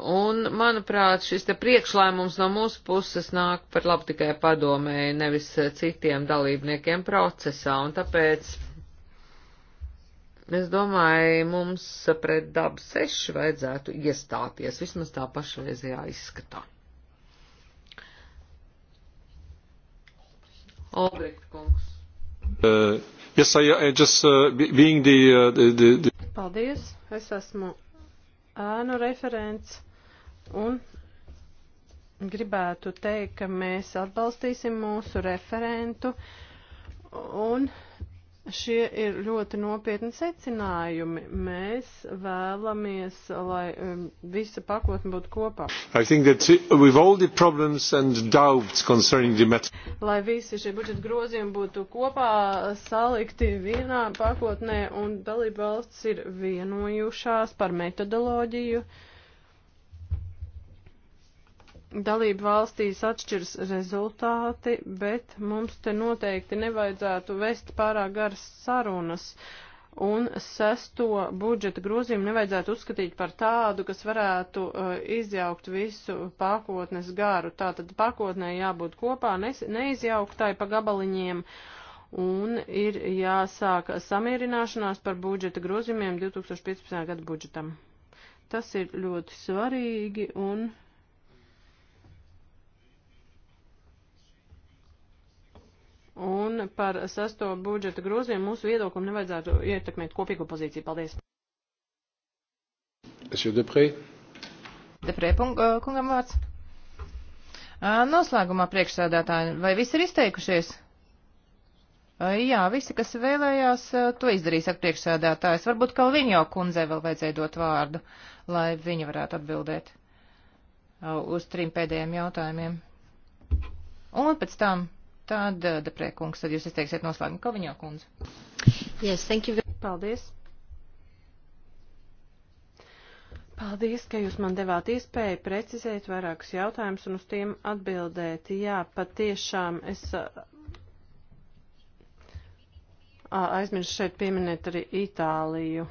Un, manuprāt, šis te priekšlēmums no mūsu puses nāk par labu tikai padomēji, nevis citiem dalībniekiem procesā, un tāpēc Es domāju, mums pret dabu seši vajadzētu iestāties, vismaz tā pašreizajā izskatā. Albrecht kungs. Uh, yes, I, I just, uh, being the, uh, the, the... Paldies, es esmu ēnu referents un gribētu teikt, ka mēs atbalstīsim mūsu referentu un Šie ir ļoti nopietni secinājumi. Mēs vēlamies, lai um, visa pakotne būtu kopā. Lai visi šie budžeta grozījumi būtu kopā salikti vienā pakotnē un dalība valsts ir vienojušās par metodoloģiju. Uh, dalību valstīs atšķirs rezultāti, bet mums te noteikti nevajadzētu vest pārāk garas sarunas. Un sesto budžeta grozījumu nevajadzētu uzskatīt par tādu, kas varētu uh, izjaukt visu pakotnes garu. Tātad pakotnē jābūt kopā, ne, neizjauktai pa gabaliņiem. Un ir jāsāk samierināšanās par budžeta grozījumiem 2015. gada budžetam. Tas ir ļoti svarīgi un Un par sasto budžeta grozījumu mūsu viedoklim nevajadzētu ietekmēt kopīgo pozīciju. Paldies. Deprē. Deprē kungam vārds. Noslēgumā priekšsēdētāji, vai visi ir izteikušies? Jā, visi, kas vēlējās, to izdarīs ar priekšsēdētājs. Varbūt Kalviņo kundzei vēl vajadzēja dot vārdu, lai viņa varētu atbildēt uz trim pēdējiem jautājumiem. Un pēc tam Tad, eh, Deprē kungs, tad jūs izteiksiet noslēgumu Koviņā kundze. Yes, thank you. Paldies. Paldies, ka jūs man devāt iespēju precizēt vairākus jautājumus un uz tiem atbildēt. Jā, patiešām es eh, aizmirsu šeit pieminēt arī Itāliju.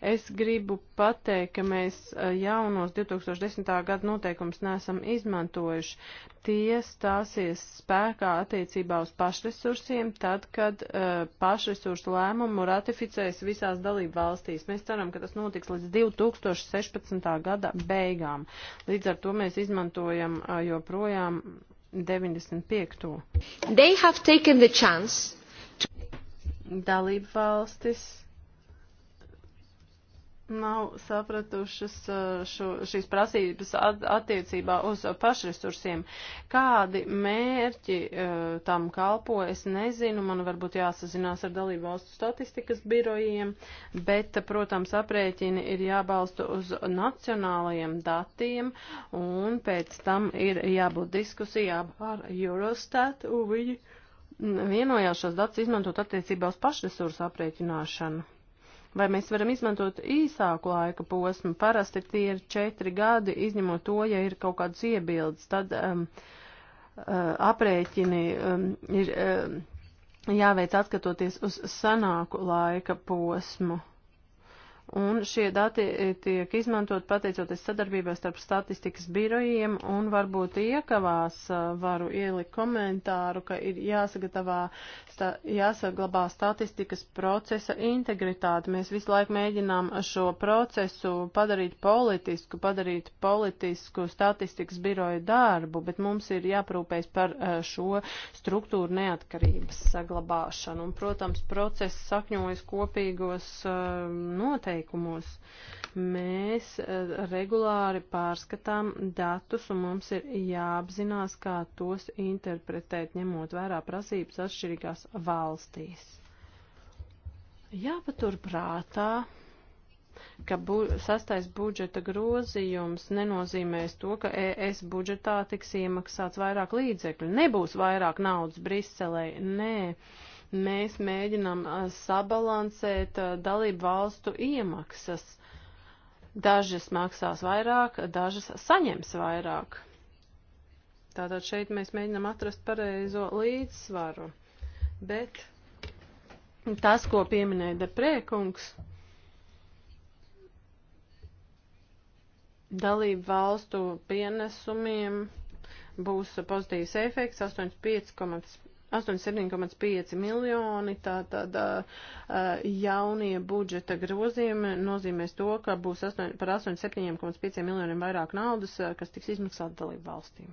Es gribu pateikt, ka mēs eh, jaunos 2010. gada noteikums nesam izmantojuši. Tie stāsies spēkā attiecībā uz pašresursiem, tad, kad uh, pašresursu lēmumu ratificēs visās dalību valstīs. Mēs ceram, ka tas notiks līdz 2016. gada beigām. Līdz ar to mēs izmantojam uh, joprojām 95. They have taken the chance. To... Dalību valstis nav sapratušas eh, šo, šīs prasības at, attiecībā uz pašresursiem. Kādi mērķi eh, tam kalpo, es nezinu, man varbūt jāsazinās ar dalību valstu statistikas birojiem, bet, protams, aprēķini ir jābalsta uz nacionālajiem datiem, un pēc tam ir jābūt diskusijām ar Eurostat, un viņi vienojās šos datus izmantot attiecībā uz pašresursu aprēķināšanu. Vai mēs varam izmantot īsāku laika posmu? Parasti tie ir četri gadi, izņemot to, ja ir kaut kādas iebildes, tad um, uh, aprēķini um, ir um, jāveic atskatoties uz sanāku laika posmu un šie dati eh, tiek izmantot pateicoties sadarbībai starp statistikas birojiem, un varbūt iekavās eh, varu ielikt komentāru, ka ir jāsagatavā, sta, jāsaglabā statistikas procesa integritāte. Mēs visu laiku mēģinām šo procesu padarīt politisku, padarīt politisku statistikas biroju darbu, bet mums ir jāprūpējas par eh, šo struktūru neatkarības saglabāšanu. Un, protams, process sakņojas kopīgos noteikumus noteikumos. Mēs eh, regulāri pārskatām datus un mums ir jāapzinās, kā tos interpretēt, ņemot vērā prasības atšķirīgās valstīs. Jāpatur prātā, ka bu sastais budžeta grozījums nenozīmēs to, ka ES budžetā tiks iemaksāts vairāk līdzekļu. Nebūs vairāk naudas Briselē, nē. Ne mēs mēģinam sabalansēt dalību valstu iemaksas. Dažas maksās vairāk, dažas saņems vairāk. Tātad šeit mēs mēģinam atrast pareizo līdzsvaru. Bet tas, ko pieminēja Deprēkungs, dalību valstu pienesumiem būs pozitīvs efekts 85,5 87,5 miljoni, tā tad jaunie budžeta grozījumi nozīmēs to, ka būs 8, par 87,5 miljoniem vairāk naudas, kas tiks izmaksāt dalību valstīm.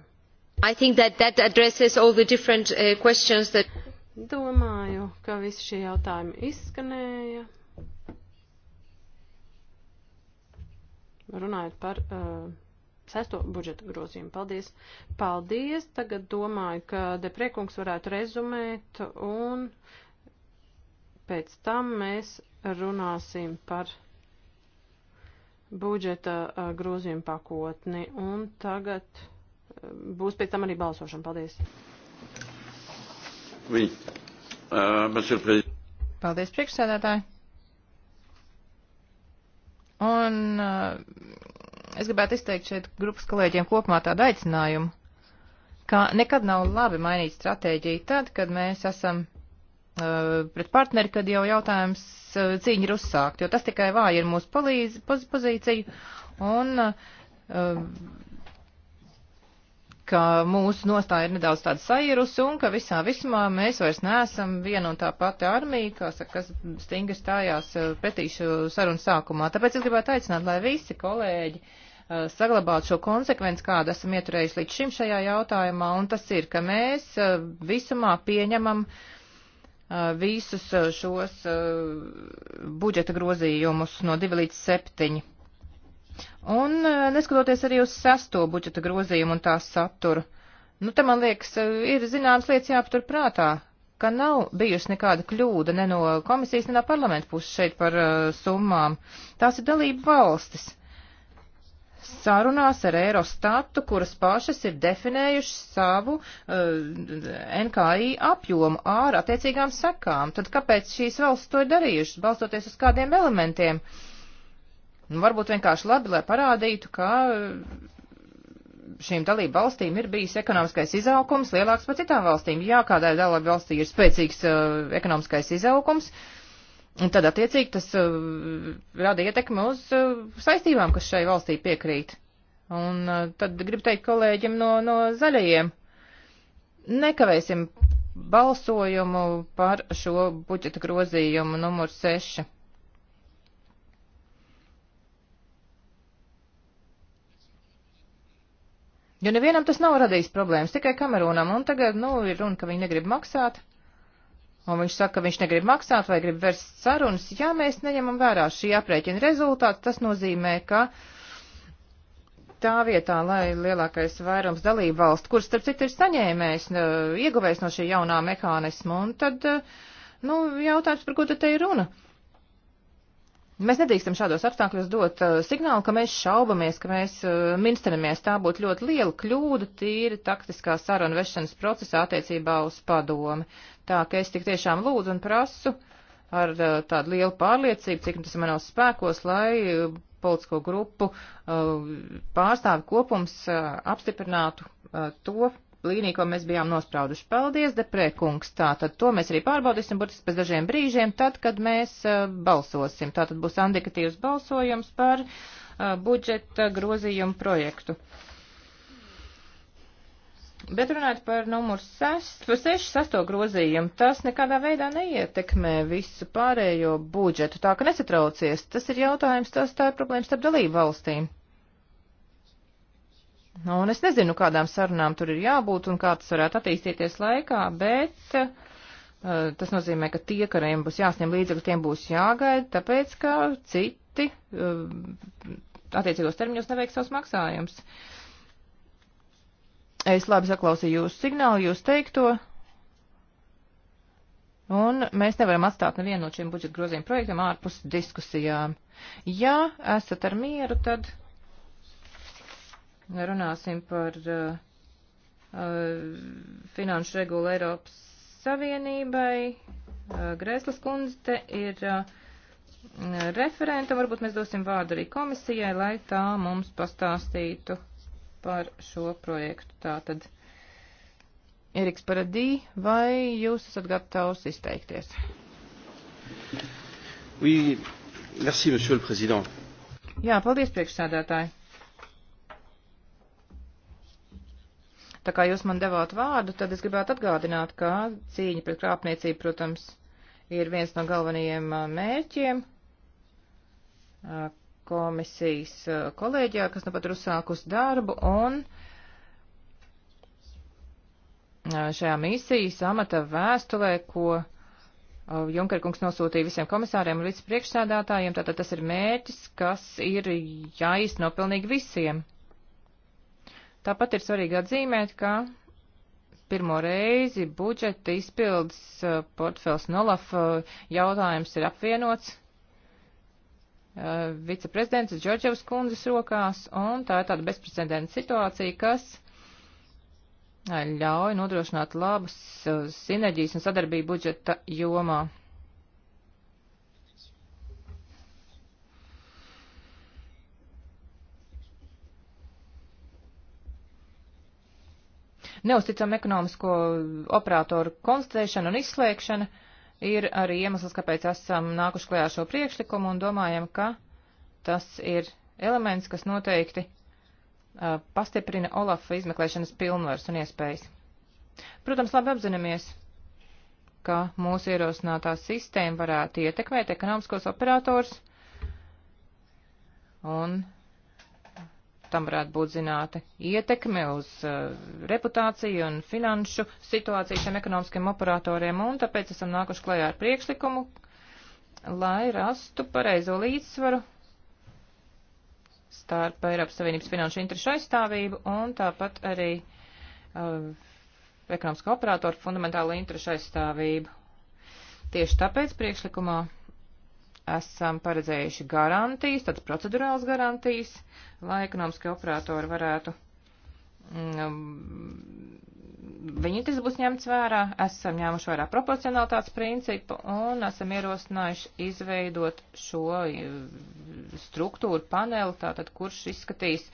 I think that that addresses all the different uh, questions that Domāju, ka visi šie jautājumi izskanēja. Runājot par uh, sesto budžeta grozījumu. Paldies! Paldies! Tagad domāju, ka depriekungs varētu rezumēt un pēc tam mēs runāsim par budžeta grozījumu pakotni un tagad būs pēc tam arī balsošana. Paldies! Oui. Uh, Paldies, priekšsēdētāji! Un uh, Es gribētu izteikt šeit grupas kolēģiem kopumā tādu aicinājumu, ka nekad nav labi mainīt stratēģiju tad, kad mēs esam uh, pret partneri, kad jau jautājums uh, cīņa ir uzsākt, jo tas tikai vāja ir mūsu palīdz, poz, pozīciju un uh, ka mūsu nostāja ir nedaudz tāda sairusi un ka visā vismā mēs vairs neesam viena un tā pati armija, kas, kas stingri stājās eh, pretīšu sarunu sākumā. Tāpēc es gribētu aicināt, lai visi kolēģi uh, saglabātu šo konsekvenci, kādu esam ieturējuši līdz šim šajā jautājumā, un tas ir, ka mēs uh, visumā pieņemam uh, visus šos budžeta grozījumus no 2 līdz 7. Un e, neskatoties arī uz sesto budžeta grozījumu un tās saturu, nu te man liekas, e, ir zināmas lietas jāpatur prātā, ka nav bijusi nekāda kļūda ne no komisijas, ne no parlamenta puses šeit par uh, summām. Tās ir dalība valstis. Sarunās ar Eirostatu, kuras pašas ir definējuši savu uh, NKI apjomu ar attiecīgām sekām. Tad kāpēc šīs valsts to ir darījušas, balstoties uz kādiem elementiem? Uh, Nu, varbūt vienkārši labi, lai parādītu, ka eh, šīm dalību valstīm ir bijis ekonomiskais izaugums lielāks par citām valstīm. Jā, kādai dalību valstī ir spēcīgs uh, ekonomiskais izaugums, un tad attiecīgi tas uh, rada ietekmi uz uh, saistībām, kas šai valstī piekrīt. Un uh, tad gribu teikt kolēģim no, no zaļajiem, nekavēsim balsojumu par šo budžeta grozījumu numur 6. Jo nevienam tas nav radījis problēmas, tikai Kamerūnam. Un tagad, nu, ir runa, ka viņi negrib maksāt. Un viņš saka, ka viņš negrib maksāt vai grib vērst sarunas. Ja mēs neņemam vērā šī aprēķina rezultātu, tas nozīmē, ka tā vietā, lai lielākais vairums dalību valstu, kuras, starp citu, ir saņēmējs, nu, ieguvējs no šī jaunā mehānisma, un tad, nu, jautājums, par ko tad te ir runa? Uh, Mēs nedrīkstam šādos apstākļos dot uh, signālu, ka mēs šaubamies, ka mēs uh, minstinamies. Tā būtu ļoti liela kļūda tīri taktiskā saruna vešanas procesā attiecībā uz padomi. Tā ka es tik tiešām lūdzu un prasu ar uh, tādu lielu pārliecību, cik tas ir manos spēkos, lai uh, politisko grupu uh, pārstāvi kopums uh, apstiprinātu uh, to līniju, ko mēs bijām nosprauduši. Paldies, Deprē kungs. Tātad to mēs arī pārbaudīsim burtiski pēc dažiem brīžiem, tad, kad mēs uh, balsosim. Tātad būs indikatīvs balsojums par uh, budžeta grozījumu projektu. Bet runājot par numuru 6, 6 grozījumu, tas nekādā veidā neietekmē visu pārējo budžetu, tā ka nesatraucies. Tas ir jautājums, tas tā ir problēmas starp dalību valstīm. Nu, un es nezinu, kādām sarunām tur ir jābūt un kā tas varētu attīstīties laikā, bet uh, tas nozīmē, ka tie, kuriem būs jāsniem līdzekļi, tiem būs jāgaida, tāpēc, ka citi uh, attiecīgos termiņos neveiks savus maksājumus. Es labi saklausīju jūsu signālu, jūs teikto, un mēs nevaram atstāt nevienu no šiem budžeta grozījuma projektiem ārpus diskusijām. Ja esat ar mieru, tad runāsim par uh, uh, finanšu regulu Eiropas Savienībai. Uh, Grēslas kundze te ir uh, referenta, varbūt mēs dosim vārdu arī komisijai, lai tā mums pastāstītu par šo projektu. Tātad, Eriks Paradī, vai jūs esat gatavs izteikties? Oui, merci, monsieur le président. Jā, paldies, priekšsādātāji. Tā kā jūs man devāt vārdu, tad es gribētu atgādināt, ka cīņa pret krāpniecību, protams, ir viens no galvenajiem mērķiem komisijas kolēģijā, kas nu pat ir uzsākus darbu, un šajā misijas amata vēstulē, ko Junker kungs nosūtīja visiem komisāriem un vicepriekšsēdātājiem, tātad tas ir mērķis, kas ir jāizno pilnīgi visiem. Tāpat ir svarīgi atzīmēt, ka pirmo reizi budžeta izpildes uh, portfels Nolaf uh, jautājums ir apvienots uh, viceprezidents Džordževs kundzes rokās, un tā ir tāda bezprecedenta situācija, kas ļauj nodrošināt labas sinerģijas un sadarbību budžeta jomā. neusticama ekonomisko operatoru konstatēšana un izslēgšana ir arī iemesls, kāpēc esam nākuši klajā šo priekšlikumu un domājam, ka tas ir elements, kas noteikti uh, pastiprina Olafa izmeklēšanas pilnvaras un iespējas. Protams, labi apzināmies, ka mūsu ierosinātā sistēma varētu ietekmēt ekonomiskos operators un tam varētu būt zināta ietekme uz uh, reputāciju un finanšu situāciju šiem ekonomiskiem operatoriem, un tāpēc esam nākuši klajā ar priekšlikumu, lai rastu pareizo līdzsvaru starp Eiropas Savienības finanšu interešu aizstāvību un tāpat arī uh, eh, ekonomiskā operatora fundamentāla interešu aizstāvību. Tieši tāpēc priekšlikumā esam paredzējuši garantijas, tādas procedurāls garantijas, lai ekonomiskie operatori varētu. Mm, Viņi tas būs ņemts vērā, esam ņēmuši vērā proporcionalitātes principu un esam ierosinājuši izveidot šo mm, struktūru paneli, tātad kurš izskatīs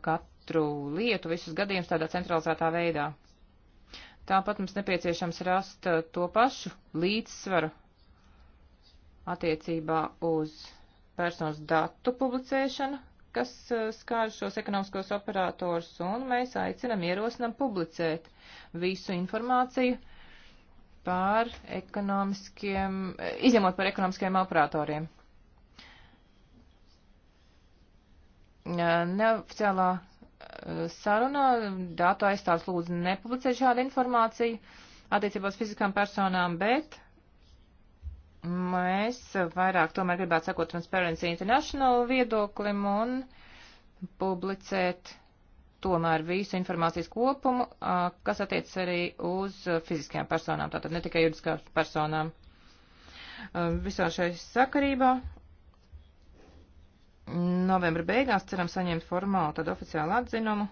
katru lietu, visus gadījumus tādā centralizētā veidā. Tāpat mums nepieciešams rast to pašu līdzsvaru attiecībā uz personas datu publicēšanu, kas uh, skār šos ekonomiskos operators, un mēs aicinam ierosinam publicēt visu informāciju par ekonomiskiem, izņemot par ekonomiskiem operatoriem. Neoficiālā sarunā datu aizstāvs lūdzu nepublicēt šādu informāciju attiecībās fiziskām personām, bet Mēs vairāk tomēr gribētu sakot Transparency International viedoklim un publicēt tomēr visu informācijas kopumu, kas attiec arī uz fiziskajām personām, tātad ne tikai juridiskām personām. Visā šai sakarībā novembra beigās ceram saņemt formālu tādu oficiālu atzinumu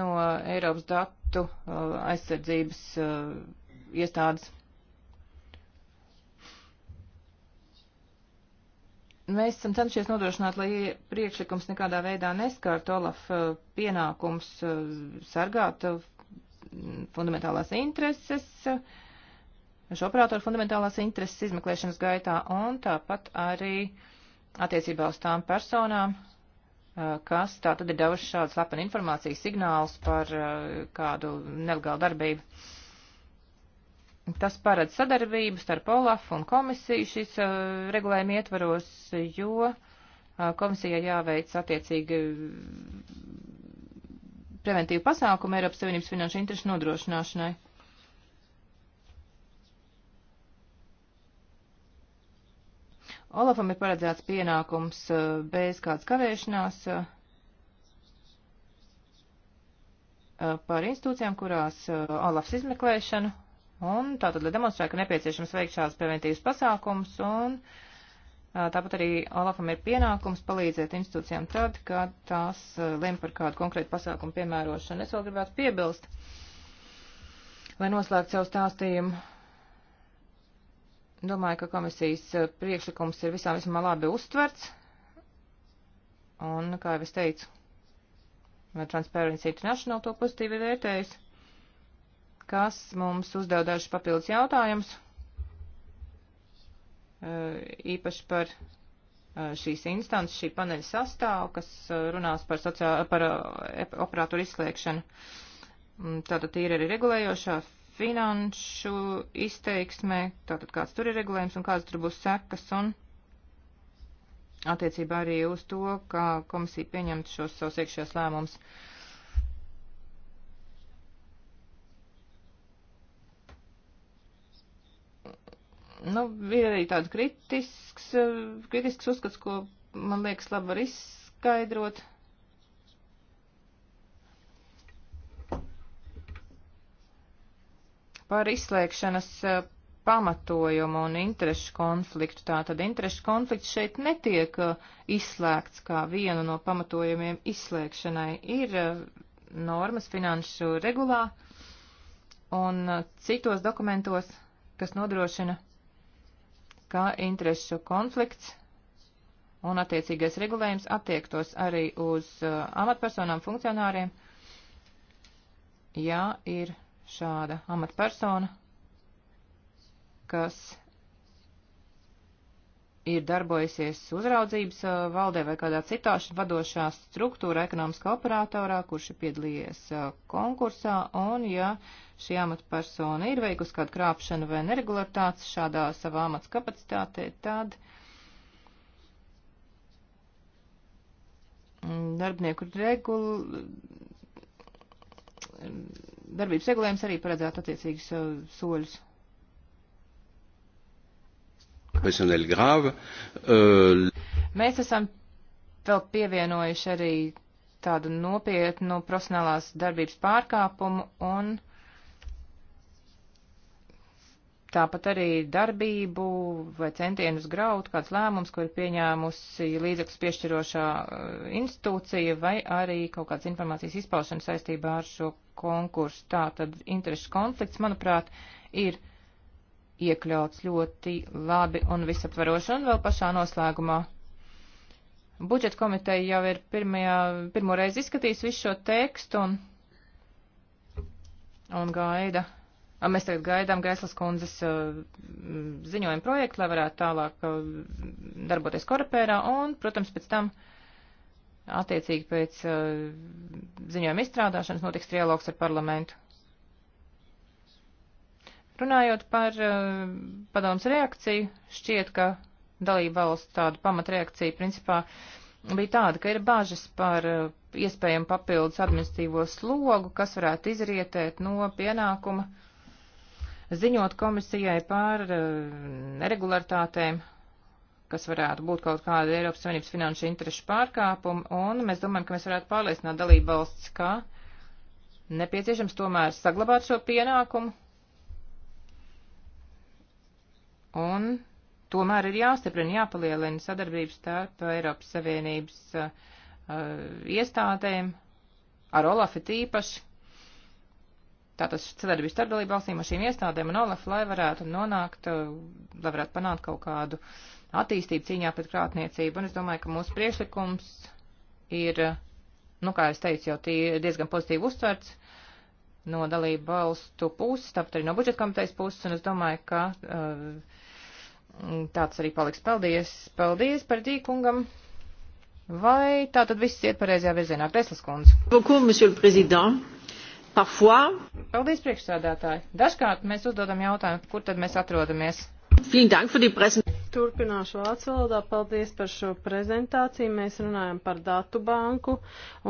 no Eiropas datu uh, aizsardzības uh, iestādes. Mēs esam cenšies nodrošināt, lai priekšlikums nekādā veidā neskārt Olaf uh, pienākums sargāt fundamentālās intereses, šo operatoru fundamentālās intereses izmeklēšanas gaitā un tāpat arī attiecībā uz tām personām, Uh, kas tā tad ir devuši šādu slepenu informāciju signālus par uh, kādu nelegālu darbību. Tas paredz sadarbību starp Olaf un komisiju šis uh, regulējumi ietvaros, jo komisijai jāveic attiecīgi preventīvu pasākumu Eiropas Savienības finanšu interešu nodrošināšanai. Olafam ir paredzēts pienākums eh, bez kādas kavēšanās eh, par institūcijām, kurās eh, Olafs izmeklēšanu, un tātad, lai demonstrētu, ka nepieciešams veikt šādas preventīvas pasākums, un tāpat arī Olafam ir pienākums palīdzēt institūcijām tad, kad tās lem par kādu konkrētu pasākumu piemērošanu. Es vēl gribētu piebilst, lai noslēgtu savu stāstījumu, Domāju, ka komisijas eh, priekšlikums ir visām vismaz labi uztverts. Un, kā jau es teicu, Transparency International to pozitīvi vērtējas, kas mums uzdev dažus papildus jautājumus, eh, īpaši par eh, šīs instances, šī paneļa sastāvu, kas runās par, sociā, par operatoru izslēgšanu. Mm, tātad ir arī regulējošā finanšu izteiksmē, tātad kāds tur ir regulējums un kāds tur būs sekas un attiecībā arī uz to, kā komisija pieņemt šos savus iekšējos lēmumus. nu, ir arī tāds kritisks, kritisks uzskats, ko man liekas labi var izskaidrot. par izslēgšanas eh, pamatojumu un interešu konfliktu. Tātad interešu konflikts šeit netiek eh, izslēgts kā vienu no pamatojumiem izslēgšanai. Ir eh, normas finanšu regulā un citos dokumentos, kas nodrošina, ka interešu konflikts un attiecīgais regulējums attiektos arī uz amatpersonām, funkcionāriem. Jā, ir šāda amatpersona, kas ir darbojusies uzraudzības uh, valdē vai kādā citā vadošā struktūra ekonomiskā operatorā, kurš ir piedalījies uh, konkursā, un ja šī amatpersona ir veikusi kādu krāpšanu vai neregulārtāts šādā savā amats kapacitātē, tad darbinieku regulu darbības regulējums arī paredzētu attiecīgus uh, soļus. Uh, Mēs esam vēl pievienojuši arī tādu nopietnu profesionālās darbības pārkāpumu un Tāpat arī darbību vai centienus graut kāds lēmums, ko ir pieņēmusi līdzekļus piešķirošā eh, institūcija vai arī kaut kādas informācijas izpaušana saistībā ar šo konkursu. Tā tad interešu konflikts, manuprāt, ir iekļauts ļoti labi un visaptvaroši un vēl pašā noslēgumā budžeta komiteja jau ir pirmajā, pirmo reizi izskatījis visu šo tekstu un, un gaida Mēs tagad gaidām Gaislas kundzes uh, ziņojumu projektu, lai varētu tālāk uh, darboties korapērā un, protams, pēc tam attiecīgi pēc uh, ziņojuma izstrādāšanas notiks trialogs ar parlamentu. Runājot par padomus reakciju, šķiet, ka dalība valsts tāda pamatreakcija principā bija tāda, ka ir bažas par iespējamu papildus administīvo slogu, kas varētu izrietēt no pienākuma uh, ziņot komisijai par eh, neregularitātēm, kas varētu būt kaut kāda Eiropas Savienības finanšu interešu pārkāpuma, un mēs domājam, ka mēs varētu pārliecināt dalību valsts, ka nepieciešams tomēr saglabāt šo pienākumu, un tomēr ir jāstiprina, jāpalielina sadarbības starp Eiropas Savienības uh, iestādēm, ar Olafi tīpaši, tātad sadarbības starp dalību valstīm ar šīm iestādēm un Olaf, lai varētu nonākt, eh, lai varētu panākt kaut kādu attīstību cīņā pret krātniecību. Un es domāju, ka mūsu priešlikums ir, eh, nu, kā es teicu, jau tie diezgan pozitīvi uztverts no dalību valstu puses, tāpat arī no budžeta komitejas puses, un es domāju, ka eh, tāds arī paliks. Paldies, paldies par tīkungam. Vai tā tad viss iet pareizajā virzienā? Kreslas kundze. Beaucoup, monsieur le président parfois. Paldies, priekšsādātāji. Dažkārt mēs uzdodam jautājumu, kur tad mēs atrodamies. Vielen Dank für die Presse. Turpināšu vācu valodā. Paldies par šo prezentāciju. Mēs runājam par datu banku,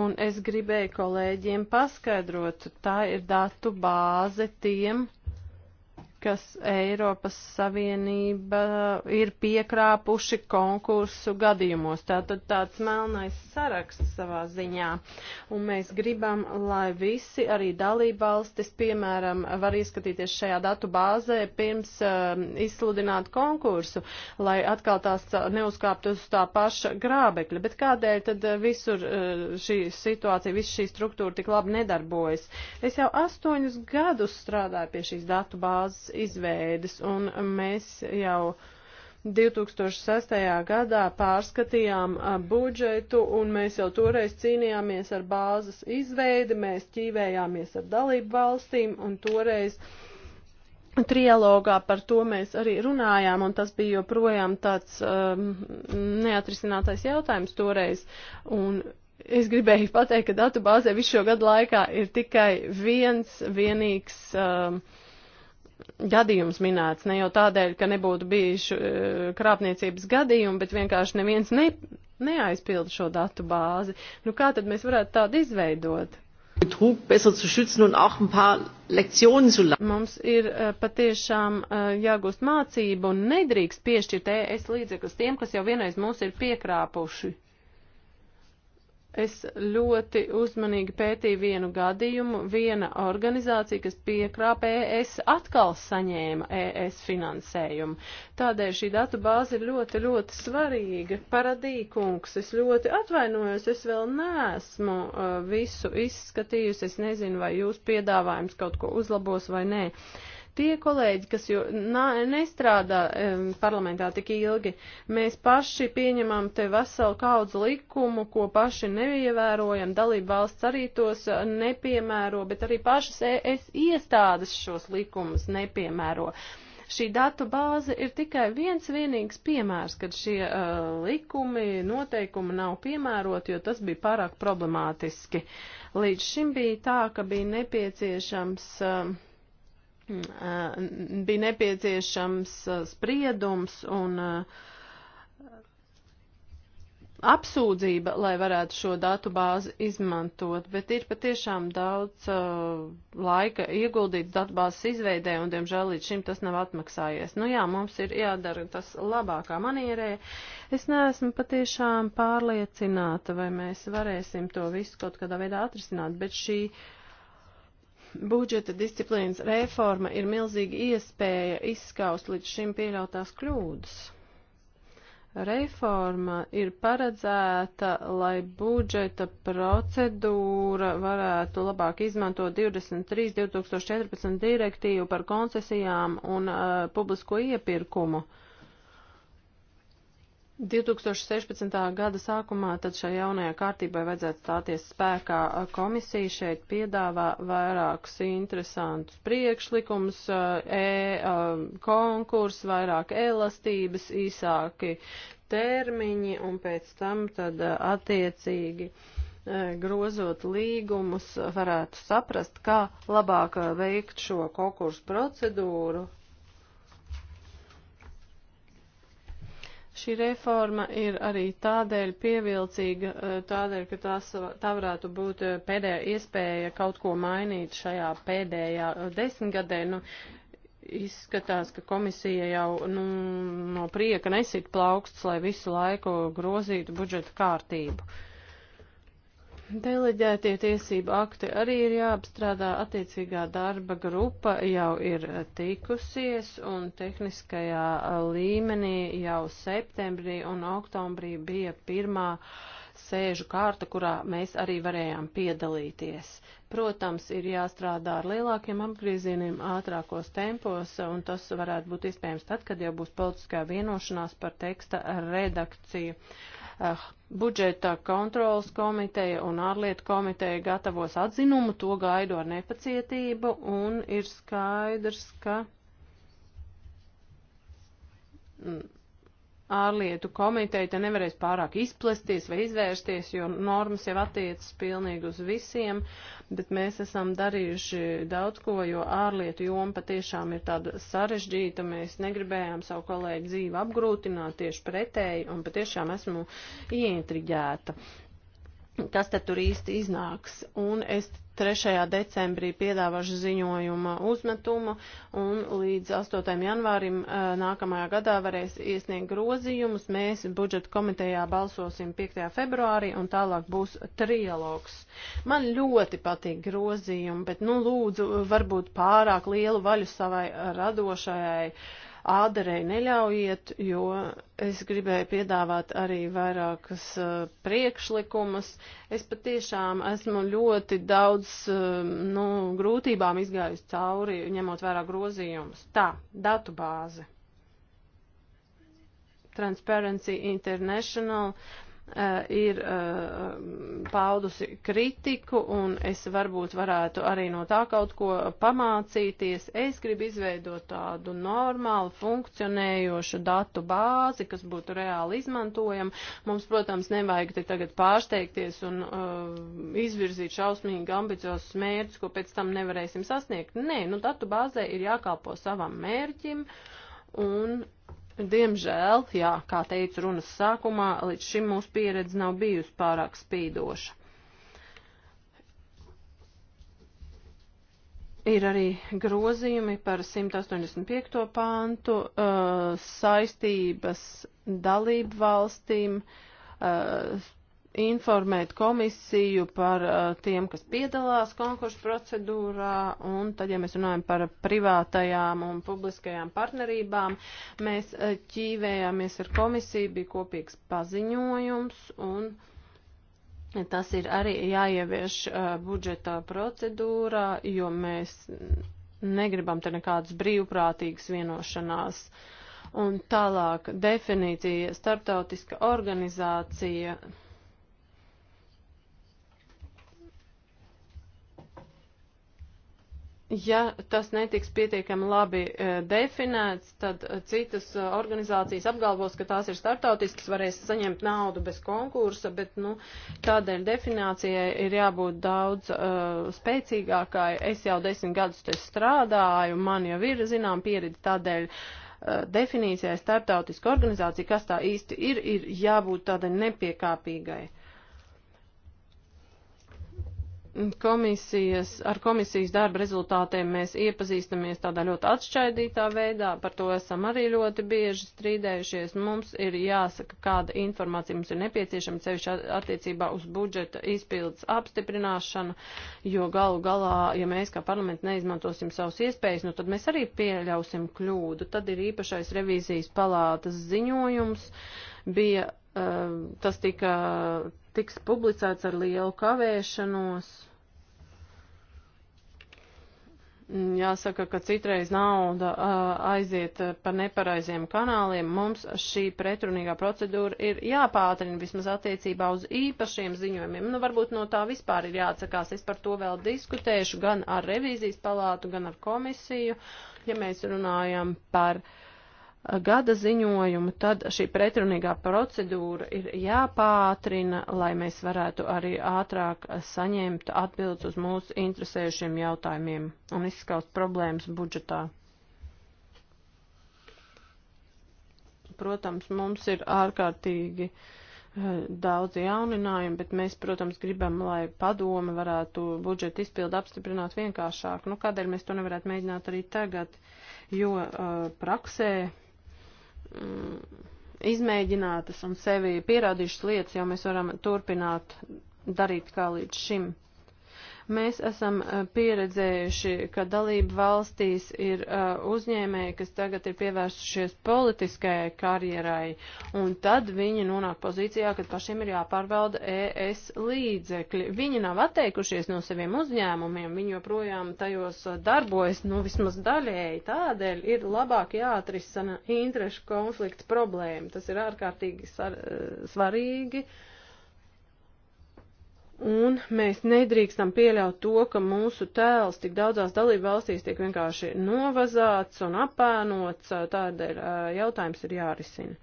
un es gribēju kolēģiem paskaidrot, tā ir datu bāze tiem, kas Eiropas Savienība ir piekrāpuši konkursu gadījumos. Tātad tāds melnais saraksts savā ziņā. Un mēs gribam, lai visi arī dalībvalstis, piemēram, var ieskatīties šajā datu bāzē pirms uh, izsludināt konkursu, lai atkal tās neuzkāpt uz tā paša grābekļa. Bet kādēļ tad uh, visur uh, šī situācija, viss šī struktūra tik labi nedarbojas? Es jau astoņus gadus strādāju pie šīs datu bāzes izveidas, un mēs jau 2006. gadā pārskatījām budžetu, un mēs jau toreiz cīnījāmies ar bāzes izveidi, mēs ķīvējāmies ar dalību valstīm, un toreiz trialogā par to mēs arī runājām, un tas bija joprojām tāds um, neatrisinātais jautājums toreiz. Un es gribēju pateikt, ka datubāzē visu šo gadu laikā ir tikai viens vienīgs. Um, gadījums minēts, ne jau tādēļ, ka nebūtu bijuši e, krāpniecības gadījumi, bet vienkārši neviens ne, neaizpilda šo datu bāzi. Nu, kā tad mēs varētu tādu izveidot? Betrug besser zu schützen un auch ein paar Lektionen zu lernen. Mums ir e, patiešām e, jāgūst mācību un nedrīkst piešķirt ES līdzekļus tiem, kas jau vienreiz mūs ir piekrāpuši. Es ļoti uzmanīgi pētīju vienu gadījumu. Viena organizācija, kas piekrāpa ES, atkal saņēma ES finansējumu. Tādēļ šī datu bāze ir ļoti, ļoti svarīga. Paradīkungs, es ļoti atvainojos, es vēl neesmu uh, visu izskatījusi. Es nezinu, vai jūs piedāvājums kaut ko uzlabos vai nē. Uh, Tie kolēģi, kas jo nā, nestrādā um, parlamentā tik ilgi, mēs paši pieņemam te veselu kaudzu likumu, ko paši neievērojam, dalība valsts arī tos eh, nepiemēro, bet arī pašas ES iestādes šos likumus nepiemēro. Šī datu bāze ir tikai viens vienīgs piemērs, kad šie uh, likumi, noteikumi nav piemēroti, jo tas bija pārāk problemātiski. Līdz šim bija tā, ka bija nepieciešams. Uh, Mm, uh, bija nepieciešams uh, spriedums un uh, apsūdzība, lai varētu šo datu bāzi izmantot, bet ir patiešām daudz uh, laika ieguldīts datu bāzes izveidē, un, diemžēl, līdz šim tas nav atmaksājies. Nu jā, mums ir jādara tas labākā manierē. Es neesmu patiešām pārliecināta, vai mēs varēsim to visu kaut kādā veidā atrisināt, bet šī uh, budžeta disciplīnas reforma ir milzīga iespēja izskaust līdz šim pieļautās kļūdas. Reforma ir paredzēta, lai budžeta procedūra varētu labāk izmantot 23.2014 direktīvu par koncesijām un uh, publisko iepirkumu. Uh, 2016. gada sākumā tad šai jaunajā kārtībai vajadzētu stāties spēkā. Komisija šeit piedāvā vairākus interesantus priekšlikumus, eh, e, um, konkursu, vairāk elastības, īsāki termiņi un pēc tam tad eh, attiecīgi eh, grozot līgumus varētu saprast, kā labāk veikt šo konkursu procedūru Šī reforma ir arī tādēļ pievilcīga, eh, tādēļ, ka tās, tā varētu būt eh, pēdējā iespēja kaut ko mainīt šajā pēdējā eh, desmitgadē. Nu, izskatās, ka komisija jau nu, no prieka nesit plauksts, lai visu laiku grozītu budžeta kārtību. Uh, Deleģētie tiesību akti arī ir jāapstrādā attiecīgā darba grupa, jau ir tikusies un tehniskajā līmenī jau septembrī un oktobrī bija pirmā sēžu kārta, kurā mēs arī varējām piedalīties. Protams, ir jāstrādā ar lielākiem apgriezieniem ātrākos tempos, un tas varētu būt iespējams tad, kad jau būs politiskā vienošanās par teksta redakciju. Uh, Ah, budžeta kontrolas komiteja un ārlietu komiteja gatavos atzinumu, to gaidu ar nepacietību un ir skaidrs, ka mm, ārlietu komiteja te nevarēs pārāk izplesties vai izvērsties, jo normas jau attiecas pilnīgi uz visiem, bet mēs esam darījuši daudz ko, jo ārlietu joma patiešām ir tāda sarežģīta, mēs negribējām savu kolēģi dzīvi apgrūtināt tieši pretēji, un patiešām esmu ieintriģēta kas tad tur īsti iznāks. Un es 3. decembrī piedāvāšu ziņojuma uzmetumu, un līdz 8. janvārim eh, nākamajā gadā varēs iesniegt grozījumus. Mēs budžeta komitejā balsosim 5. februārī, un tālāk būs trialogs. Man ļoti patīk grozījumi, bet, nu, lūdzu, varbūt pārāk lielu vaļu savai radošajai uh, ādarei neļaujiet, jo es gribēju piedāvāt arī vairākas uh, priekšlikumus. Es patiešām esmu ļoti daudz uh, nu, grūtībām izgājusi cauri, ņemot vērā grozījumus. Tā, datu bāze. Transparency International Eh, ir eh, paudusi kritiku, un es varbūt varētu arī no tā kaut ko pamācīties. Es gribu izveidot tādu normālu, funkcionējošu datu bāzi, kas būtu reāli izmantojama. Mums, protams, nevajag te tagad pārsteigties un uh, izvirzīt šausmīgi ambiciozus mērķus, ko pēc tam nevarēsim sasniegt. Nē, nu datu bāzē ir jākalpo savam mērķim, un Diemžēl, jā, kā teicu runas sākumā, līdz šim mūsu pieredze nav bijusi pārāk spīdoša. Ir arī grozījumi par 185. pāntu uh, saistības dalību valstīm uh, informēt komisiju par uh, tiem, kas piedalās konkursu procedūrā, un tad, ja mēs runājam par privātajām un publiskajām partnerībām, mēs uh, ķīvējāmies ar komisiju, bija kopīgs paziņojums, un tas ir arī jāievieš uh, budžetā procedūrā, jo mēs negribam te nekādas brīvprātīgas vienošanās. Un tālāk definīcija starptautiska organizācija Ja tas netiks pietiekami labi e, definēts, tad e, citas e, organizācijas apgalvos, ka tās ir startautiskas, varēs saņemt naudu bez konkursa, bet nu, tādēļ definīcijai ir jābūt daudz uh, spēcīgākai. Es jau desmit gadus te strādāju, man jau ir zinām pieredze tādēļ. Uh, definīcijai starptautiska organizācija, kas tā īsti ir, ir jābūt tādai nepiekāpīgai. Komisijas, ar komisijas darba rezultātiem mēs iepazīstamies tādā ļoti atšķaidītā veidā, par to esam arī ļoti bieži strīdējušies. Mums ir jāsaka, kāda informācija mums ir nepieciešama, sevišķi attiecībā uz budžeta izpildes apstiprināšanu, jo galu galā, ja mēs kā parlaments neizmantosim savus iespējas, nu tad mēs arī pieļausim kļūdu. Tad ir īpašais revīzijas palātas ziņojums, bija eh, tas tika tiks publicēts ar lielu kavēšanos. Jāsaka, ka citreiz nauda aiziet pa nepareiziem kanāliem. Mums šī pretrunīgā procedūra ir jāpātrina vismaz attiecībā uz īpašiem ziņojumiem. Nu, varbūt no tā vispār ir jāatsakās. Es par to vēl diskutēšu gan ar revīzijas palātu, gan ar komisiju, ja mēs runājam par uh, gada ziņojumu, tad šī pretrunīgā procedūra ir jāpātrina, lai mēs varētu arī ātrāk saņemt atbildes uz mūsu interesējušiem jautājumiem un izskaust problēmas budžetā. Protams, mums ir ārkārtīgi eh, daudz jauninājumu, bet mēs, protams, gribam, lai padome varētu budžeta izpildu apstiprināt vienkāršāk. Nu, kādēļ mēs to nevarētu mēģināt arī tagad, jo uh, praksē mm, izmēģinātas un sevi pierādījušas lietas, jo mēs varam turpināt darīt kā līdz šim. Mēs esam pieredzējuši, ka dalību valstīs ir uzņēmēji, kas tagad ir pievērsušies politiskajai karjerai, un tad viņi nonāk pozīcijā, kad pašiem ir jāpārvalda ES līdzekļi. Viņi nav atteikušies no saviem uzņēmumiem, viņi joprojām tajos darbojas, nu vismaz daļēji. Tādēļ ir labāk jāatrisina interešu konflikts problēma. Tas ir ārkārtīgi sar, svarīgi. Uh, Un mēs nedrīkstam pieļaut to, ka mūsu tēls tik daudzās dalību valstīs tiek vienkārši novazāts un apēnots, tādēļ jautājums ir jārisina.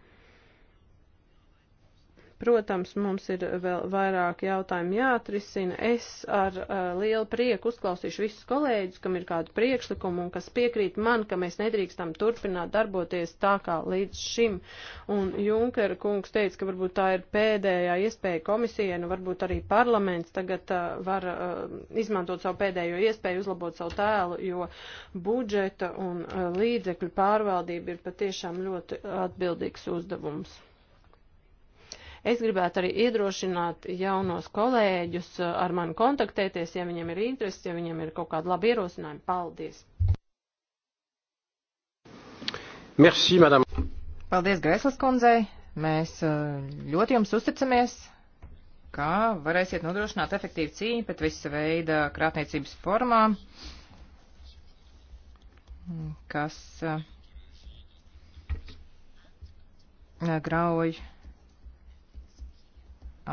Protams, mums ir vēl vairāk jautājumu jāatrisina. Es ar uh, lielu prieku uzklausīšu visus kolēģus, kam ir kādu priekšlikumu un kas piekrīt man, ka mēs nedrīkstam turpināt darboties tā kā līdz šim. Un Junkera kungs teica, ka varbūt tā ir pēdējā iespēja komisijai, nu varbūt arī parlaments tagad uh, var uh, izmantot savu pēdējo iespēju uzlabot savu tēlu, jo budžeta un uh, līdzekļu pārvaldība ir patiešām ļoti atbildīgs uzdevums. Es gribētu arī iedrošināt jaunos kolēģus uh, ar mani kontaktēties, ja viņiem ir interesi, ja viņiem ir kaut kāda laba ierosinājuma. Paldies! Merci, madame. Paldies, Greslas kundzei. Mēs uh, ļoti jums uzticamies, kā varēsiet nodrošināt efektīvu cīņu pret visa veida krātniecības formām, kas uh, grauj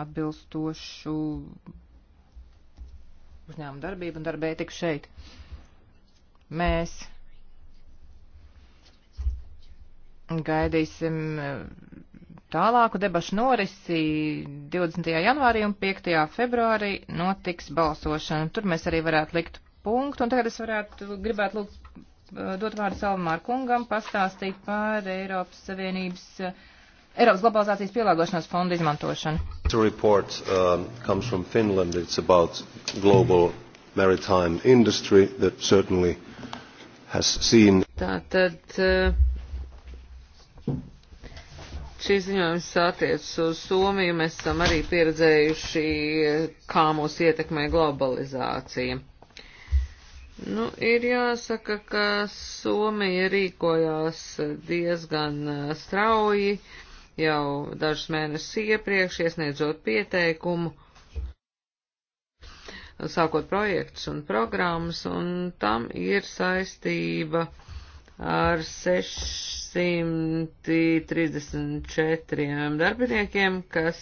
atbilstošu uzņēmumu darbību un darba ētiku šeit. Mēs gaidīsim eh, tālāku debašu norisi 20. janvārī un 5. februārī notiks balsošana. Tur mēs arī varētu likt punktu, un tagad es varētu, gribētu lūgt eh, dot vārdu Salmāru kungam pastāstīt par Eiropas Savienības uh, Eiropas globalizācijas pielāgošanās fonda izmantošanu. Report, um, Finland, seen... Tātad uh, šīs ziņojums attiecas uz Somiju. Mēs esam arī pieredzējuši, kā mūs ietekmē globalizācija. Nu, ir jāsaka, ka Somija rīkojās diezgan uh, strauji. Uh, jau dažus mēnešus iepriekš iesniedzot pieteikumu, sākot projektus un programmas, un tam ir saistība ar 634 darbiniekiem, kas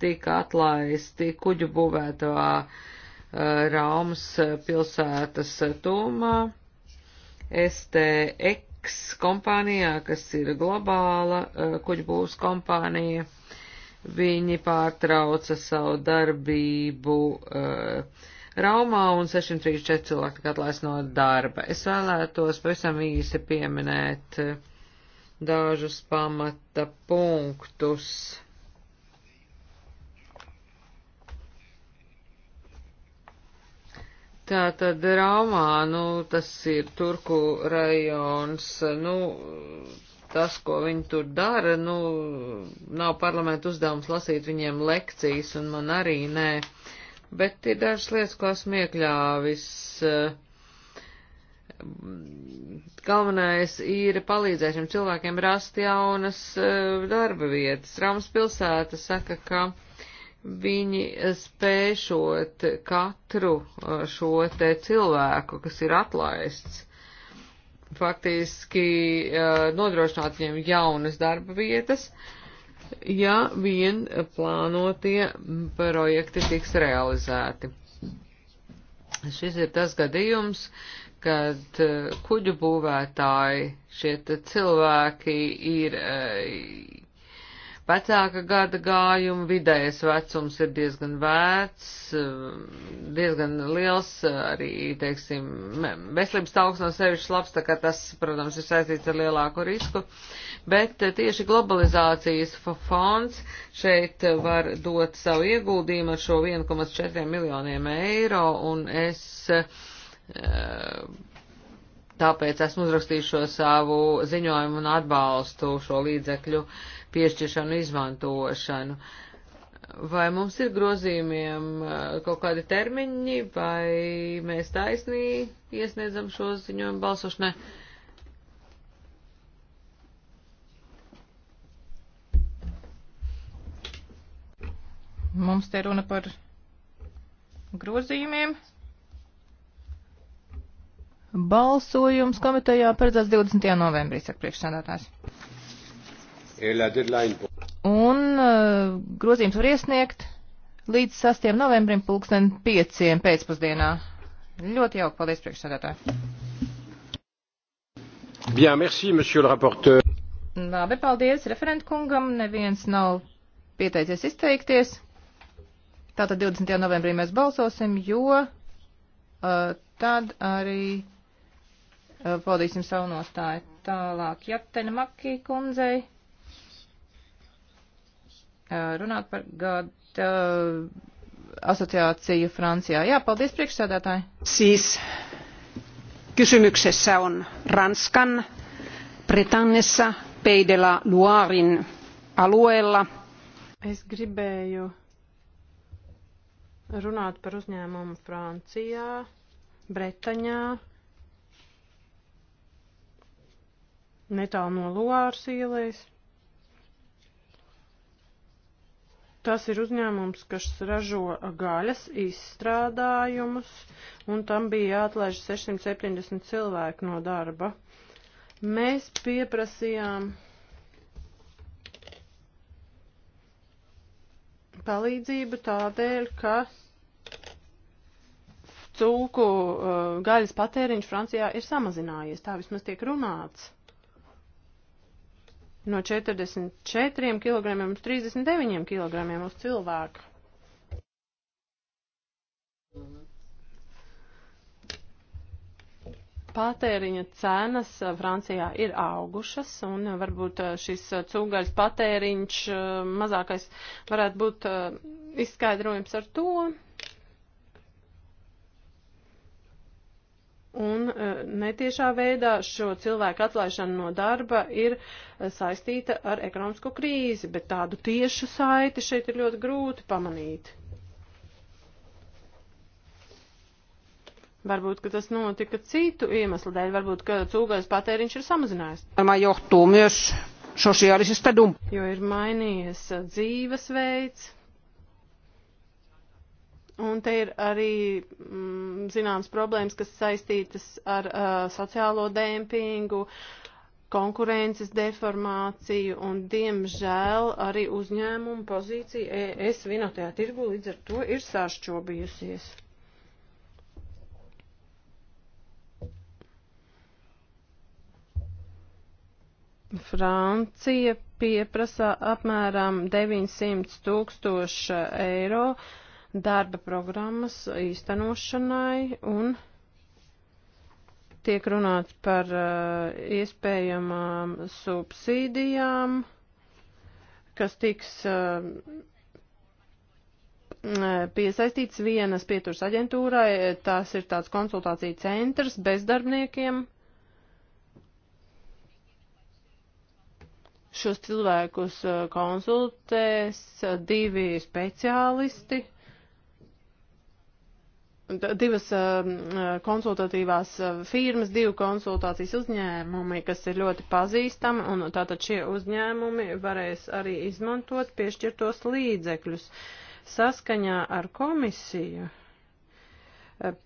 tika atlaisti kuģu būvētā eh, Raumas pilsētas tūmā. STEK X kompānijā, kas ir globāla uh, kuģu būvs kompānija. Viņi pārtrauca savu darbību uh, Raumā un 634 cilvēki tika atlaist no darba. Es vēlētos pavisam īsi pieminēt uh, dažus pamata punktus Tā tad Raumā, nu, tas ir Turku rajons, nu, tas, ko viņi tur dara, nu, nav parlamentu uzdevums lasīt viņiem lekcijas, un man arī nē, bet ir dažas lietas, ko esmu iekļāvis. Galvenais ir palīdzēt šiem cilvēkiem rast jaunas eh, darba vietas. Raumas pilsēta saka, ka viņi spēšot katru uh, šo te cilvēku, kas ir atlaists, faktiski uh, nodrošināt viņiem jaunas darba vietas, ja vien plānotie projekti tiks realizēti. Šis ir tas gadījums, kad uh, kuģu būvētāji šie cilvēki ir vecāka gada gājuma, vidējais vecums ir diezgan vecs, diezgan liels, arī, teiksim, veselības stāvoklis nav no sevišķi labs, tā kā tas, protams, ir saistīts ar lielāku risku, bet eh, tieši globalizācijas fonds šeit var dot savu ieguldījumu ar šo 1,4 miljoniem eiro, un es eh, tāpēc esmu uzrakstījis šo savu ziņojumu un atbalstu šo līdzekļu piešķiršanu, izmantošanu. Vai mums ir grozījumiem eh, kaut kādi termiņi, vai mēs taisnīgi iesniedzam šo ziņojumu balsošanai? Mums te runa par grozījumiem. Balsojums komitejā paredzēts 20. novembrī, saka priekšsēdētājs. Un eh, grozījums var iesniegt līdz 6. novembrim pulksten 5. pēcpusdienā. Ļoti jauki, paldies priekšsēdētāji. Bien, merci, monsieur le rapporteur. Labi, paldies referentkungam. Neviens nav pieteicies izteikties. Tātad 20. novembrī mēs balsosim, jo uh, tad arī uh, eh, paldīsim savu nostāju. Tālāk, Jatena Makī kundzei. Eh, runāt par gada eh, asociāciju Francijā. Jā, paldies priekšsēdētāji. Siis kysymyksessä on Ranskan Britannissa Peidela Luarin alueella. Es gribēju runāt par uzņēmumu Francijā, Bretaņā, netālu no Luāras ielēs. Tas ir uzņēmums, kas ražo gaļas izstrādājumus, un tam bija jāatlaiž 670 cilvēku no darba. Mēs pieprasījām palīdzību tādēļ, ka cūku uh, gaļas patēriņš Francijā ir samazinājies, tā vismaz tiek runāts no 44 kg uz 39 kg uz cilvēku. Patēriņa cenas Francijā ir augušas, un varbūt eh, šis eh, cūgaļas patēriņš eh, mazākais varētu būt izskaidrojums ar to, Un e, netiešā veidā šo cilvēku atlaišana no darba ir e, saistīta ar ekonomisko krīzi, bet tādu tiešu saiti šeit ir ļoti grūti pamanīt. Varbūt, ka tas notika citu iemeslu dēļ, varbūt, ka cūgais patēriņš ir samazinājies. Jo ir mainījies e, dzīvesveids. Un te ir arī mm, zināmas problēmas, kas saistītas ar uh, sociālo dēmpingu, konkurences deformāciju un, diemžēl, arī uzņēmumu pozīcija ES vienotajā tirgu līdz ar to ir sāšķobījusies. Francija pieprasa apmēram 900 tūkstoši eiro. Uh, darba programmas īstenošanai un tiek runāts par uh, iespējamām subsīdijām, kas tiks uh, piesaistīts vienas pieturas aģentūrai. Tās ir tāds konsultācija centrs bezdarbniekiem. Šos cilvēkus konsultēs divi speciālisti divas um, uh, konsultatīvās uh, firmas, divu konsultācijas uzņēmumi, kas ir ļoti pazīstami, un tātad šie uzņēmumi varēs arī izmantot piešķirtos līdzekļus saskaņā ar komisiju. Uh,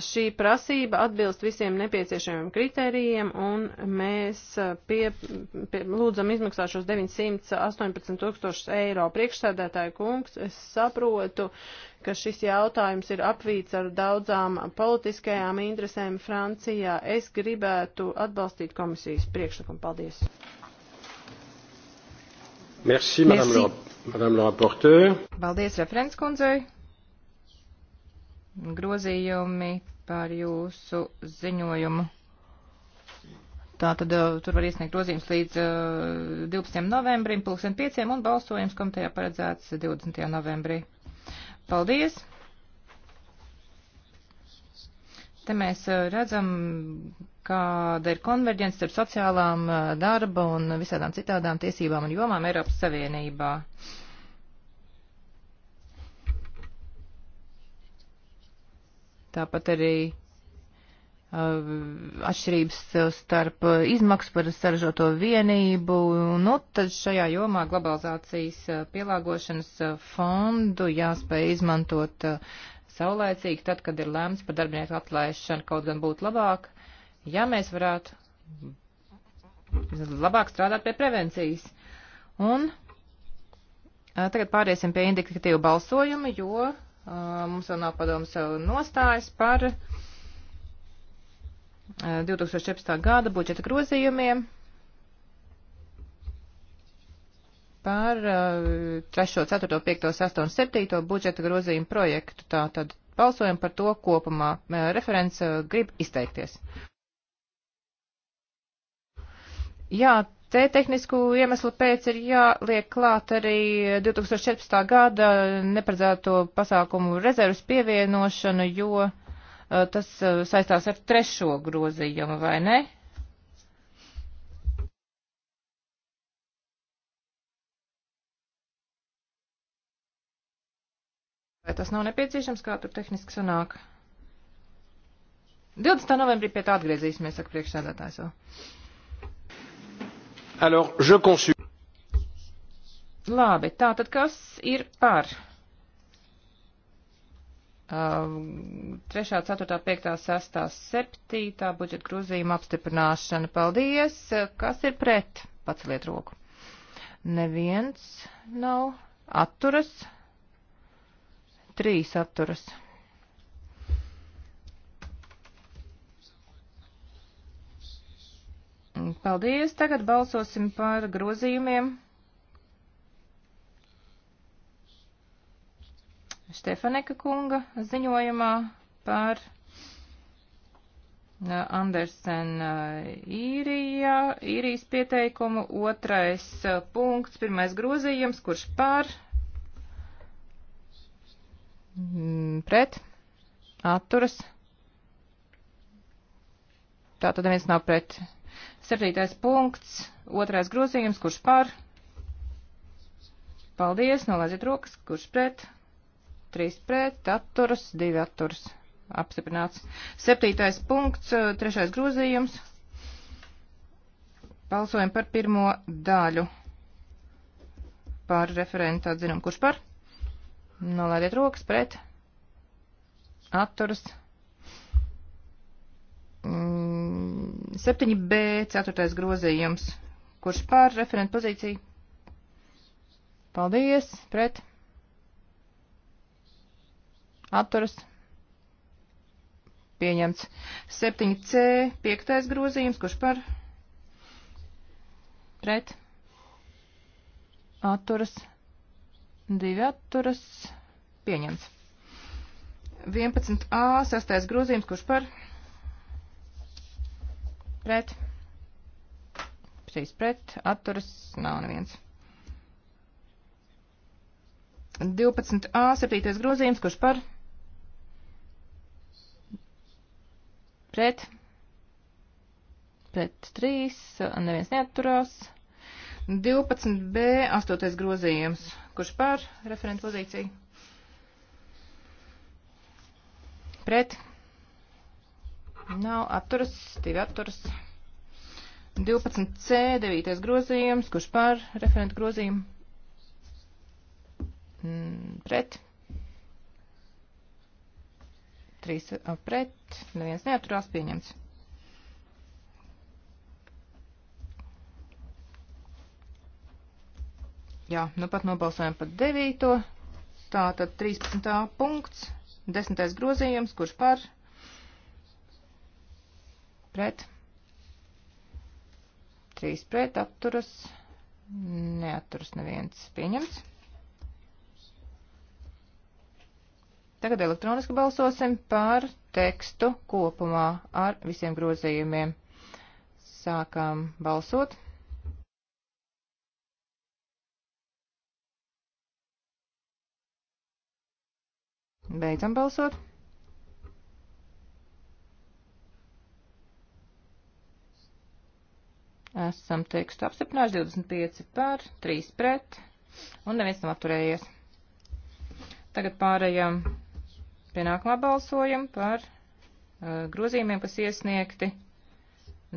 šī prasība atbilst visiem nepieciešamiem kritērijiem, un mēs pie, pie, lūdzam izmaksāt šos 918 tūkstošus eiro. Priekšsēdētāju kungs, es saprotu, ka šis jautājums ir apvīts ar daudzām politiskajām interesēm Francijā. Es gribētu atbalstīt komisijas priekšlikumu. Paldies. Merci, madame, Merci. La, madame la rapporteur. Paldies, referents kundzei. Grozījumi par jūsu ziņojumu. Tā tad uh, tur var iesniegt grozījums līdz uh, 12. novembrim, 2005. un balsojums komitejā paredzēts 20. novembrī. Paldies! Te mēs eh, redzam, kāda ir konverģence starp sociālām eh, darba un visādām citādām tiesībām un jomām Eiropas Savienībā. Tāpat arī Uh, atšķirības starp uh, izmaksu par saražoto vienību, nu tad šajā jomā globalizācijas uh, pielāgošanas fondu jāspēj izmantot saulēcīgi, tad, kad ir lēmts par darbinieku atlaišanu, kaut gan būtu labāk, ja mēs varētu labāk strādāt pie prevencijas. Un tagad pāriesim pie indikatīvu balsojumu, jo mums vēl nav padoms nostājas par. Uh, 2014. gada budžeta grozījumiem par 3., 4., 5., 6. un 7. budžeta grozījumu projektu. Tātad balsojam par to kopumā. Uh, referents uh, grib izteikties. Jā, te tehnisku iemeslu pēc ir jāliek klāt arī 2014. gada neparedzēto pasākumu rezervas pievienošanu, jo Uh, tas uh, saistās ar trešo grozījumu, vai ne? Vai tas nav nepieciešams, kā tur tehniski sanāk? 20. novembrī pie tā atgriezīsimies, saka priekšsēdētājs vēl. Alors, je consulte. Labi, tātad kas ir par? 3, 4, 5, 6, 7 budžeta grozījuma apstiprināšana. Paldies! Kas ir pret? Paceliet roku. Neviens nav. Atturas. Trīs atturas. Paldies! Tagad balsosim par grozījumiem Štefaneka kunga ziņojumā par uh, Andersen uh, īrija, īrijas pieteikumu, otrais uh, punkts, pirmais grozījums, kurš par, mm, pret, atturas. Tātad viens nav pret. Septītais punkts, otrais grozījums, kurš par. Paldies, nolaiziet rokas, kurš pret, 3 pret, atturas, 2 atturas. Apstiprināts. Septītais punkts, eh, trešais grozījums. Balsojam par pirmo daļu. Par referentu atzinam, kurš par? Nolaidiet rokas pret. Atturas. 7b, mm, 4. grozījums. Kurš pār referentu pozīciju? Paldies, pret atturas pieņemts. 7C, 5. grozījums, kurš par pret atturas, 2 atturas pieņemts. 11A, 6. grozījums, kurš par pret 3 pret atturas nav neviens. 12A, 7. grozījums, kurš par pret. pret, pret 3, neviens neatturās. 12b, 8. grozījums, kurš pār referentu pozīciju? Pret. Nav atturas, divi atturas. 12c, 9. grozījums, kurš pār referentu grozījumu? Mm, pret. 3 pret, neviens neaturās pieņemts. Jā, nu pat nobalsojam par 9. Tātad 13. punkts, 10. grozījums, kurš par pret. 3 pret, apturas, neaturas neviens pieņemts. Tagad elektroniski balsosim par tekstu kopumā ar visiem grozījumiem. Sākam balsot. Beidzam balsot. Esam tekstu apstiprinājuši 25 par, 3 pret un neviens nav apturējies. Tagad pārējām Pie nākamā balsojuma par uh, grozījumiem, kas iesniegti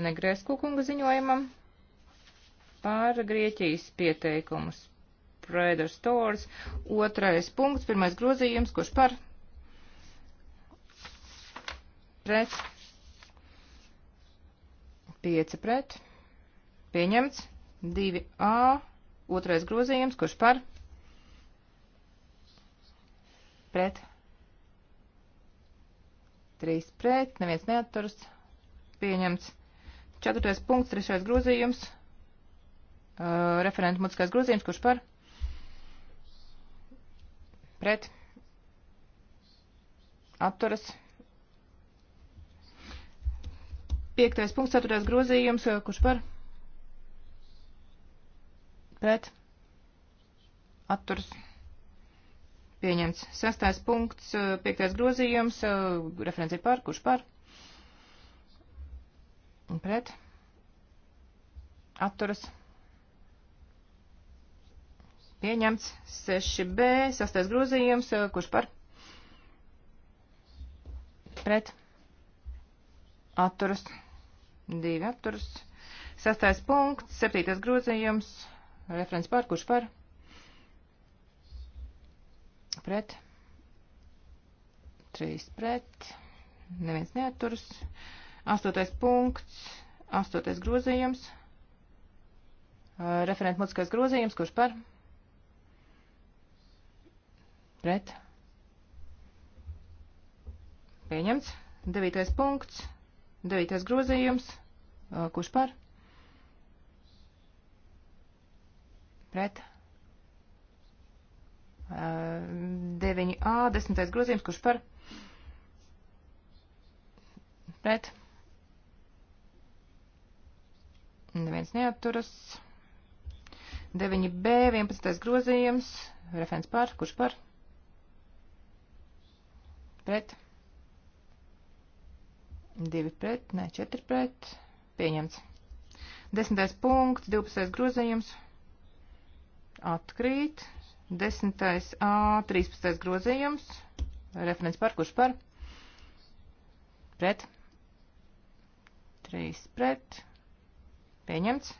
Negresku kunga ziņojumam par Grieķijas pieteikumus. Trader Stores, otrais punkts, pirmais grozījums, kurš par pret, pieci pret, pieņemts, divi A, otrais grozījums, kurš par pret, 3 pret, neviens neatturas, pieņemts. Ceturtais punkts, trešais grozījums, uh, referenta mutiskais grozījums, kurš par? Pret. Atturas. Piektais punkts, ceturtais grozījums, kurš par? Pret. Atturas. Pieņemts. Sastais punkts, eh, piektais grozījums, eh, referents ir par, kurš par? Un pret? Atturas. Pieņemts. 6b, sastais grozījums, eh, kurš par? Pret? Atturas. Divi atturas. Sastais punkts, septītais grozījums, referents par, kurš par? pret. Trīs pret. Neviens neaturas. Astotais punkts. Astotais grozījums. Referenta mutiskais grozījums, kurš par? Pret. Pieņemts. Devītais punkts. Devītais grozījums. Kurš par? Pret. 9a, 10. grozījums, kurš par pret. Neviens neaturas. 9b, 11. grozījums, referents par, kurš par pret. 2 pret, ne, 4 pret, pieņemts. Desmitais punkts, 12. grozījums, atkrīt, Desmitais A, 13. grozījums, referents par, kurš par? Pret. Trīs pret. Pieņemts.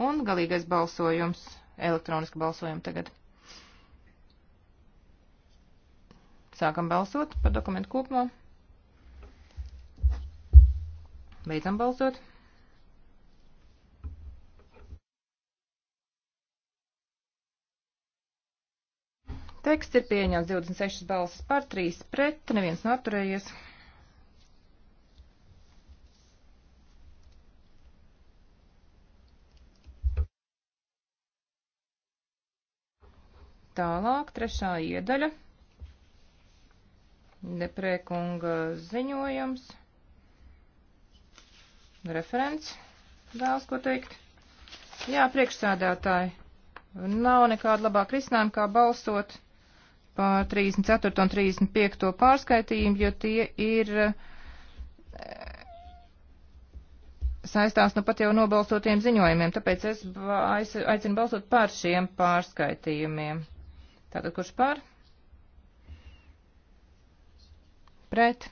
Un galīgais balsojums, elektroniski balsojumi tagad. Sākam balsot par dokumentu kopumā. Beidzam balsot. Teksts ir pieņemts 26 balsis par 3 pret, neviens nav atturējies. Tālāk, trešā iedaļa. Deprēkunga ziņojums. Referents vēlas ko teikt. Jā, priekšsēdētāji, nav nekāda labāka risinājuma, kā balsot par 34. un 35. pārskaitījumu, jo tie ir eh, saistās nu pat jau nobalsotiem ziņojumiem, tāpēc es aicinu balsot par šiem pārskaitījumiem. Tātad kurš par? Pret?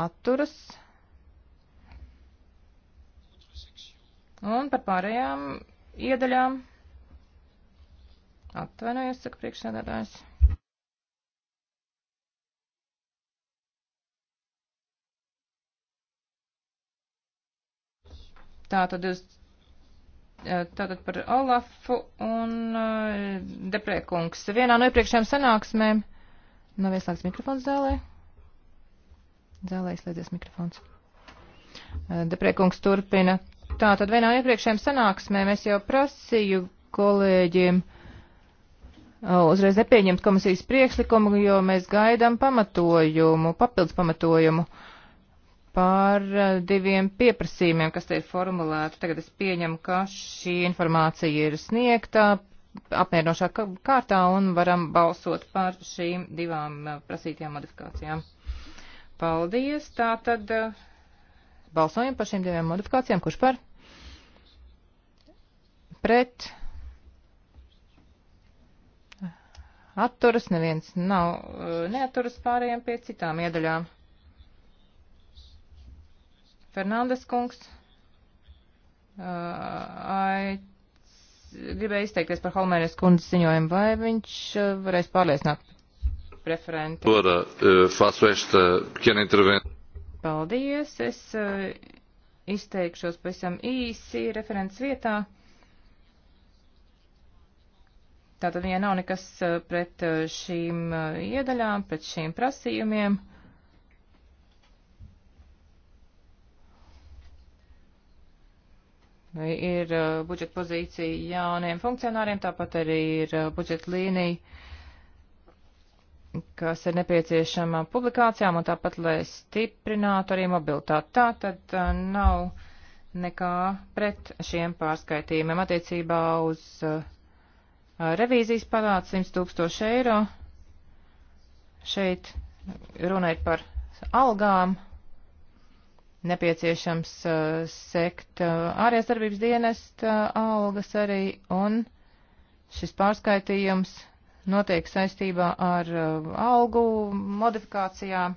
Atturas? Un par pārējām iedaļām Atvainojos, saka priekšsēdētājs. Tātad jūs e, tātad par Olafu un uh, e, Deprēkungs. Vienā no iepriekšējām sanāksmēm nav ieslēgts mikrofons zālē. Zālē izslēdzies mikrofons. Uh, e, Deprēkungs turpina. Tātad vienā no iepriekšējām sanāksmēm es jau prasīju kolēģiem uh, uzreiz nepieņemt komisijas priekšlikumu, jo mēs gaidām pamatojumu, papildus pamatojumu par diviem pieprasījumiem, kas te ir formulēti. Tagad es pieņemu, ka šī informācija ir sniegta apmierinošā kārtā un varam balsot par šīm divām prasītajām modifikācijām. Paldies. Tātad balsojam par šīm divām modifikācijām. Kurš par? Pret atturas, neviens nav eh, neaturas pārējiem pie citām iedaļām. Fernandes kungs eh, aic, gribēja izteikties par Holmēnes kundzes ziņojumu, vai viņš eh, varēs pārliecināt referenti. Ora, fasu esta pequena intervencija. Paldies, es izteikšos pēc tam īsi referents vietā. Tātad viņai nav nekas eh, pret eh, šīm eh, iedaļām, pret šīm prasījumiem. Ir budžeta pozīcija jauniem funkcionāriem, tāpat arī ir budžeta līnija, kas ir nepieciešama publikācijām un tāpat, lai stiprinātu arī mobilitāti. Tā tad nav nekā pret šiem pārskaitījumiem attiecībā uz uh, Revīzijas palāca 100 tūkstoši eiro. Šeit runa ir par algām. Nepieciešams uh, sekt uh, ārējās darbības dienesta uh, algas arī, un šis pārskaitījums notiek saistībā ar uh, algu modifikācijām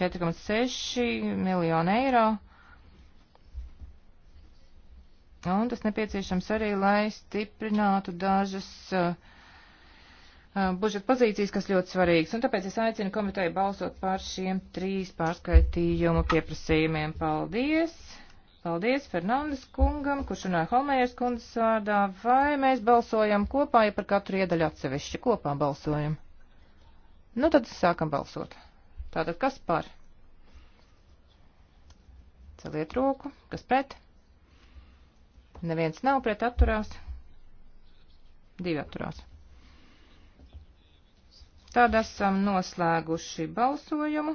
4,6 miljonu eiro. Un tas nepieciešams arī, lai stiprinātu dažas uh, uh, budžeta pozīcijas, kas ļoti svarīgas. Un tāpēc es aicinu komiteju balsot par šiem trīs pārskaitījumu pieprasījumiem. Paldies! Paldies Fernandes kungam, kurš runāja Holmējas kundzes vārdā. Vai mēs balsojam kopā, ja par katru iedaļu atsevišķi kopā balsojam? Nu, tad sākam balsot. Tātad kas par? Celiet roku. Kas pret? Neviens nav pret atturās. Divi atturās. Tad esam noslēguši balsojumu.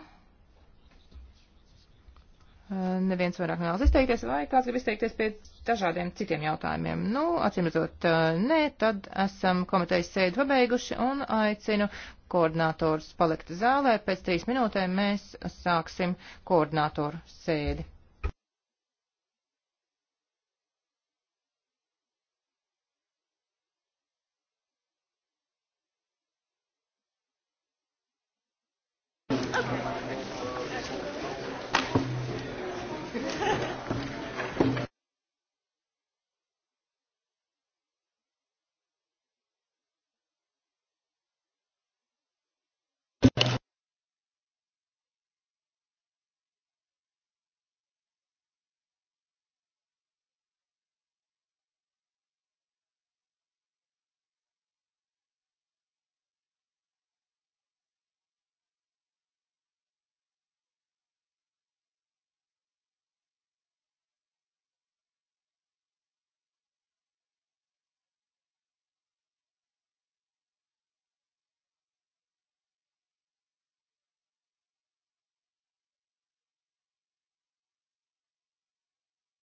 Neviens vairāk nevēlas izteikties, vai kāds grib izteikties pie dažādiem citiem jautājumiem. Nu, acīmredzot, nē, tad esam komitejas sēdi pabeiguši un aicinu koordinātors palikt zālē. Pēc trīs minūtēm mēs sāksim koordinātoru sēdi. Thank you.